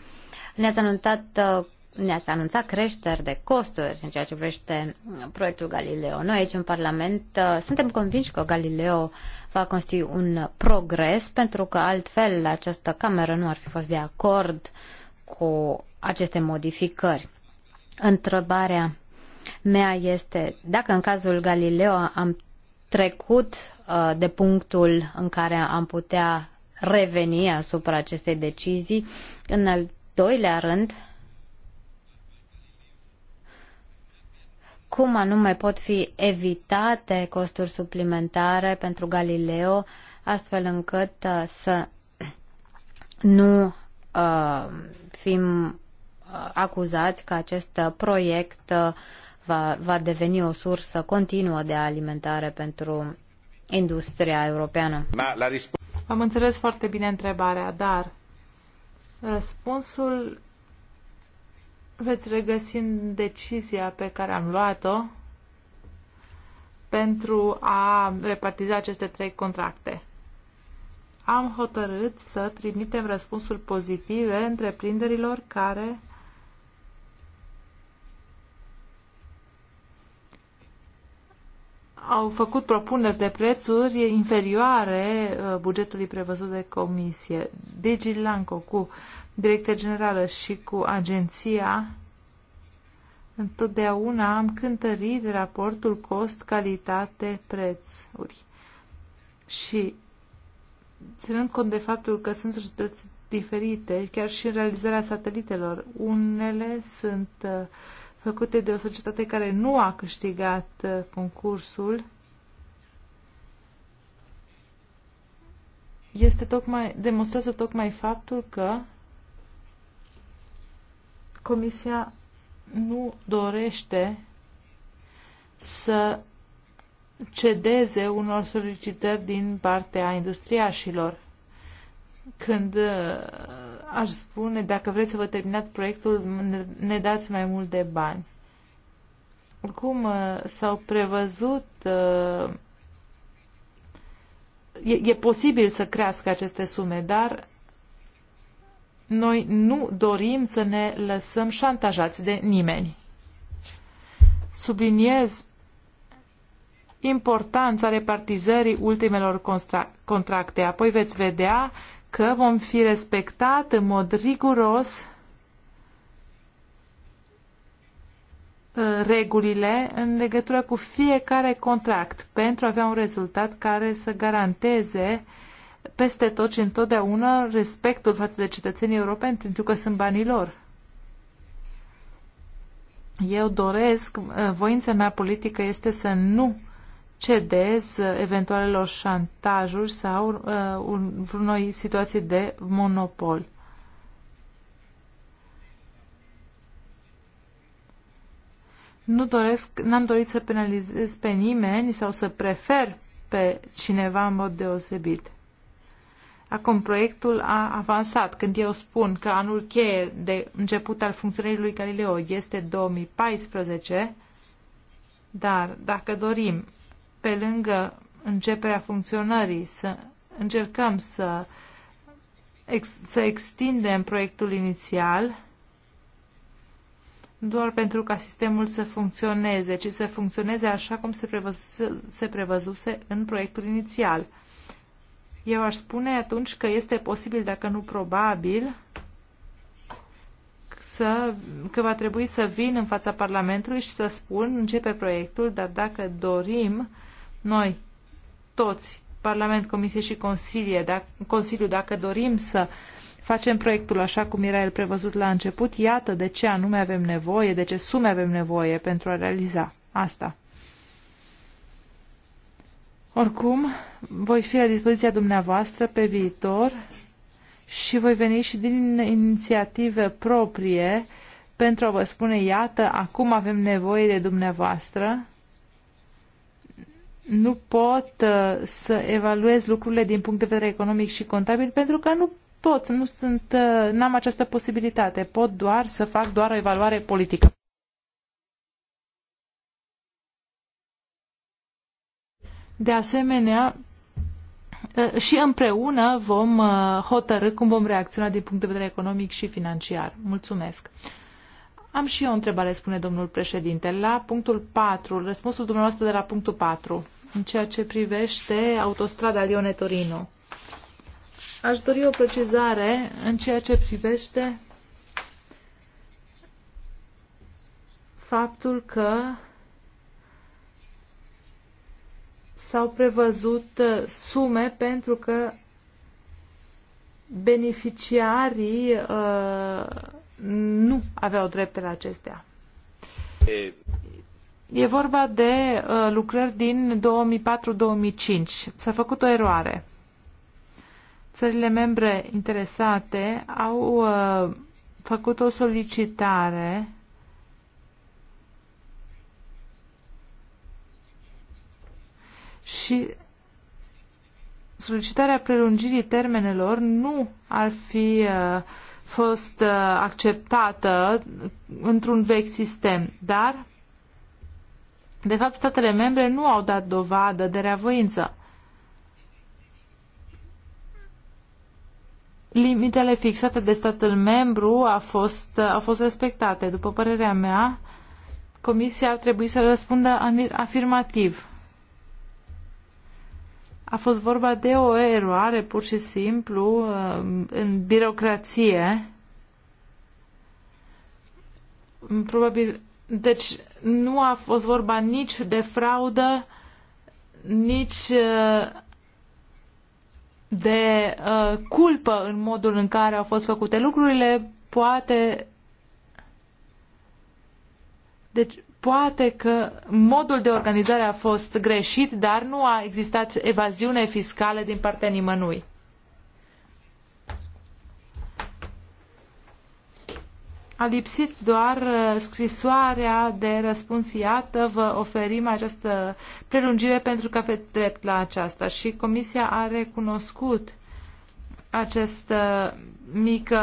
ne-ați anunțat uh, ne-ați anunțat creșteri de costuri în ceea ce privește proiectul Galileo. Noi aici în Parlament uh, suntem convinși că Galileo va constitui un progres pentru că altfel această cameră nu ar fi fost de acord cu aceste modificări. Întrebarea mea este dacă în cazul Galileo am trecut uh, de punctul în care am putea reveni asupra acestei decizii. În al doilea rând, cum anume pot fi evitate costuri suplimentare pentru Galileo, astfel încât uh, să nu uh, fim Uh, acuzați că acest uh, proiect uh, va, va deveni o sursă continuă de alimentare pentru industria europeană. Am înțeles foarte bine întrebarea, dar răspunsul veți regăsi în decizia pe care am luat-o pentru a repartiza aceste trei contracte. Am hotărât să trimitem răspunsuri pozitive întreprinderilor care au făcut propuneri de prețuri inferioare uh, bugetului prevăzut de comisie. Digilanco cu Direcția Generală și cu agenția întotdeauna am cântărit raportul cost-calitate-prețuri. Și ținând cont de faptul că sunt societăți diferite, chiar și în realizarea satelitelor, unele sunt uh, făcute de o societate care nu a câștigat uh, concursul este tocmai, demonstrează tocmai faptul că Comisia nu dorește să cedeze unor solicitări din partea industriașilor. Când uh, aș spune, dacă vreți să vă terminați proiectul, ne dați mai mult de bani. Oricum, uh, s-au prevăzut uh, E, e posibil să crească aceste sume, dar noi nu dorim să ne lăsăm șantajați de nimeni. Subliniez importanța repartizării ultimelor contracte. Apoi veți vedea că vom fi respectat în mod riguros uh, regulile în legătură cu fiecare contract pentru a avea un rezultat care să garanteze peste tot și întotdeauna respectul față de cetățenii europeni pentru că sunt banii lor. Eu doresc, uh, voința mea politică este să nu cedez uh, eventualelor șantajuri sau uh, situații de monopol. Nu doresc, n-am dorit să penalizez pe nimeni sau să prefer pe cineva în mod deosebit. Acum proiectul a avansat. Când eu spun că anul cheie de început al funcționării lui Galileo este 2014, dar dacă dorim pe lângă începerea funcționării, să încercăm să, ex, să extindem proiectul inițial doar pentru ca sistemul să funcționeze, ci să funcționeze așa cum se prevăzuse, se prevăzuse în proiectul inițial. Eu aș spune atunci că este posibil, dacă nu probabil, să, că va trebui să vin în fața Parlamentului și să spun începe proiectul, dar dacă dorim noi toți, Parlament, Comisie și Consiliu, dacă, Consiliu, dacă dorim să facem proiectul așa cum era el prevăzut la început, iată de ce anume avem nevoie, de ce sume avem nevoie pentru a realiza asta. Oricum, voi fi la dispoziția dumneavoastră pe viitor și voi veni și din inițiative proprie pentru a vă spune, iată, acum avem nevoie de dumneavoastră nu pot uh, să evaluez lucrurile din punct de vedere economic și contabil pentru că nu pot, nu sunt, uh, n-am această posibilitate. Pot doar să fac doar o evaluare politică. De asemenea, uh, și împreună vom uh, hotărâ cum vom reacționa din punct de vedere economic și financiar. Mulțumesc! Am și eu o întrebare, spune domnul președinte. La punctul 4, răspunsul dumneavoastră de la punctul 4, în ceea ce privește autostrada Lione-Torino. Aș dori o precizare în ceea ce privește faptul că s-au prevăzut uh, sume pentru că beneficiarii uh, nu aveau dreptele acestea. E... E vorba de uh, lucrări din 2004-2005. S-a făcut o eroare. Țările membre interesate au uh, făcut o solicitare și solicitarea prelungirii termenelor nu ar fi uh, fost uh, acceptată într-un vechi sistem, dar de fapt statele membre nu au dat dovadă de reavoință. Limitele fixate de statul membru a fost, uh, au fost respectate. După părerea mea, Comisia ar trebui să răspundă afirmativ a fost vorba de o eroare pur și simplu uh, în birocrație. Mm, probabil, deci nu a fost vorba nici de fraudă, nici uh, de uh, culpă în modul în care au fost făcute lucrurile, poate. Deci, Poate că modul de organizare a fost greșit, dar nu a existat evaziune fiscală din partea nimănui. A lipsit doar uh, scrisoarea de răspuns, iată, vă oferim această prelungire pentru că aveți drept la aceasta și Comisia a recunoscut această mică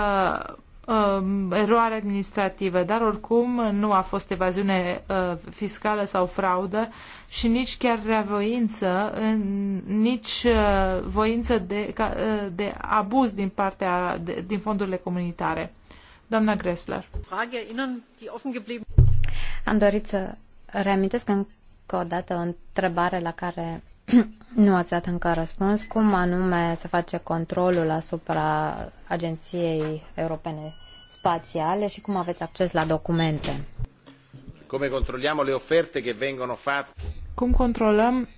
uh, eroare administrativă, dar oricum nu a fost evaziune uh, fiscală sau fraudă și nici chiar reavoință, nici uh, voință de, ca, uh, de abuz din partea de, din fondurile comunitare. Doamna Gressler. Am dorit să reamintesc încă o dată o întrebare la care *clears throat* nu ați dat încă răspuns. Cum anume se face controlul asupra Agenției Europene Spațiale și cum aveți acces la documente. le vengono fatte? Cum controlăm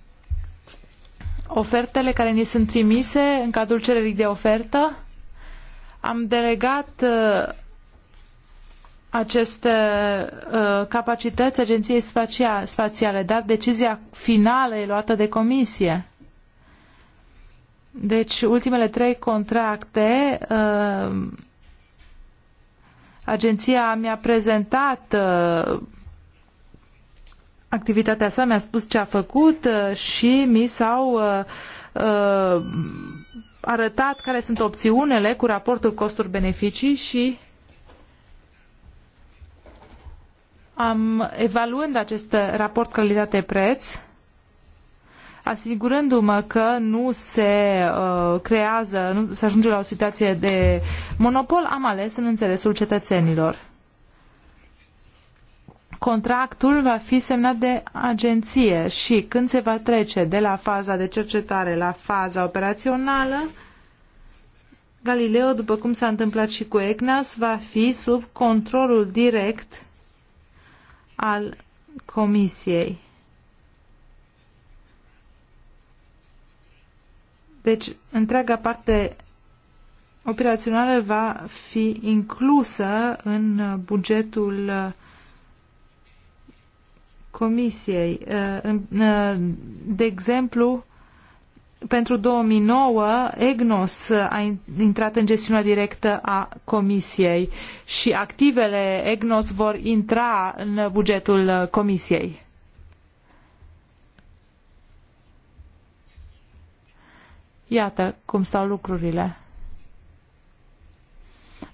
ofertele care ni sunt trimise în cadrul cererii de ofertă? Am delegat uh, aceste uh, capacități Agenției Spațiale, dar decizia finală e luată de comisie. Deci, ultimele trei contracte, uh, agenția mi-a prezentat uh, activitatea sa, mi-a spus ce a făcut uh, și mi s-au arătat care sunt opțiunile cu raportul costuri-beneficii și am evaluând acest raport calitate-preț, asigurându-mă că nu se uh, creează, nu se ajunge la o situație de monopol, am ales în interesul cetățenilor. Contractul va fi semnat de agenție și când se va trece de la faza de cercetare la faza operațională, Galileo, după cum s-a întâmplat și cu EGNAS, va fi sub controlul direct al Comisiei. Deci, întreaga parte operațională va fi inclusă în bugetul uh, Comisiei. Uh, uh, de exemplu, pentru 2009, EGNOS a intrat în gestiunea directă a Comisiei și activele EGNOS vor intra în bugetul Comisiei. Iată cum stau lucrurile.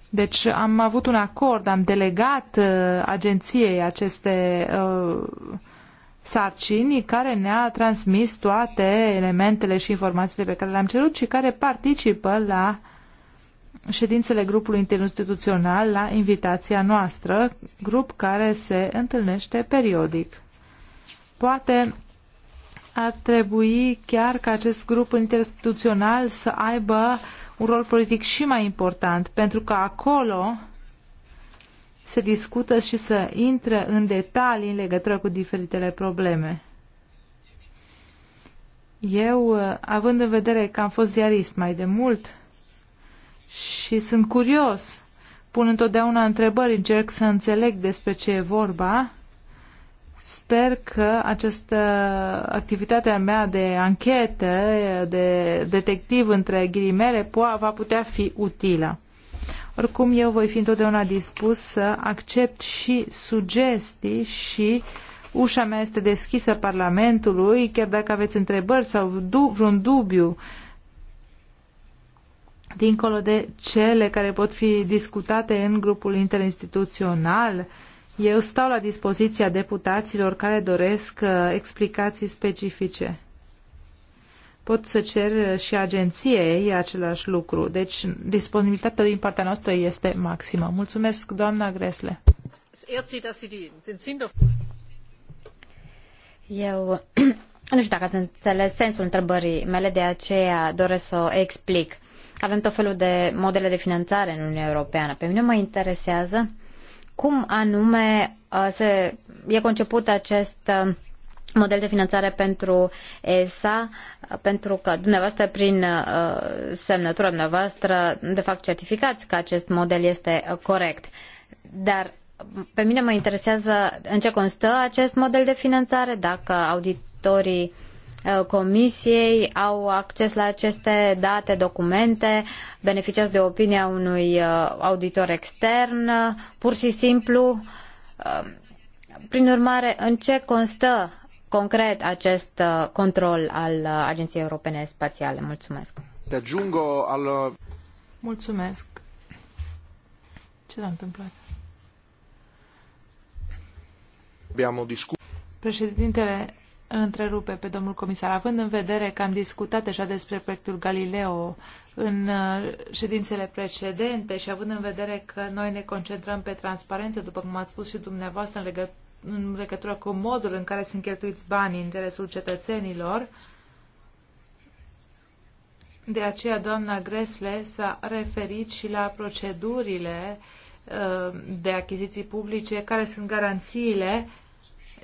Deci am avut un acord, am delegat uh, agenției aceste uh, sarcini care ne-a transmis toate elementele și informațiile pe care le-am cerut și care participă la ședințele grupului interinstituțional la invitația noastră, grup care se întâlnește periodic. Poate ar trebui chiar ca acest grup interinstituțional să aibă un rol politic și mai important, pentru că acolo se discută și să intre în detalii în legătură cu diferitele probleme. Eu, având în vedere că am fost ziarist mai de mult și sunt curios, pun întotdeauna întrebări, încerc să înțeleg despre ce e vorba, Sper că această activitatea mea de anchetă, de detectiv între ghilimele, va putea fi utilă. Oricum, eu voi fi întotdeauna dispus să accept și sugestii și ușa mea este deschisă Parlamentului, chiar dacă aveți întrebări sau vreun dubiu dincolo de cele care pot fi discutate în grupul interinstituțional uh, eu stau la dispoziția deputaților care doresc uh, explicații specifice. Pot să cer uh, și agenției același lucru. Deci disponibilitatea din partea noastră este maximă. Mulțumesc, doamna Gresle. Eu *clears throat* nu știu dacă ați înțeles sensul întrebării mele, de aceea doresc să o explic. Avem tot felul de modele de finanțare în Uniunea Europeană. Pe mine mă interesează cum anume uh, se, e conceput acest uh, model de finanțare pentru ESA, uh, pentru că dumneavoastră, prin semnătura dumneavoastră, de fapt certificați că acest model este corect. Dar pe mine mă interesează în ce constă acest model de finanțare, dacă auditorii uh, Uh, comisiei au acces la aceste date, documente, beneficiați de opinia unui uh, auditor extern, pur și simplu. Uh, prin urmare, în ce constă concret acest control al Agenției Europene Spațiale? Mulțumesc. Te ajungo al... Mulțumesc. Ce s-a întâmplat? Abbiamo discutat. Președintele întrerupe pe domnul comisar, având în vedere că am discutat deja despre proiectul Galileo în uh, ședințele precedente și având în vedere că noi ne concentrăm pe transparență, după cum ați spus și dumneavoastră, în, legă, în legătură cu modul în care sunt cheltuiți banii în interesul cetățenilor, de aceea doamna Gresle s-a referit și la procedurile uh, de achiziții publice, care sunt garanțiile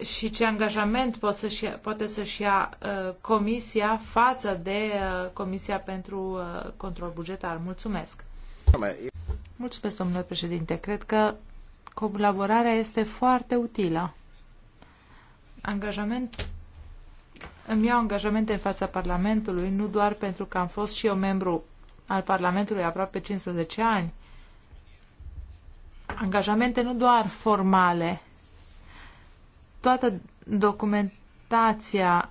și ce angajament poate să-și ia, poate să-și ia uh, Comisia față de uh, Comisia pentru uh, Control Bugetar. Mulțumesc! Mulțumesc, domnule președinte. Cred că colaborarea este foarte utilă. Angajament îmi iau angajamente în fața Parlamentului, nu doar pentru că am fost și eu membru al Parlamentului aproape 15 ani. Angajamente nu doar formale, toată documentația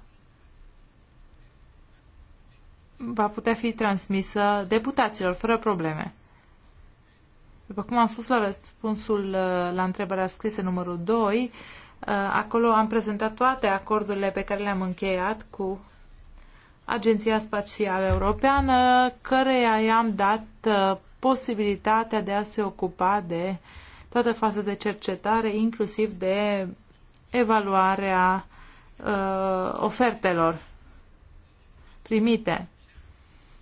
va putea fi transmisă deputaților fără probleme. După cum am spus la răspunsul uh, la întrebarea scrisă numărul 2, uh, acolo am prezentat toate acordurile pe care le-am încheiat cu Agenția Spațială Europeană, căreia i-am dat uh, posibilitatea de a se ocupa de toată faza de cercetare, inclusiv de evaluarea uh, ofertelor primite.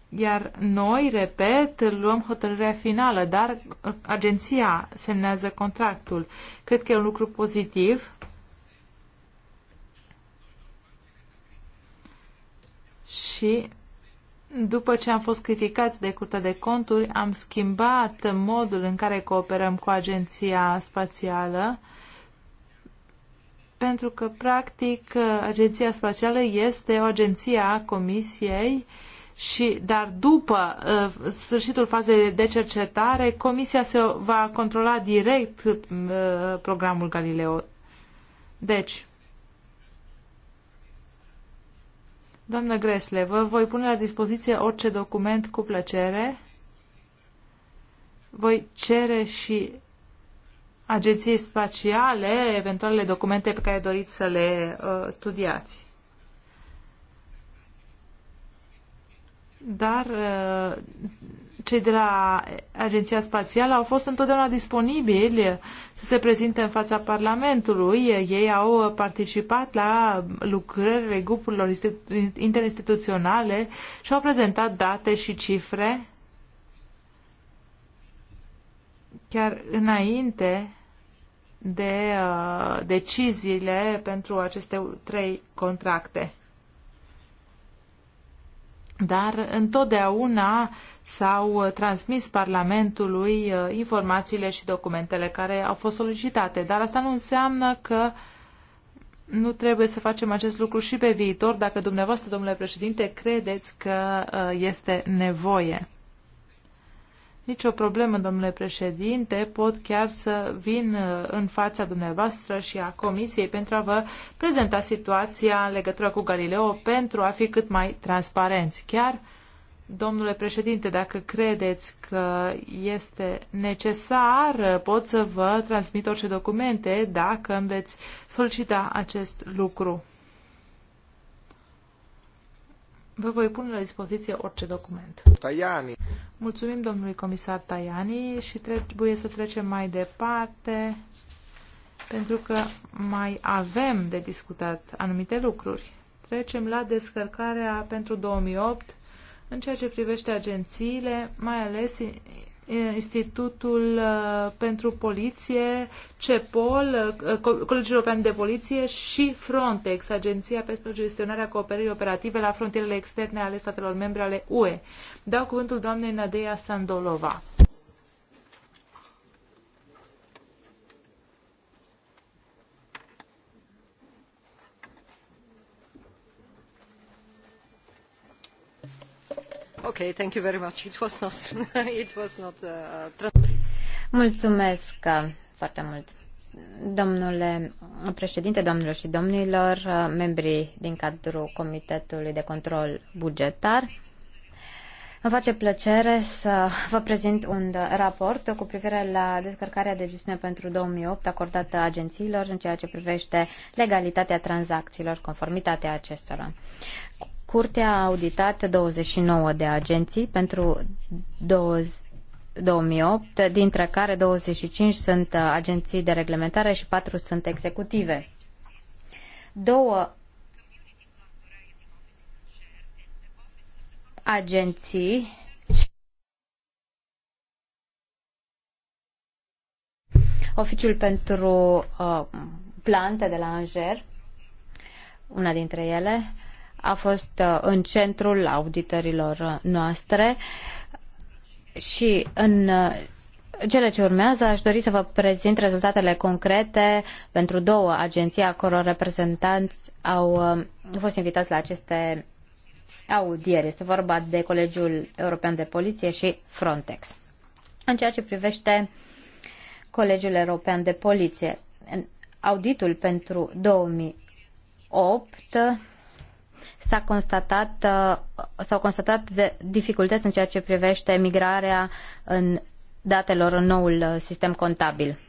Iar noi, repet, luăm hotărârea finală, dar agenția semnează contractul. Cred că e un lucru pozitiv. Și după ce am fost criticați de Curtea de Conturi, am schimbat modul în care cooperăm cu Agenția Spațială uh, pentru că, practic, agenția spațială este o agenție a Comisiei și, dar după uh, sfârșitul fazei de cercetare, Comisia se va controla direct uh, programul Galileo. Deci, doamnă Gresle, vă voi pune la dispoziție orice document cu plăcere. Voi cere și agenției spațiale eventualele documente pe care doriți să le uh, studiați. Dar uh, cei de la Agenția Spațială au fost întotdeauna disponibili să se prezinte în fața Parlamentului. Ei au participat la lucrările grupurilor interinstituționale și au prezentat date și cifre chiar înainte de uh, deciziile pentru aceste trei contracte. Dar întotdeauna s-au transmis Parlamentului uh, informațiile și documentele care au fost solicitate. Dar asta nu înseamnă că nu trebuie să facem acest lucru și pe viitor dacă dumneavoastră, domnule președinte, credeți că uh, este nevoie. Nicio problemă, domnule președinte, pot chiar să vin uh, în fața dumneavoastră și a comisiei pentru a vă prezenta situația în legătură cu Galileo pentru a fi cât mai transparenți. Chiar, domnule președinte, dacă credeți că este necesar, pot să vă transmit orice documente dacă îmi veți solicita acest lucru. Vă voi pune la dispoziție orice document. Tajani. Mulțumim domnului comisar Tajani și trebuie să trecem mai departe pentru că mai avem de discutat anumite lucruri. Trecem la descărcarea pentru 2008 în ceea ce privește agențiile, mai ales Institutul uh, pentru Poliție, CEPOL, uh, Colegiul European de Poliție și Frontex, Agenția pentru Gestionarea Cooperării Operative la frontierele externe ale statelor membre ale UE. Dau cuvântul doamnei Nadeia Sandolova. *laughs* Uh, Mulțumesc uh, foarte mult. Domnule președinte, domnilor și domnilor, uh, membrii din cadrul Comitetului de Control Bugetar, îmi face plăcere să vă prezint un raport cu privire la descărcarea de gestiune pentru 2008 acordată agențiilor în ceea ce privește legalitatea tranzacțiilor, conformitatea acestora. Curtea a auditat 29 de agenții pentru 20, 2008, dintre care 25 sunt agenții de reglementare și 4 sunt executive. Două agenții Oficiul pentru uh, plante de la Anger, una dintre ele, a fost uh, în centrul auditorilor noastre și în uh, cele ce urmează aș dori să vă prezint rezultatele concrete pentru două agenții a căror reprezentanți au uh, fost invitați la aceste audieri. Este vorba de Colegiul European de Poliție și Frontex. În ceea ce privește Colegiul European de Poliție, auditul pentru 2008 s-a constatat, uh, s-au constatat de dificultăți în ceea ce privește migrarea în datelor în noul uh, sistem contabil.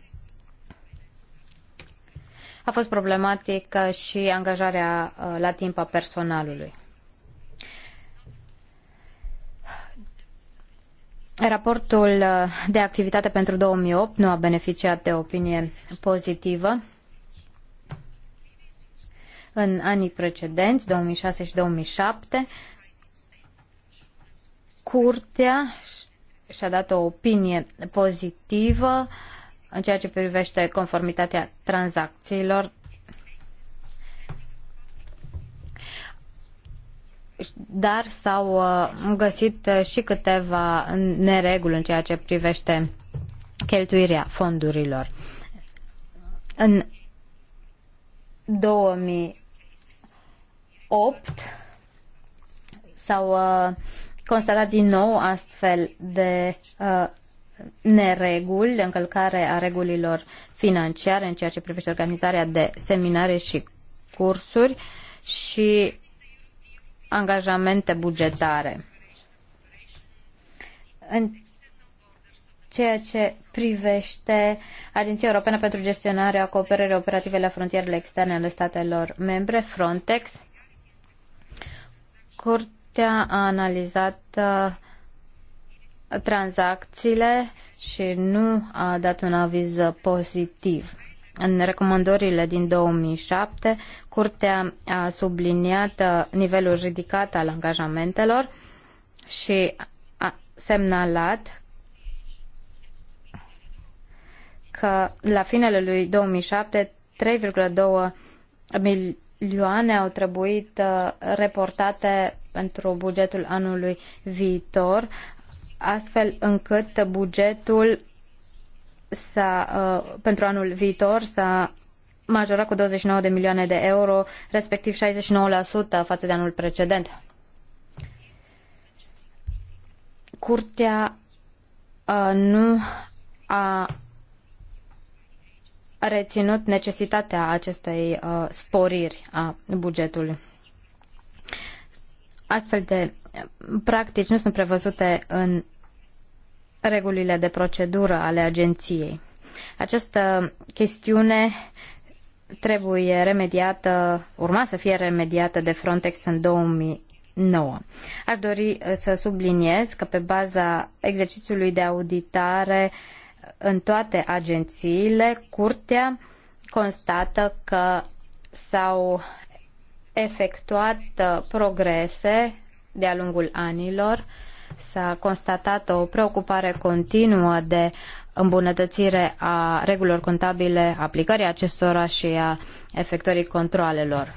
A fost problematică și angajarea uh, la timp a personalului. Raportul de activitate pentru 2008 nu a beneficiat de opinie pozitivă în anii precedenți, 2006 și 2007, Curtea și-a dat o opinie pozitivă în ceea ce privește conformitatea tranzacțiilor dar s-au uh, găsit uh, și câteva nereguli în ceea ce privește cheltuirea fondurilor. În 2000 8 s-au uh, constatat din nou astfel de uh, nereguli, încălcare a regulilor financiare în ceea ce privește organizarea de seminare și cursuri și angajamente bugetare. În ceea ce privește Agenția Europeană pentru Gestionarea Cooperării Operative la Frontierele Externe ale statelor membre, Frontex, Curtea a analizat uh, tranzacțiile și nu a dat un aviz pozitiv. În recomandările din 2007, Curtea a subliniat uh, nivelul ridicat al angajamentelor și a semnalat că la finele lui 2007 3,2 milioane au trebuit uh, reportate pentru bugetul anului viitor, astfel încât bugetul să uh, pentru anul viitor să majora cu 29 de milioane de euro, respectiv 69% față de anul precedent. Curtea uh, nu a reținut necesitatea acestei uh, sporiri a bugetului. Astfel de practici nu sunt prevăzute în regulile de procedură ale agenției. Această chestiune trebuie remediată, urma să fie remediată de Frontex în 2009. Aș dori uh, să subliniez că pe baza exercițiului de auditare uh, în toate agențiile, curtea constată că s-au efectuat uh, progrese de-a lungul anilor, s-a constatat o preocupare continuă de îmbunătățire a regulilor contabile, aplicării acestora și a efectuării controalelor.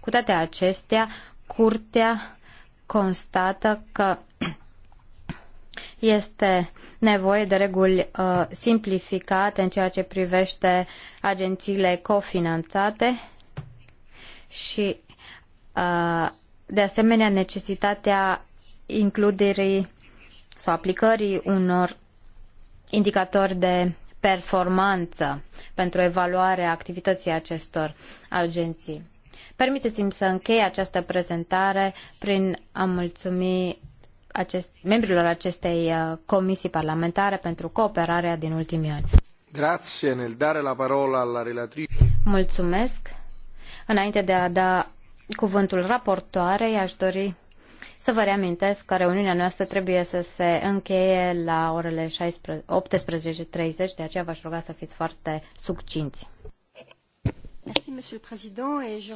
Cu toate acestea, curtea constată că este nevoie de reguli uh, simplificate în ceea ce privește agențiile cofinanțate și uh, de asemenea necesitatea includerii sau aplicării unor indicatori de performanță pentru evaluarea activității acestor agenții. Permiteți-mi să închei această prezentare prin a mulțumi acest, membrilor acestei uh, comisii parlamentare pentru cooperarea din ultimii ani. Grazie, nel dare la parola alla relatrice. Mulțumesc. Înainte de a da cuvântul raportoarei, aș dori să vă reamintesc că reuniunea noastră trebuie să se încheie la orele 18.30, de aceea v-aș ruga să fiți foarte succinți. Merci, Monsieur le Président, et je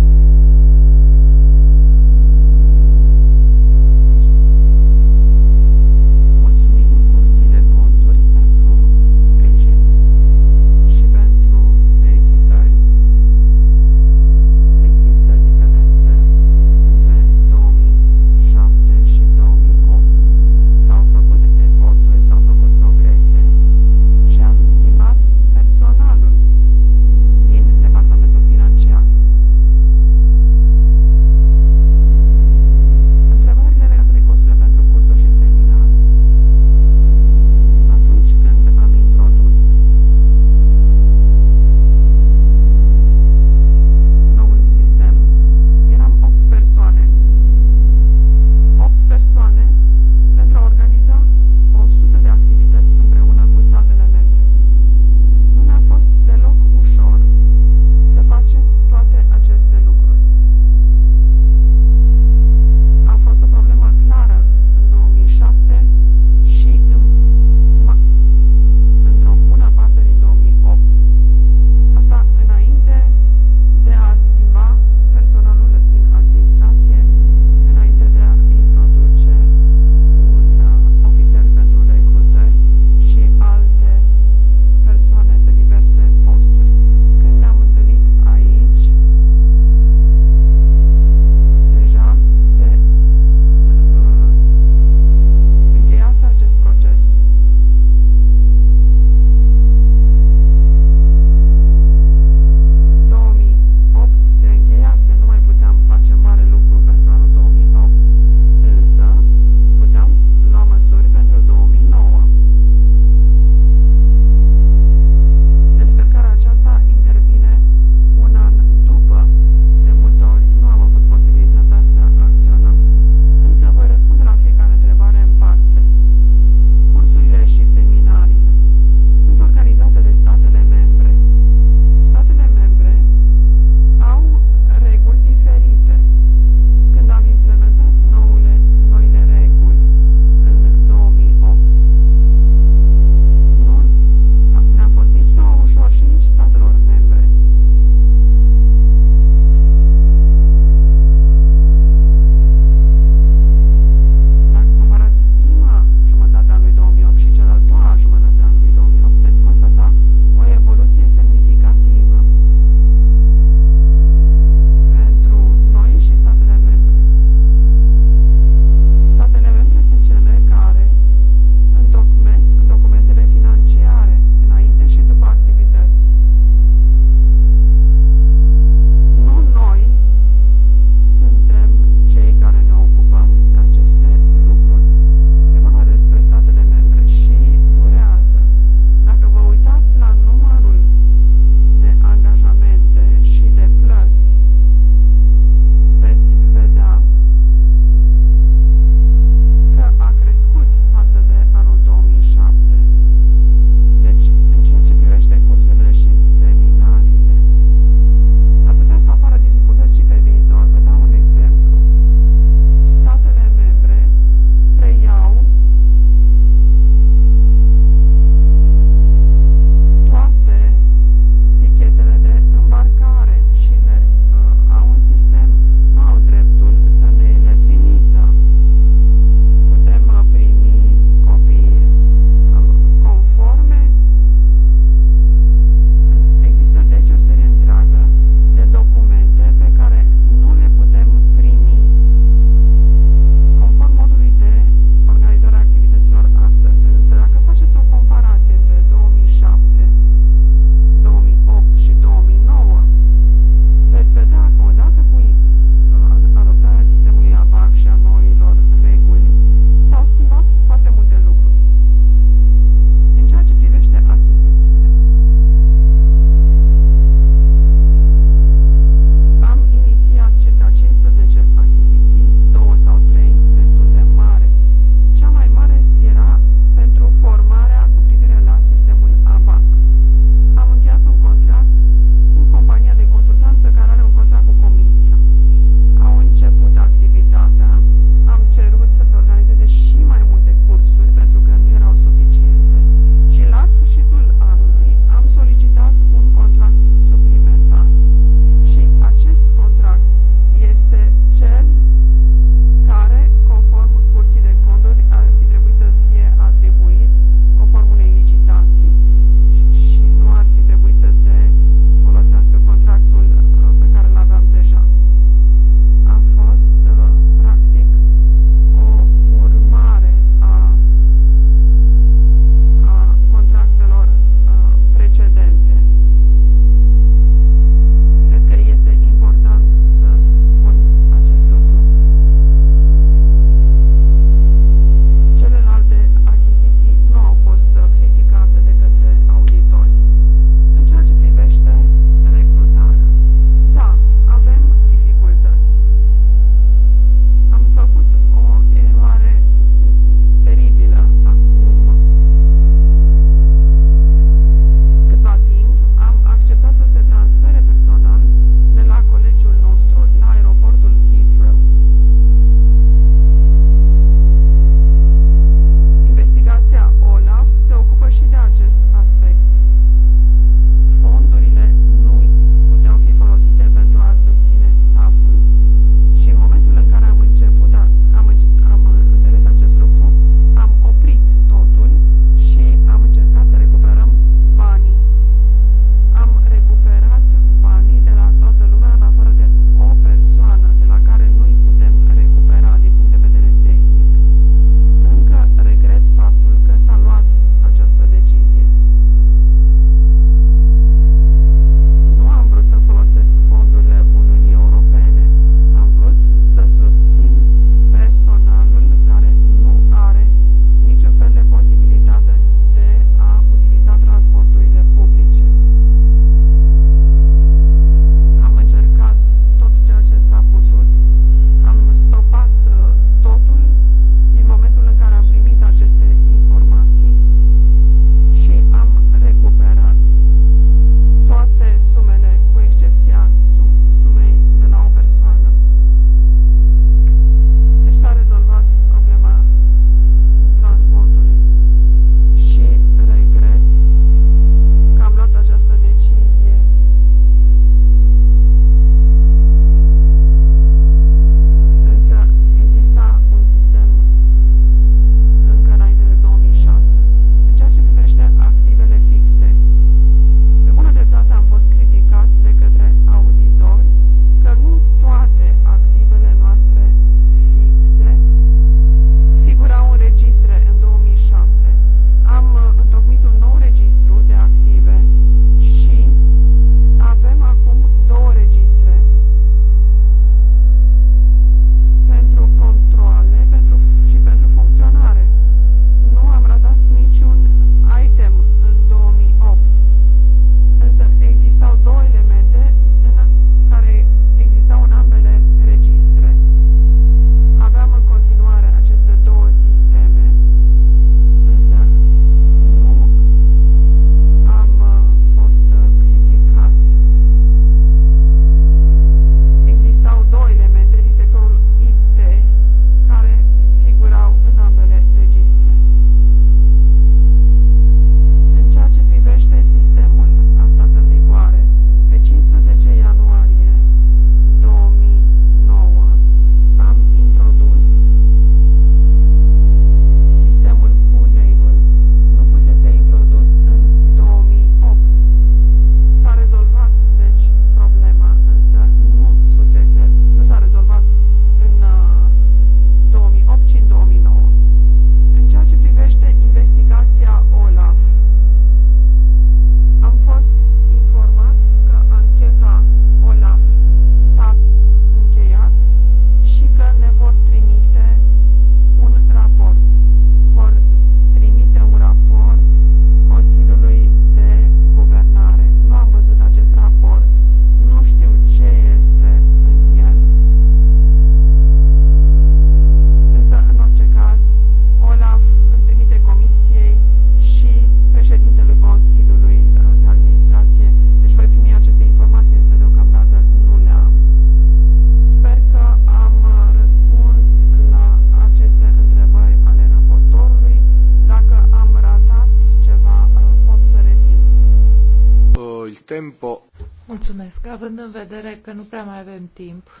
Mulțumesc. Având în vedere că nu prea mai avem timp,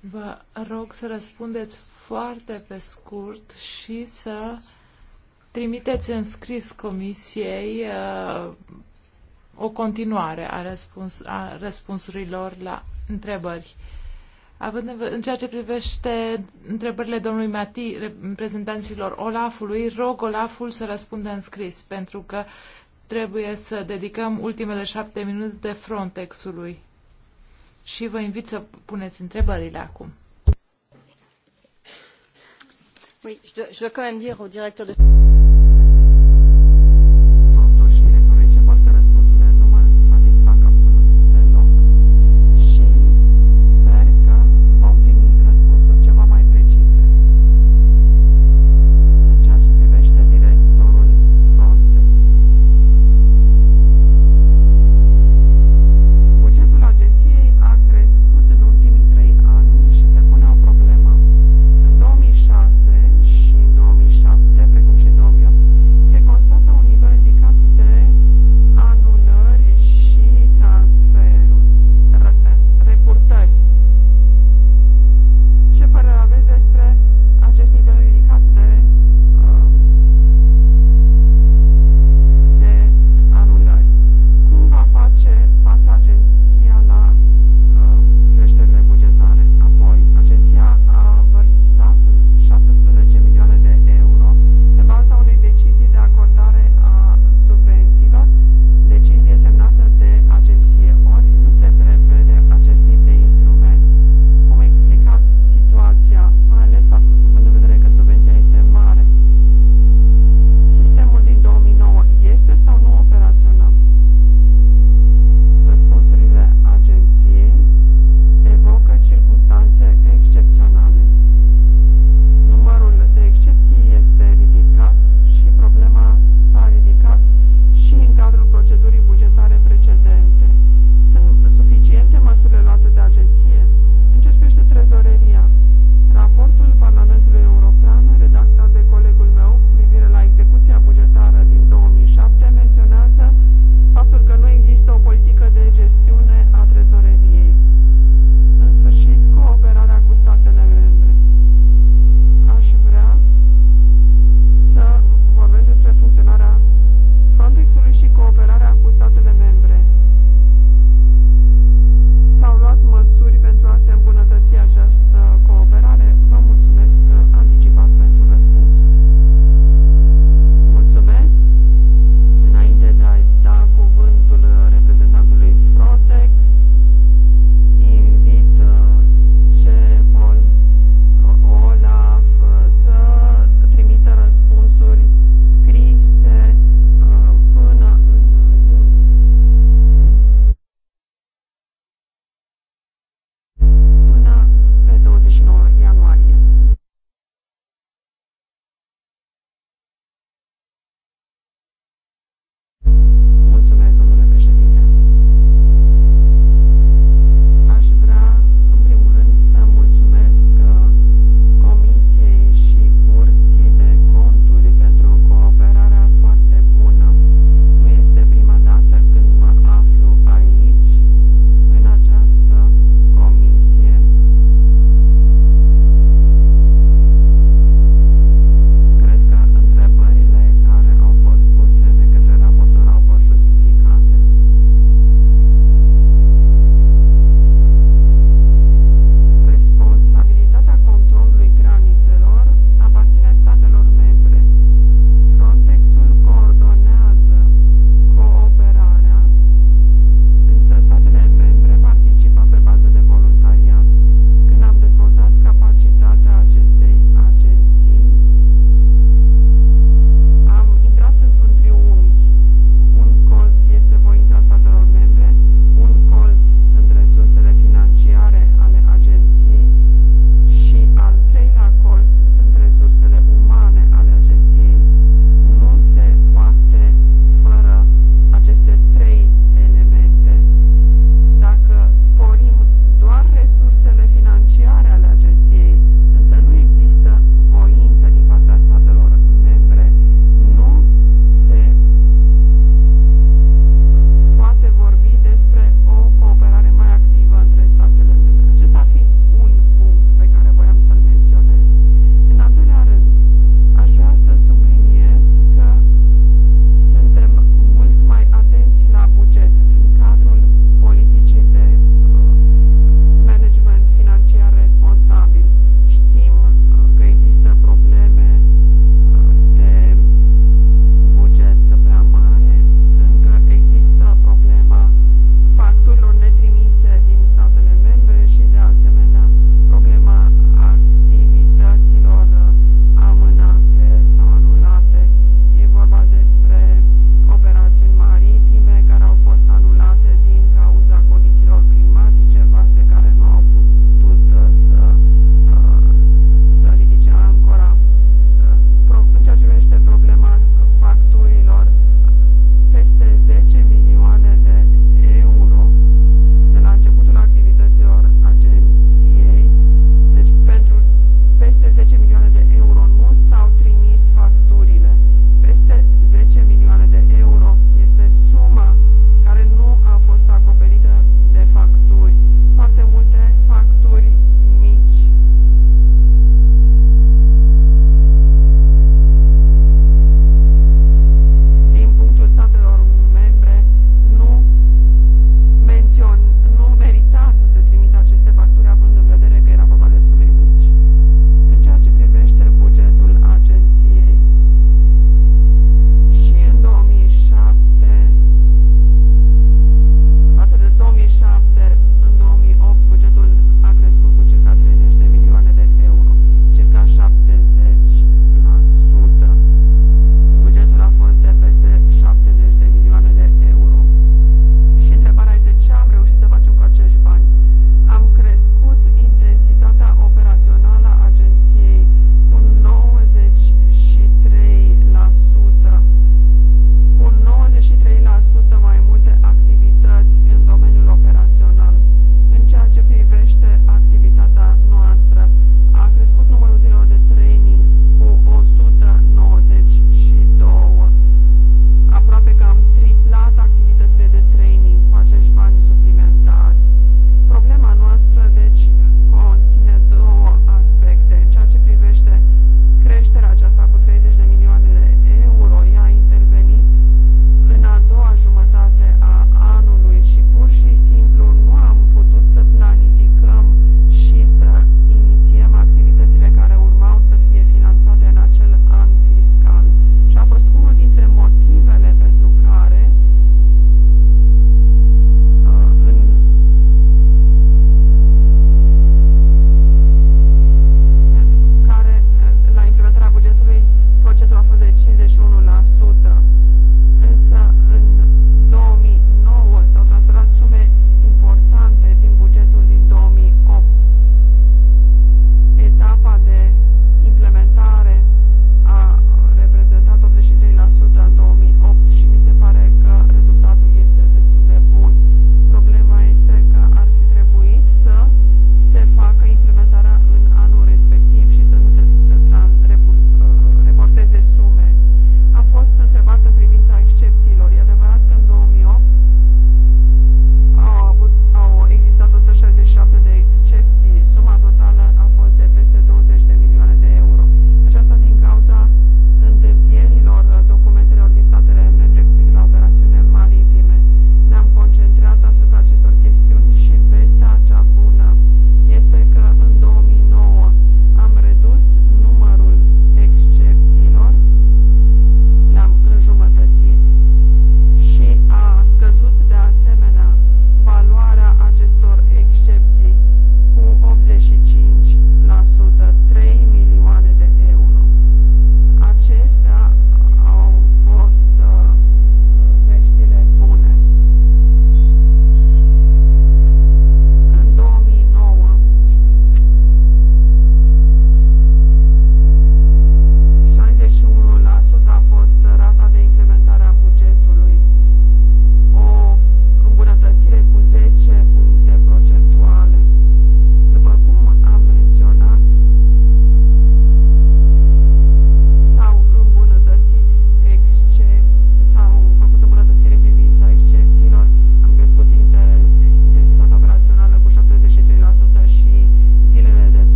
vă rog să răspundeți foarte pe scurt și să trimiteți în scris comisiei uh, o continuare a, răspuns, a răspunsurilor la întrebări. Având în, în ceea ce privește întrebările domnului Mati, reprezentanților Olafului, rog Olaful să răspundă în scris, pentru că trebuie să dedicăm ultimele șapte minute de Frontexului. Și vă invit să puneți întrebările acum. Oui, je dois, je dois quand même dire au directeur de...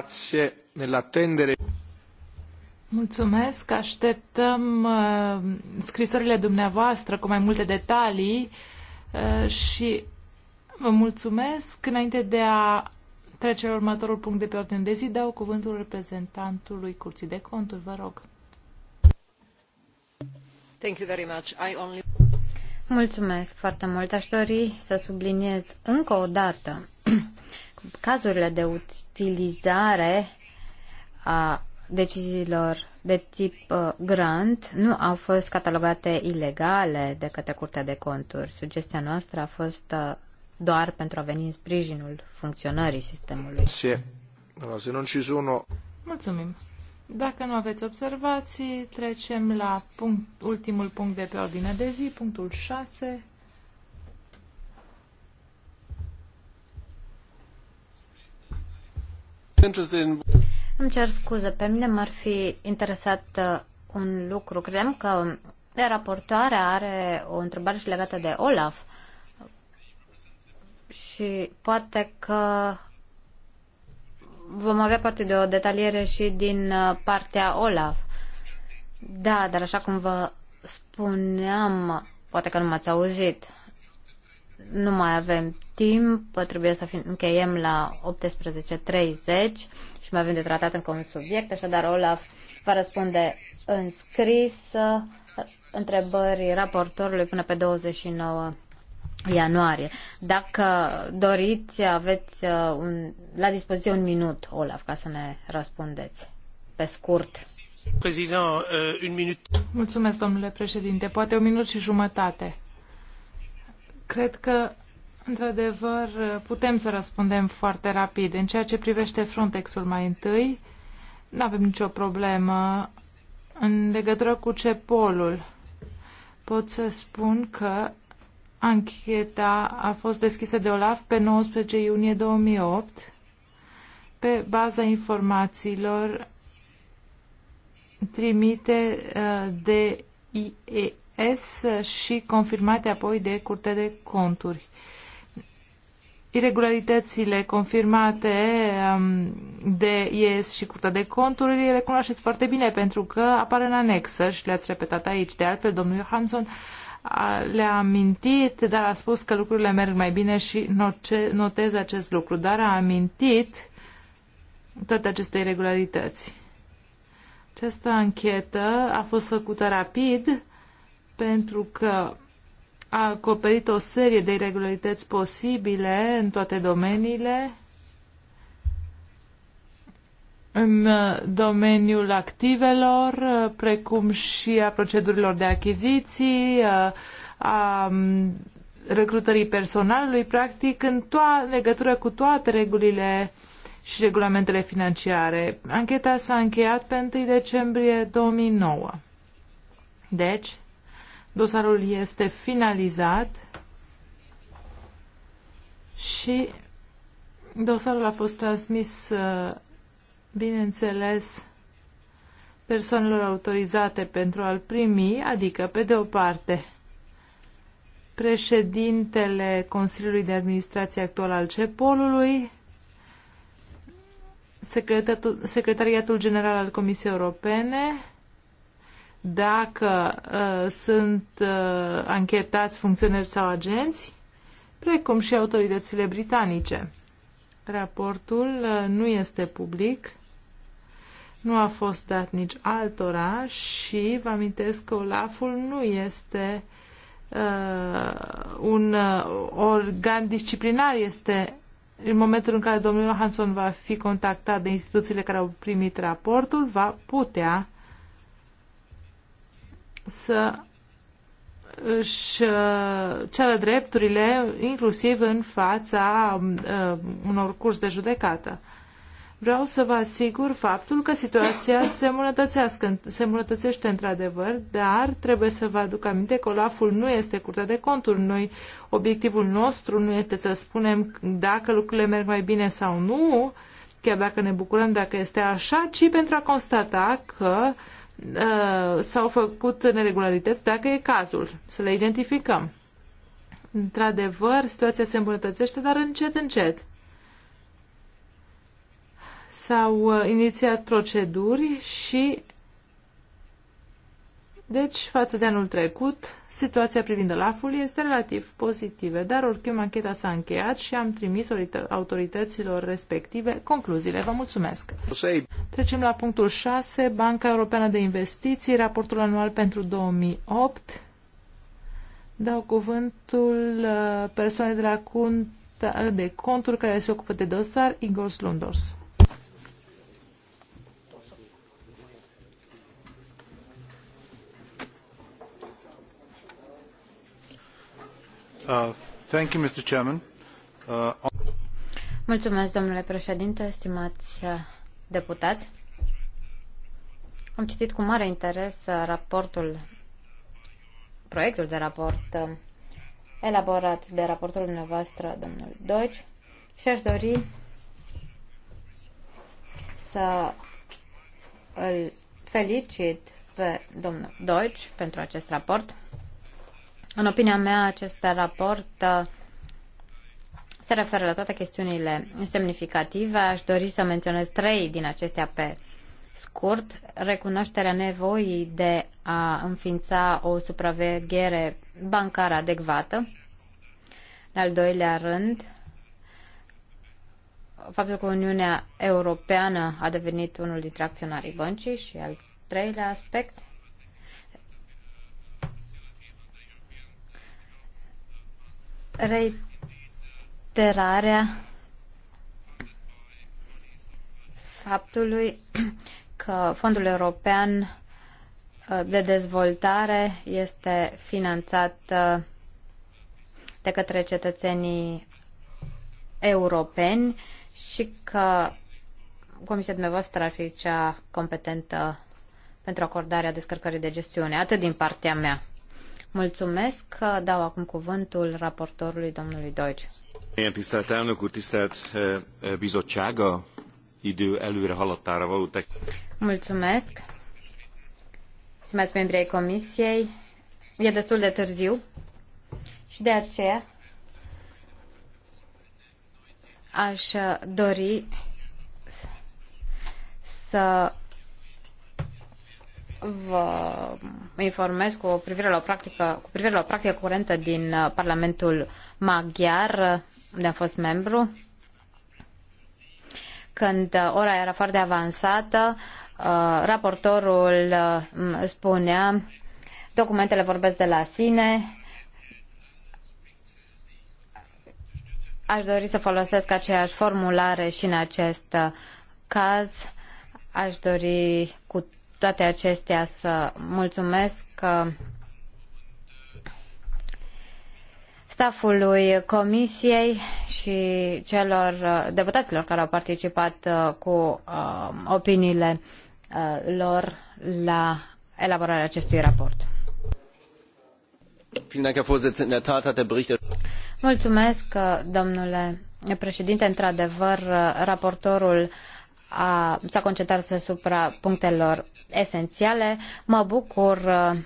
Grazie. Nell'attendere. Mulțumesc, așteptăm uh, scrisorile dumneavoastră cu mai multe detalii uh, și vă mulțumesc. Înainte de a trece la următorul punct de pe ordine de zi, dau cuvântul reprezentantului Curții de Conturi, vă rog. Thank you very much. I only... Mulțumesc foarte mult. Aș dori să subliniez încă o dată *clears throat* cazurile de utilizare a deciziilor de tip uh, grant nu au fost catalogate ilegale de către Curtea de Conturi. Sugestia noastră a fost uh, doar pentru a veni în sprijinul funcționării sistemului. Mulțumim. Dacă nu aveți observații, trecem la punct, ultimul punct de pe ordine de zi, punctul 6, Îmi cer scuze, pe mine m-ar fi interesat uh, un lucru. Credeam că um, raportoarea are o întrebare și legată de Olaf și poate că vom avea parte de o detaliere și din uh, partea Olaf. Da, dar așa cum vă spuneam, poate că nu m-ați auzit, nu mai avem timp, trebuie să încheiem la 18.30 și mai avem de tratat încă un subiect, așadar Olaf va răspunde în scris întrebării raportorului până pe 29 ianuarie. Dacă doriți, aveți uh, un, la dispoziție un minut, Olaf, ca să ne răspundeți pe scurt. Uh, un minut. Mulțumesc, domnule președinte. Poate un minut și jumătate. Cred că Într-adevăr, putem să răspundem foarte rapid. În ceea ce privește Frontex-ul mai întâi, nu avem nicio problemă. În legătură cu ce polul. pot să spun că ancheta a fost deschisă de OLAF pe 19 iunie 2008 pe baza informațiilor trimite uh, de IES și confirmate apoi de Curtea de Conturi irregularitățile confirmate um, de IES și Curtea de Conturi le recunoașteți foarte bine pentru că apar în anexă și le-ați repetat aici. De altfel, domnul Johansson le-a amintit, dar a spus că lucrurile merg mai bine și notez acest lucru, dar a amintit toate aceste irregularități. Această anchetă a fost făcută rapid pentru că a acoperit o serie de irregularități posibile în toate domeniile, în uh, domeniul activelor, uh, precum și a procedurilor de achiziții, uh, a um, recrutării personalului, practic în to- legătură cu toate regulile și regulamentele financiare. Ancheta s-a încheiat pe 1 decembrie 2009. Deci, Dosarul este finalizat și dosarul a fost transmis, uh, bineînțeles, persoanelor autorizate pentru a-l primi, adică, pe de o parte, președintele Consiliului de Administrație actual al CEPOL-ului, Secretariatul General al Comisiei Europene, dacă uh, sunt uh, anchetați funcționari sau agenți, precum și autoritățile britanice. Raportul uh, nu este public, nu a fost dat nici altora și vă amintesc că Olaful nu este uh, un uh, organ disciplinar, este în momentul în care domnul Hanson va fi contactat de instituțiile care au primit raportul, va putea să își uh, ceară drepturile inclusiv în fața uh, unor curs de judecată. Vreau să vă asigur faptul că situația se se îmbunătățește într-adevăr, dar trebuie să vă aduc aminte că Olaful nu este curtea de conturi. Noi, obiectivul nostru nu este să spunem dacă lucrurile merg mai bine sau nu, chiar dacă ne bucurăm dacă este așa, ci pentru a constata că uh, Uh, s-au făcut neregularități, dacă e cazul, să le identificăm. Într-adevăr, situația se îmbunătățește, dar încet, încet. S-au uh, inițiat proceduri și deci, față de anul trecut, situația privind laful este relativ pozitivă, dar oricum ancheta s-a încheiat și am trimis autorităților respective concluziile. Vă mulțumesc! Trecem la punctul 6, Banca Europeană de Investiții, raportul anual pentru 2008. Dau cuvântul uh, persoanei de la cont de Conturi care se ocupă de dosar, Igor Slundors. Uh, uh, Mulțumesc, domnule uh, Am citit cu mare interes raportul, proiectul de raport elaborat de raportul dumneavoastră, domnul Deutsch, și aș dori să îl felicit pe domnul Deutsch pentru acest raport. În opinia mea, acest raport uh, se referă la toate chestiunile semnificative. Aș dori să menționez trei din acestea pe scurt. Recunoașterea nevoii de a înființa o supraveghere bancară adecvată. În al doilea rând, faptul că Uniunea Europeană a devenit unul dintre acționarii băncii și al treilea aspect – reiterarea faptului că Fondul European uh, de Dezvoltare este finanțat uh, de către cetățenii europeni și că Comisia dumneavoastră ar fi cea competentă pentru acordarea descărcării de gestiune. Atât din partea mea. Mulțumesc. Dau acum cuvântul raportorului domnului Deutsch. Ilyen tisztelt elnök úr, tisztelt eh, eh, bizottság, a idő előre haladtára való tek... Mulțumesc. Stimați membri ai comisiei, e destul de târziu și de aceea aș dori să vă informez cu privire la o practică, cu privire la o practică curentă din uh, Parlamentul Maghiar, uh, unde am fost membru. Când uh, ora era foarte avansată, raportorul spunea documentele vorbesc de la sine, aș dori să folosesc aceeași formulare și în acest caz. Aș dori cu toate acestea să mulțumesc uh, stafului comisiei și celor uh, deputaților care au participat uh, cu opiniile lor la elaborarea acestui raport. Mulțumesc, domnule președinte. Într-adevăr, raportorul s-a concentrat asupra punctelor esențiale. Mă bucur uh,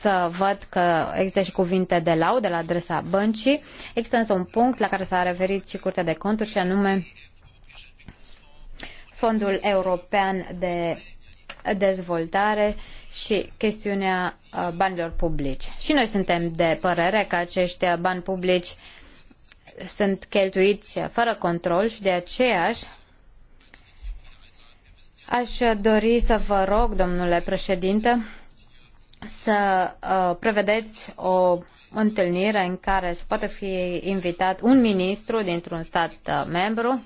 să văd că există și cuvinte de laudă la adresa băncii. Există însă un punct la care s-a referit și Curtea de Conturi și anume Fondul European de dezvoltare și chestiunea uh, banilor publici. Și noi suntem de părere că acești bani publici sunt cheltuiți fără control și de aceeași Aș dori să vă rog, domnule președinte, să prevedei uh, prevedeți o întâlnire în care să poată fi invitat un ministru dintr-un stat uh, membru.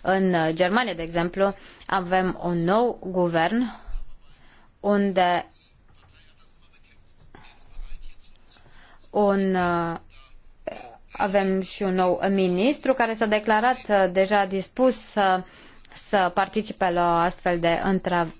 În Germania, de exemplu, avem un nou guvern unde un, uh, avem și un nou ministru care s-a declarat deja dispus să să participe la o astfel de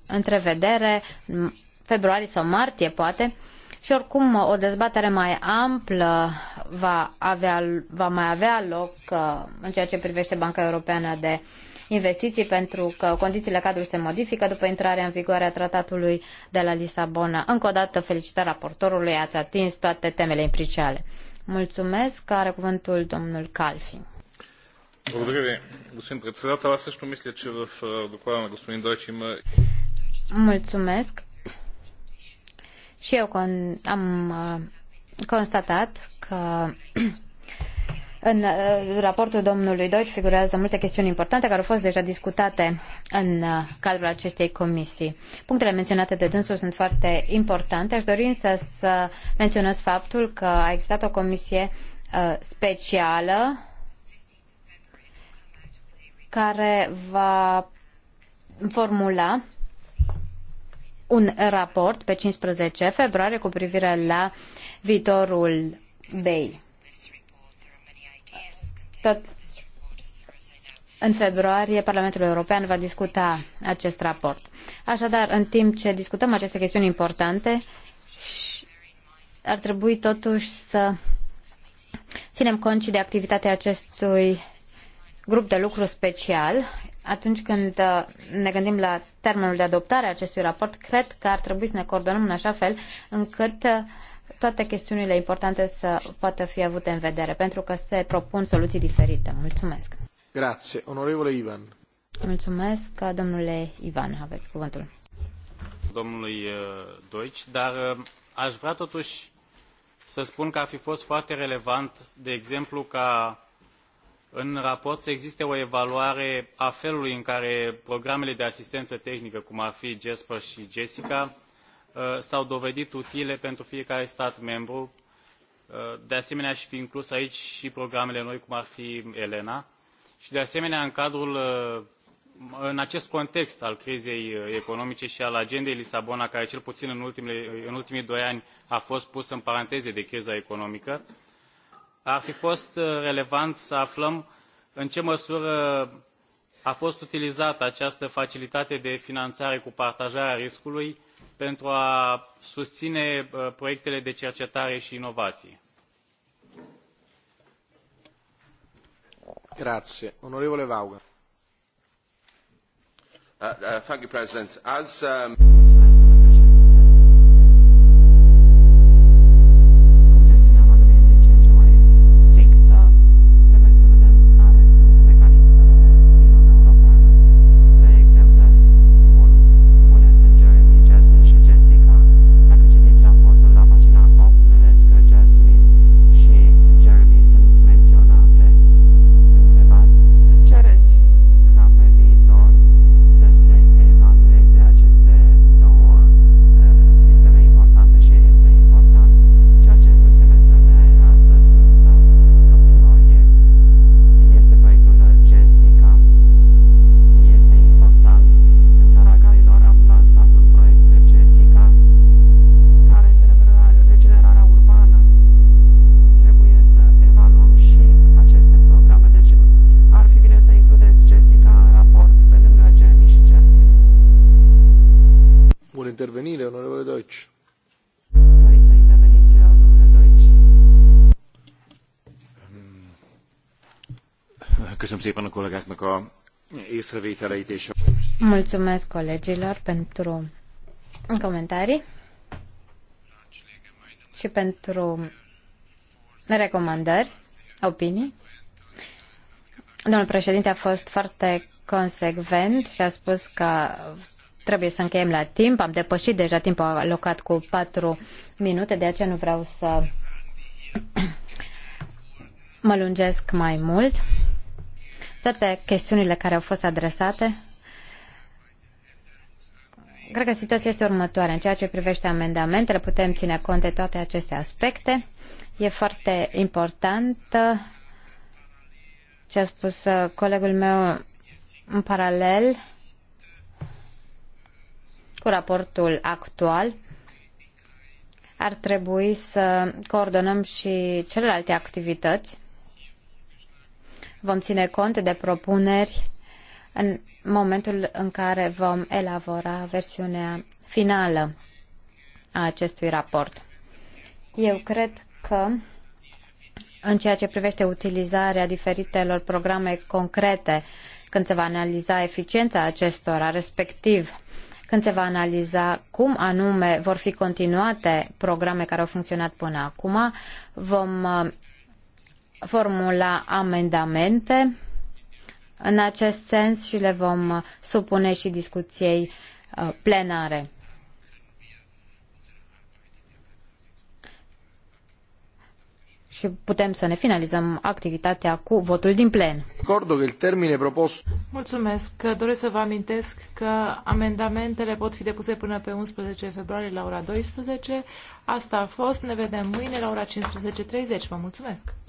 întrevedere, în februarie sau martie poate, și oricum o dezbatere mai amplă va, avea, va mai avea loc uh, în ceea ce privește Banca Europeană de investiții pentru că condițiile cadrului se modifică după intrarea în vigoare a tratatului de la Lisabona. Încă o dată felicitări raportorului, ați atins toate temele impriciale. Mulțumesc, are cuvântul domnul Calfin. Благодаря ви, господин председател. Аз също мисля, че в доклада на господин Дойч има... Mulțumesc. Și eu con- am constatat că în raportul domnului Deutsch figurează multe chestiuni importante care au fost deja discutate în cadrul acestei comisii. Punctele menționate de dânsul sunt foarte importante. Aș dori însă să menționez faptul că a existat o comisie specială care va formula un raport pe 15 februarie cu privire la viitorul BEI. Tot în februarie, Parlamentul European va discuta acest raport. Așadar, în timp ce discutăm aceste chestiuni importante, ar trebui totuși să ținem cont și de activitatea acestui grup de lucru special. Atunci când uh, ne gândim la termenul de adoptare a acestui raport, cred că ar trebui să ne coordonăm în așa fel încât uh, toate chestiunile importante să poată fi avute în vedere, pentru că se propun soluții diferite. Mulțumesc! Grazie. Onorevole Ivan. Mulțumesc, uh, domnule Ivan, aveți cuvântul. Domnului Deutsch, dar aș vrea totuși să spun că ar fi fost foarte relevant, de exemplu, ca în raport să existe o evaluare a felului în care programele de asistență tehnică, cum ar fi Jasper și Jessica, uh, s-au dovedit utile pentru fiecare stat membru, uh, de asemenea și fi inclus aici și programele noi, cum ar fi Elena. Și de asemenea, în cadrul uh, în acest context al crizei economice și al agendei Lisabona, care cel puțin în, ultimele, în ultimii doi ani a fost pusă în paranteze de criza economică, uh, ar fi fost uh, relevant să aflăm în ce măsură a fost utilizată această facilitate de finanțare cu partajarea riscului pentru a susține uh, proiectele de cercetare și inovație. Grazie. Onorevole Vaughan. Uh, uh, thank you, President. As, um... szépen a kollégáknak a észrevételeit és a... Mulțumesc colegilor pentru comentarii și pentru recomandări, opinii. Domnul președinte a fost foarte consecvent și a spus că trebuie să încheiem la timp. Am depășit deja timpul alocat cu patru minute, de aceea nu vreau să mă lungesc mai mult toate chestiunile care au fost adresate, cred că situația este următoare. În ceea ce privește amendamentele, putem ține cont de toate aceste aspecte. E foarte important ce a spus uh, colegul meu în paralel cu raportul actual. Ar trebui să coordonăm și celelalte activități vom ține cont de propuneri în momentul în care vom elabora versiunea finală a acestui raport. Eu cred că în ceea ce privește utilizarea diferitelor programe concrete, când se va analiza eficiența acestora, respectiv când se va analiza cum anume vor fi continuate programe care au funcționat până acum, vom formula amendamente în acest sens și le vom supune și discuției uh, plenare. și putem să ne finalizăm activitatea cu votul din plen. Mulțumesc. Doresc să vă amintesc că amendamentele pot fi depuse până pe 11 februarie la ora 12. Asta a fost. Ne vedem mâine la ora 15.30. Vă mulțumesc.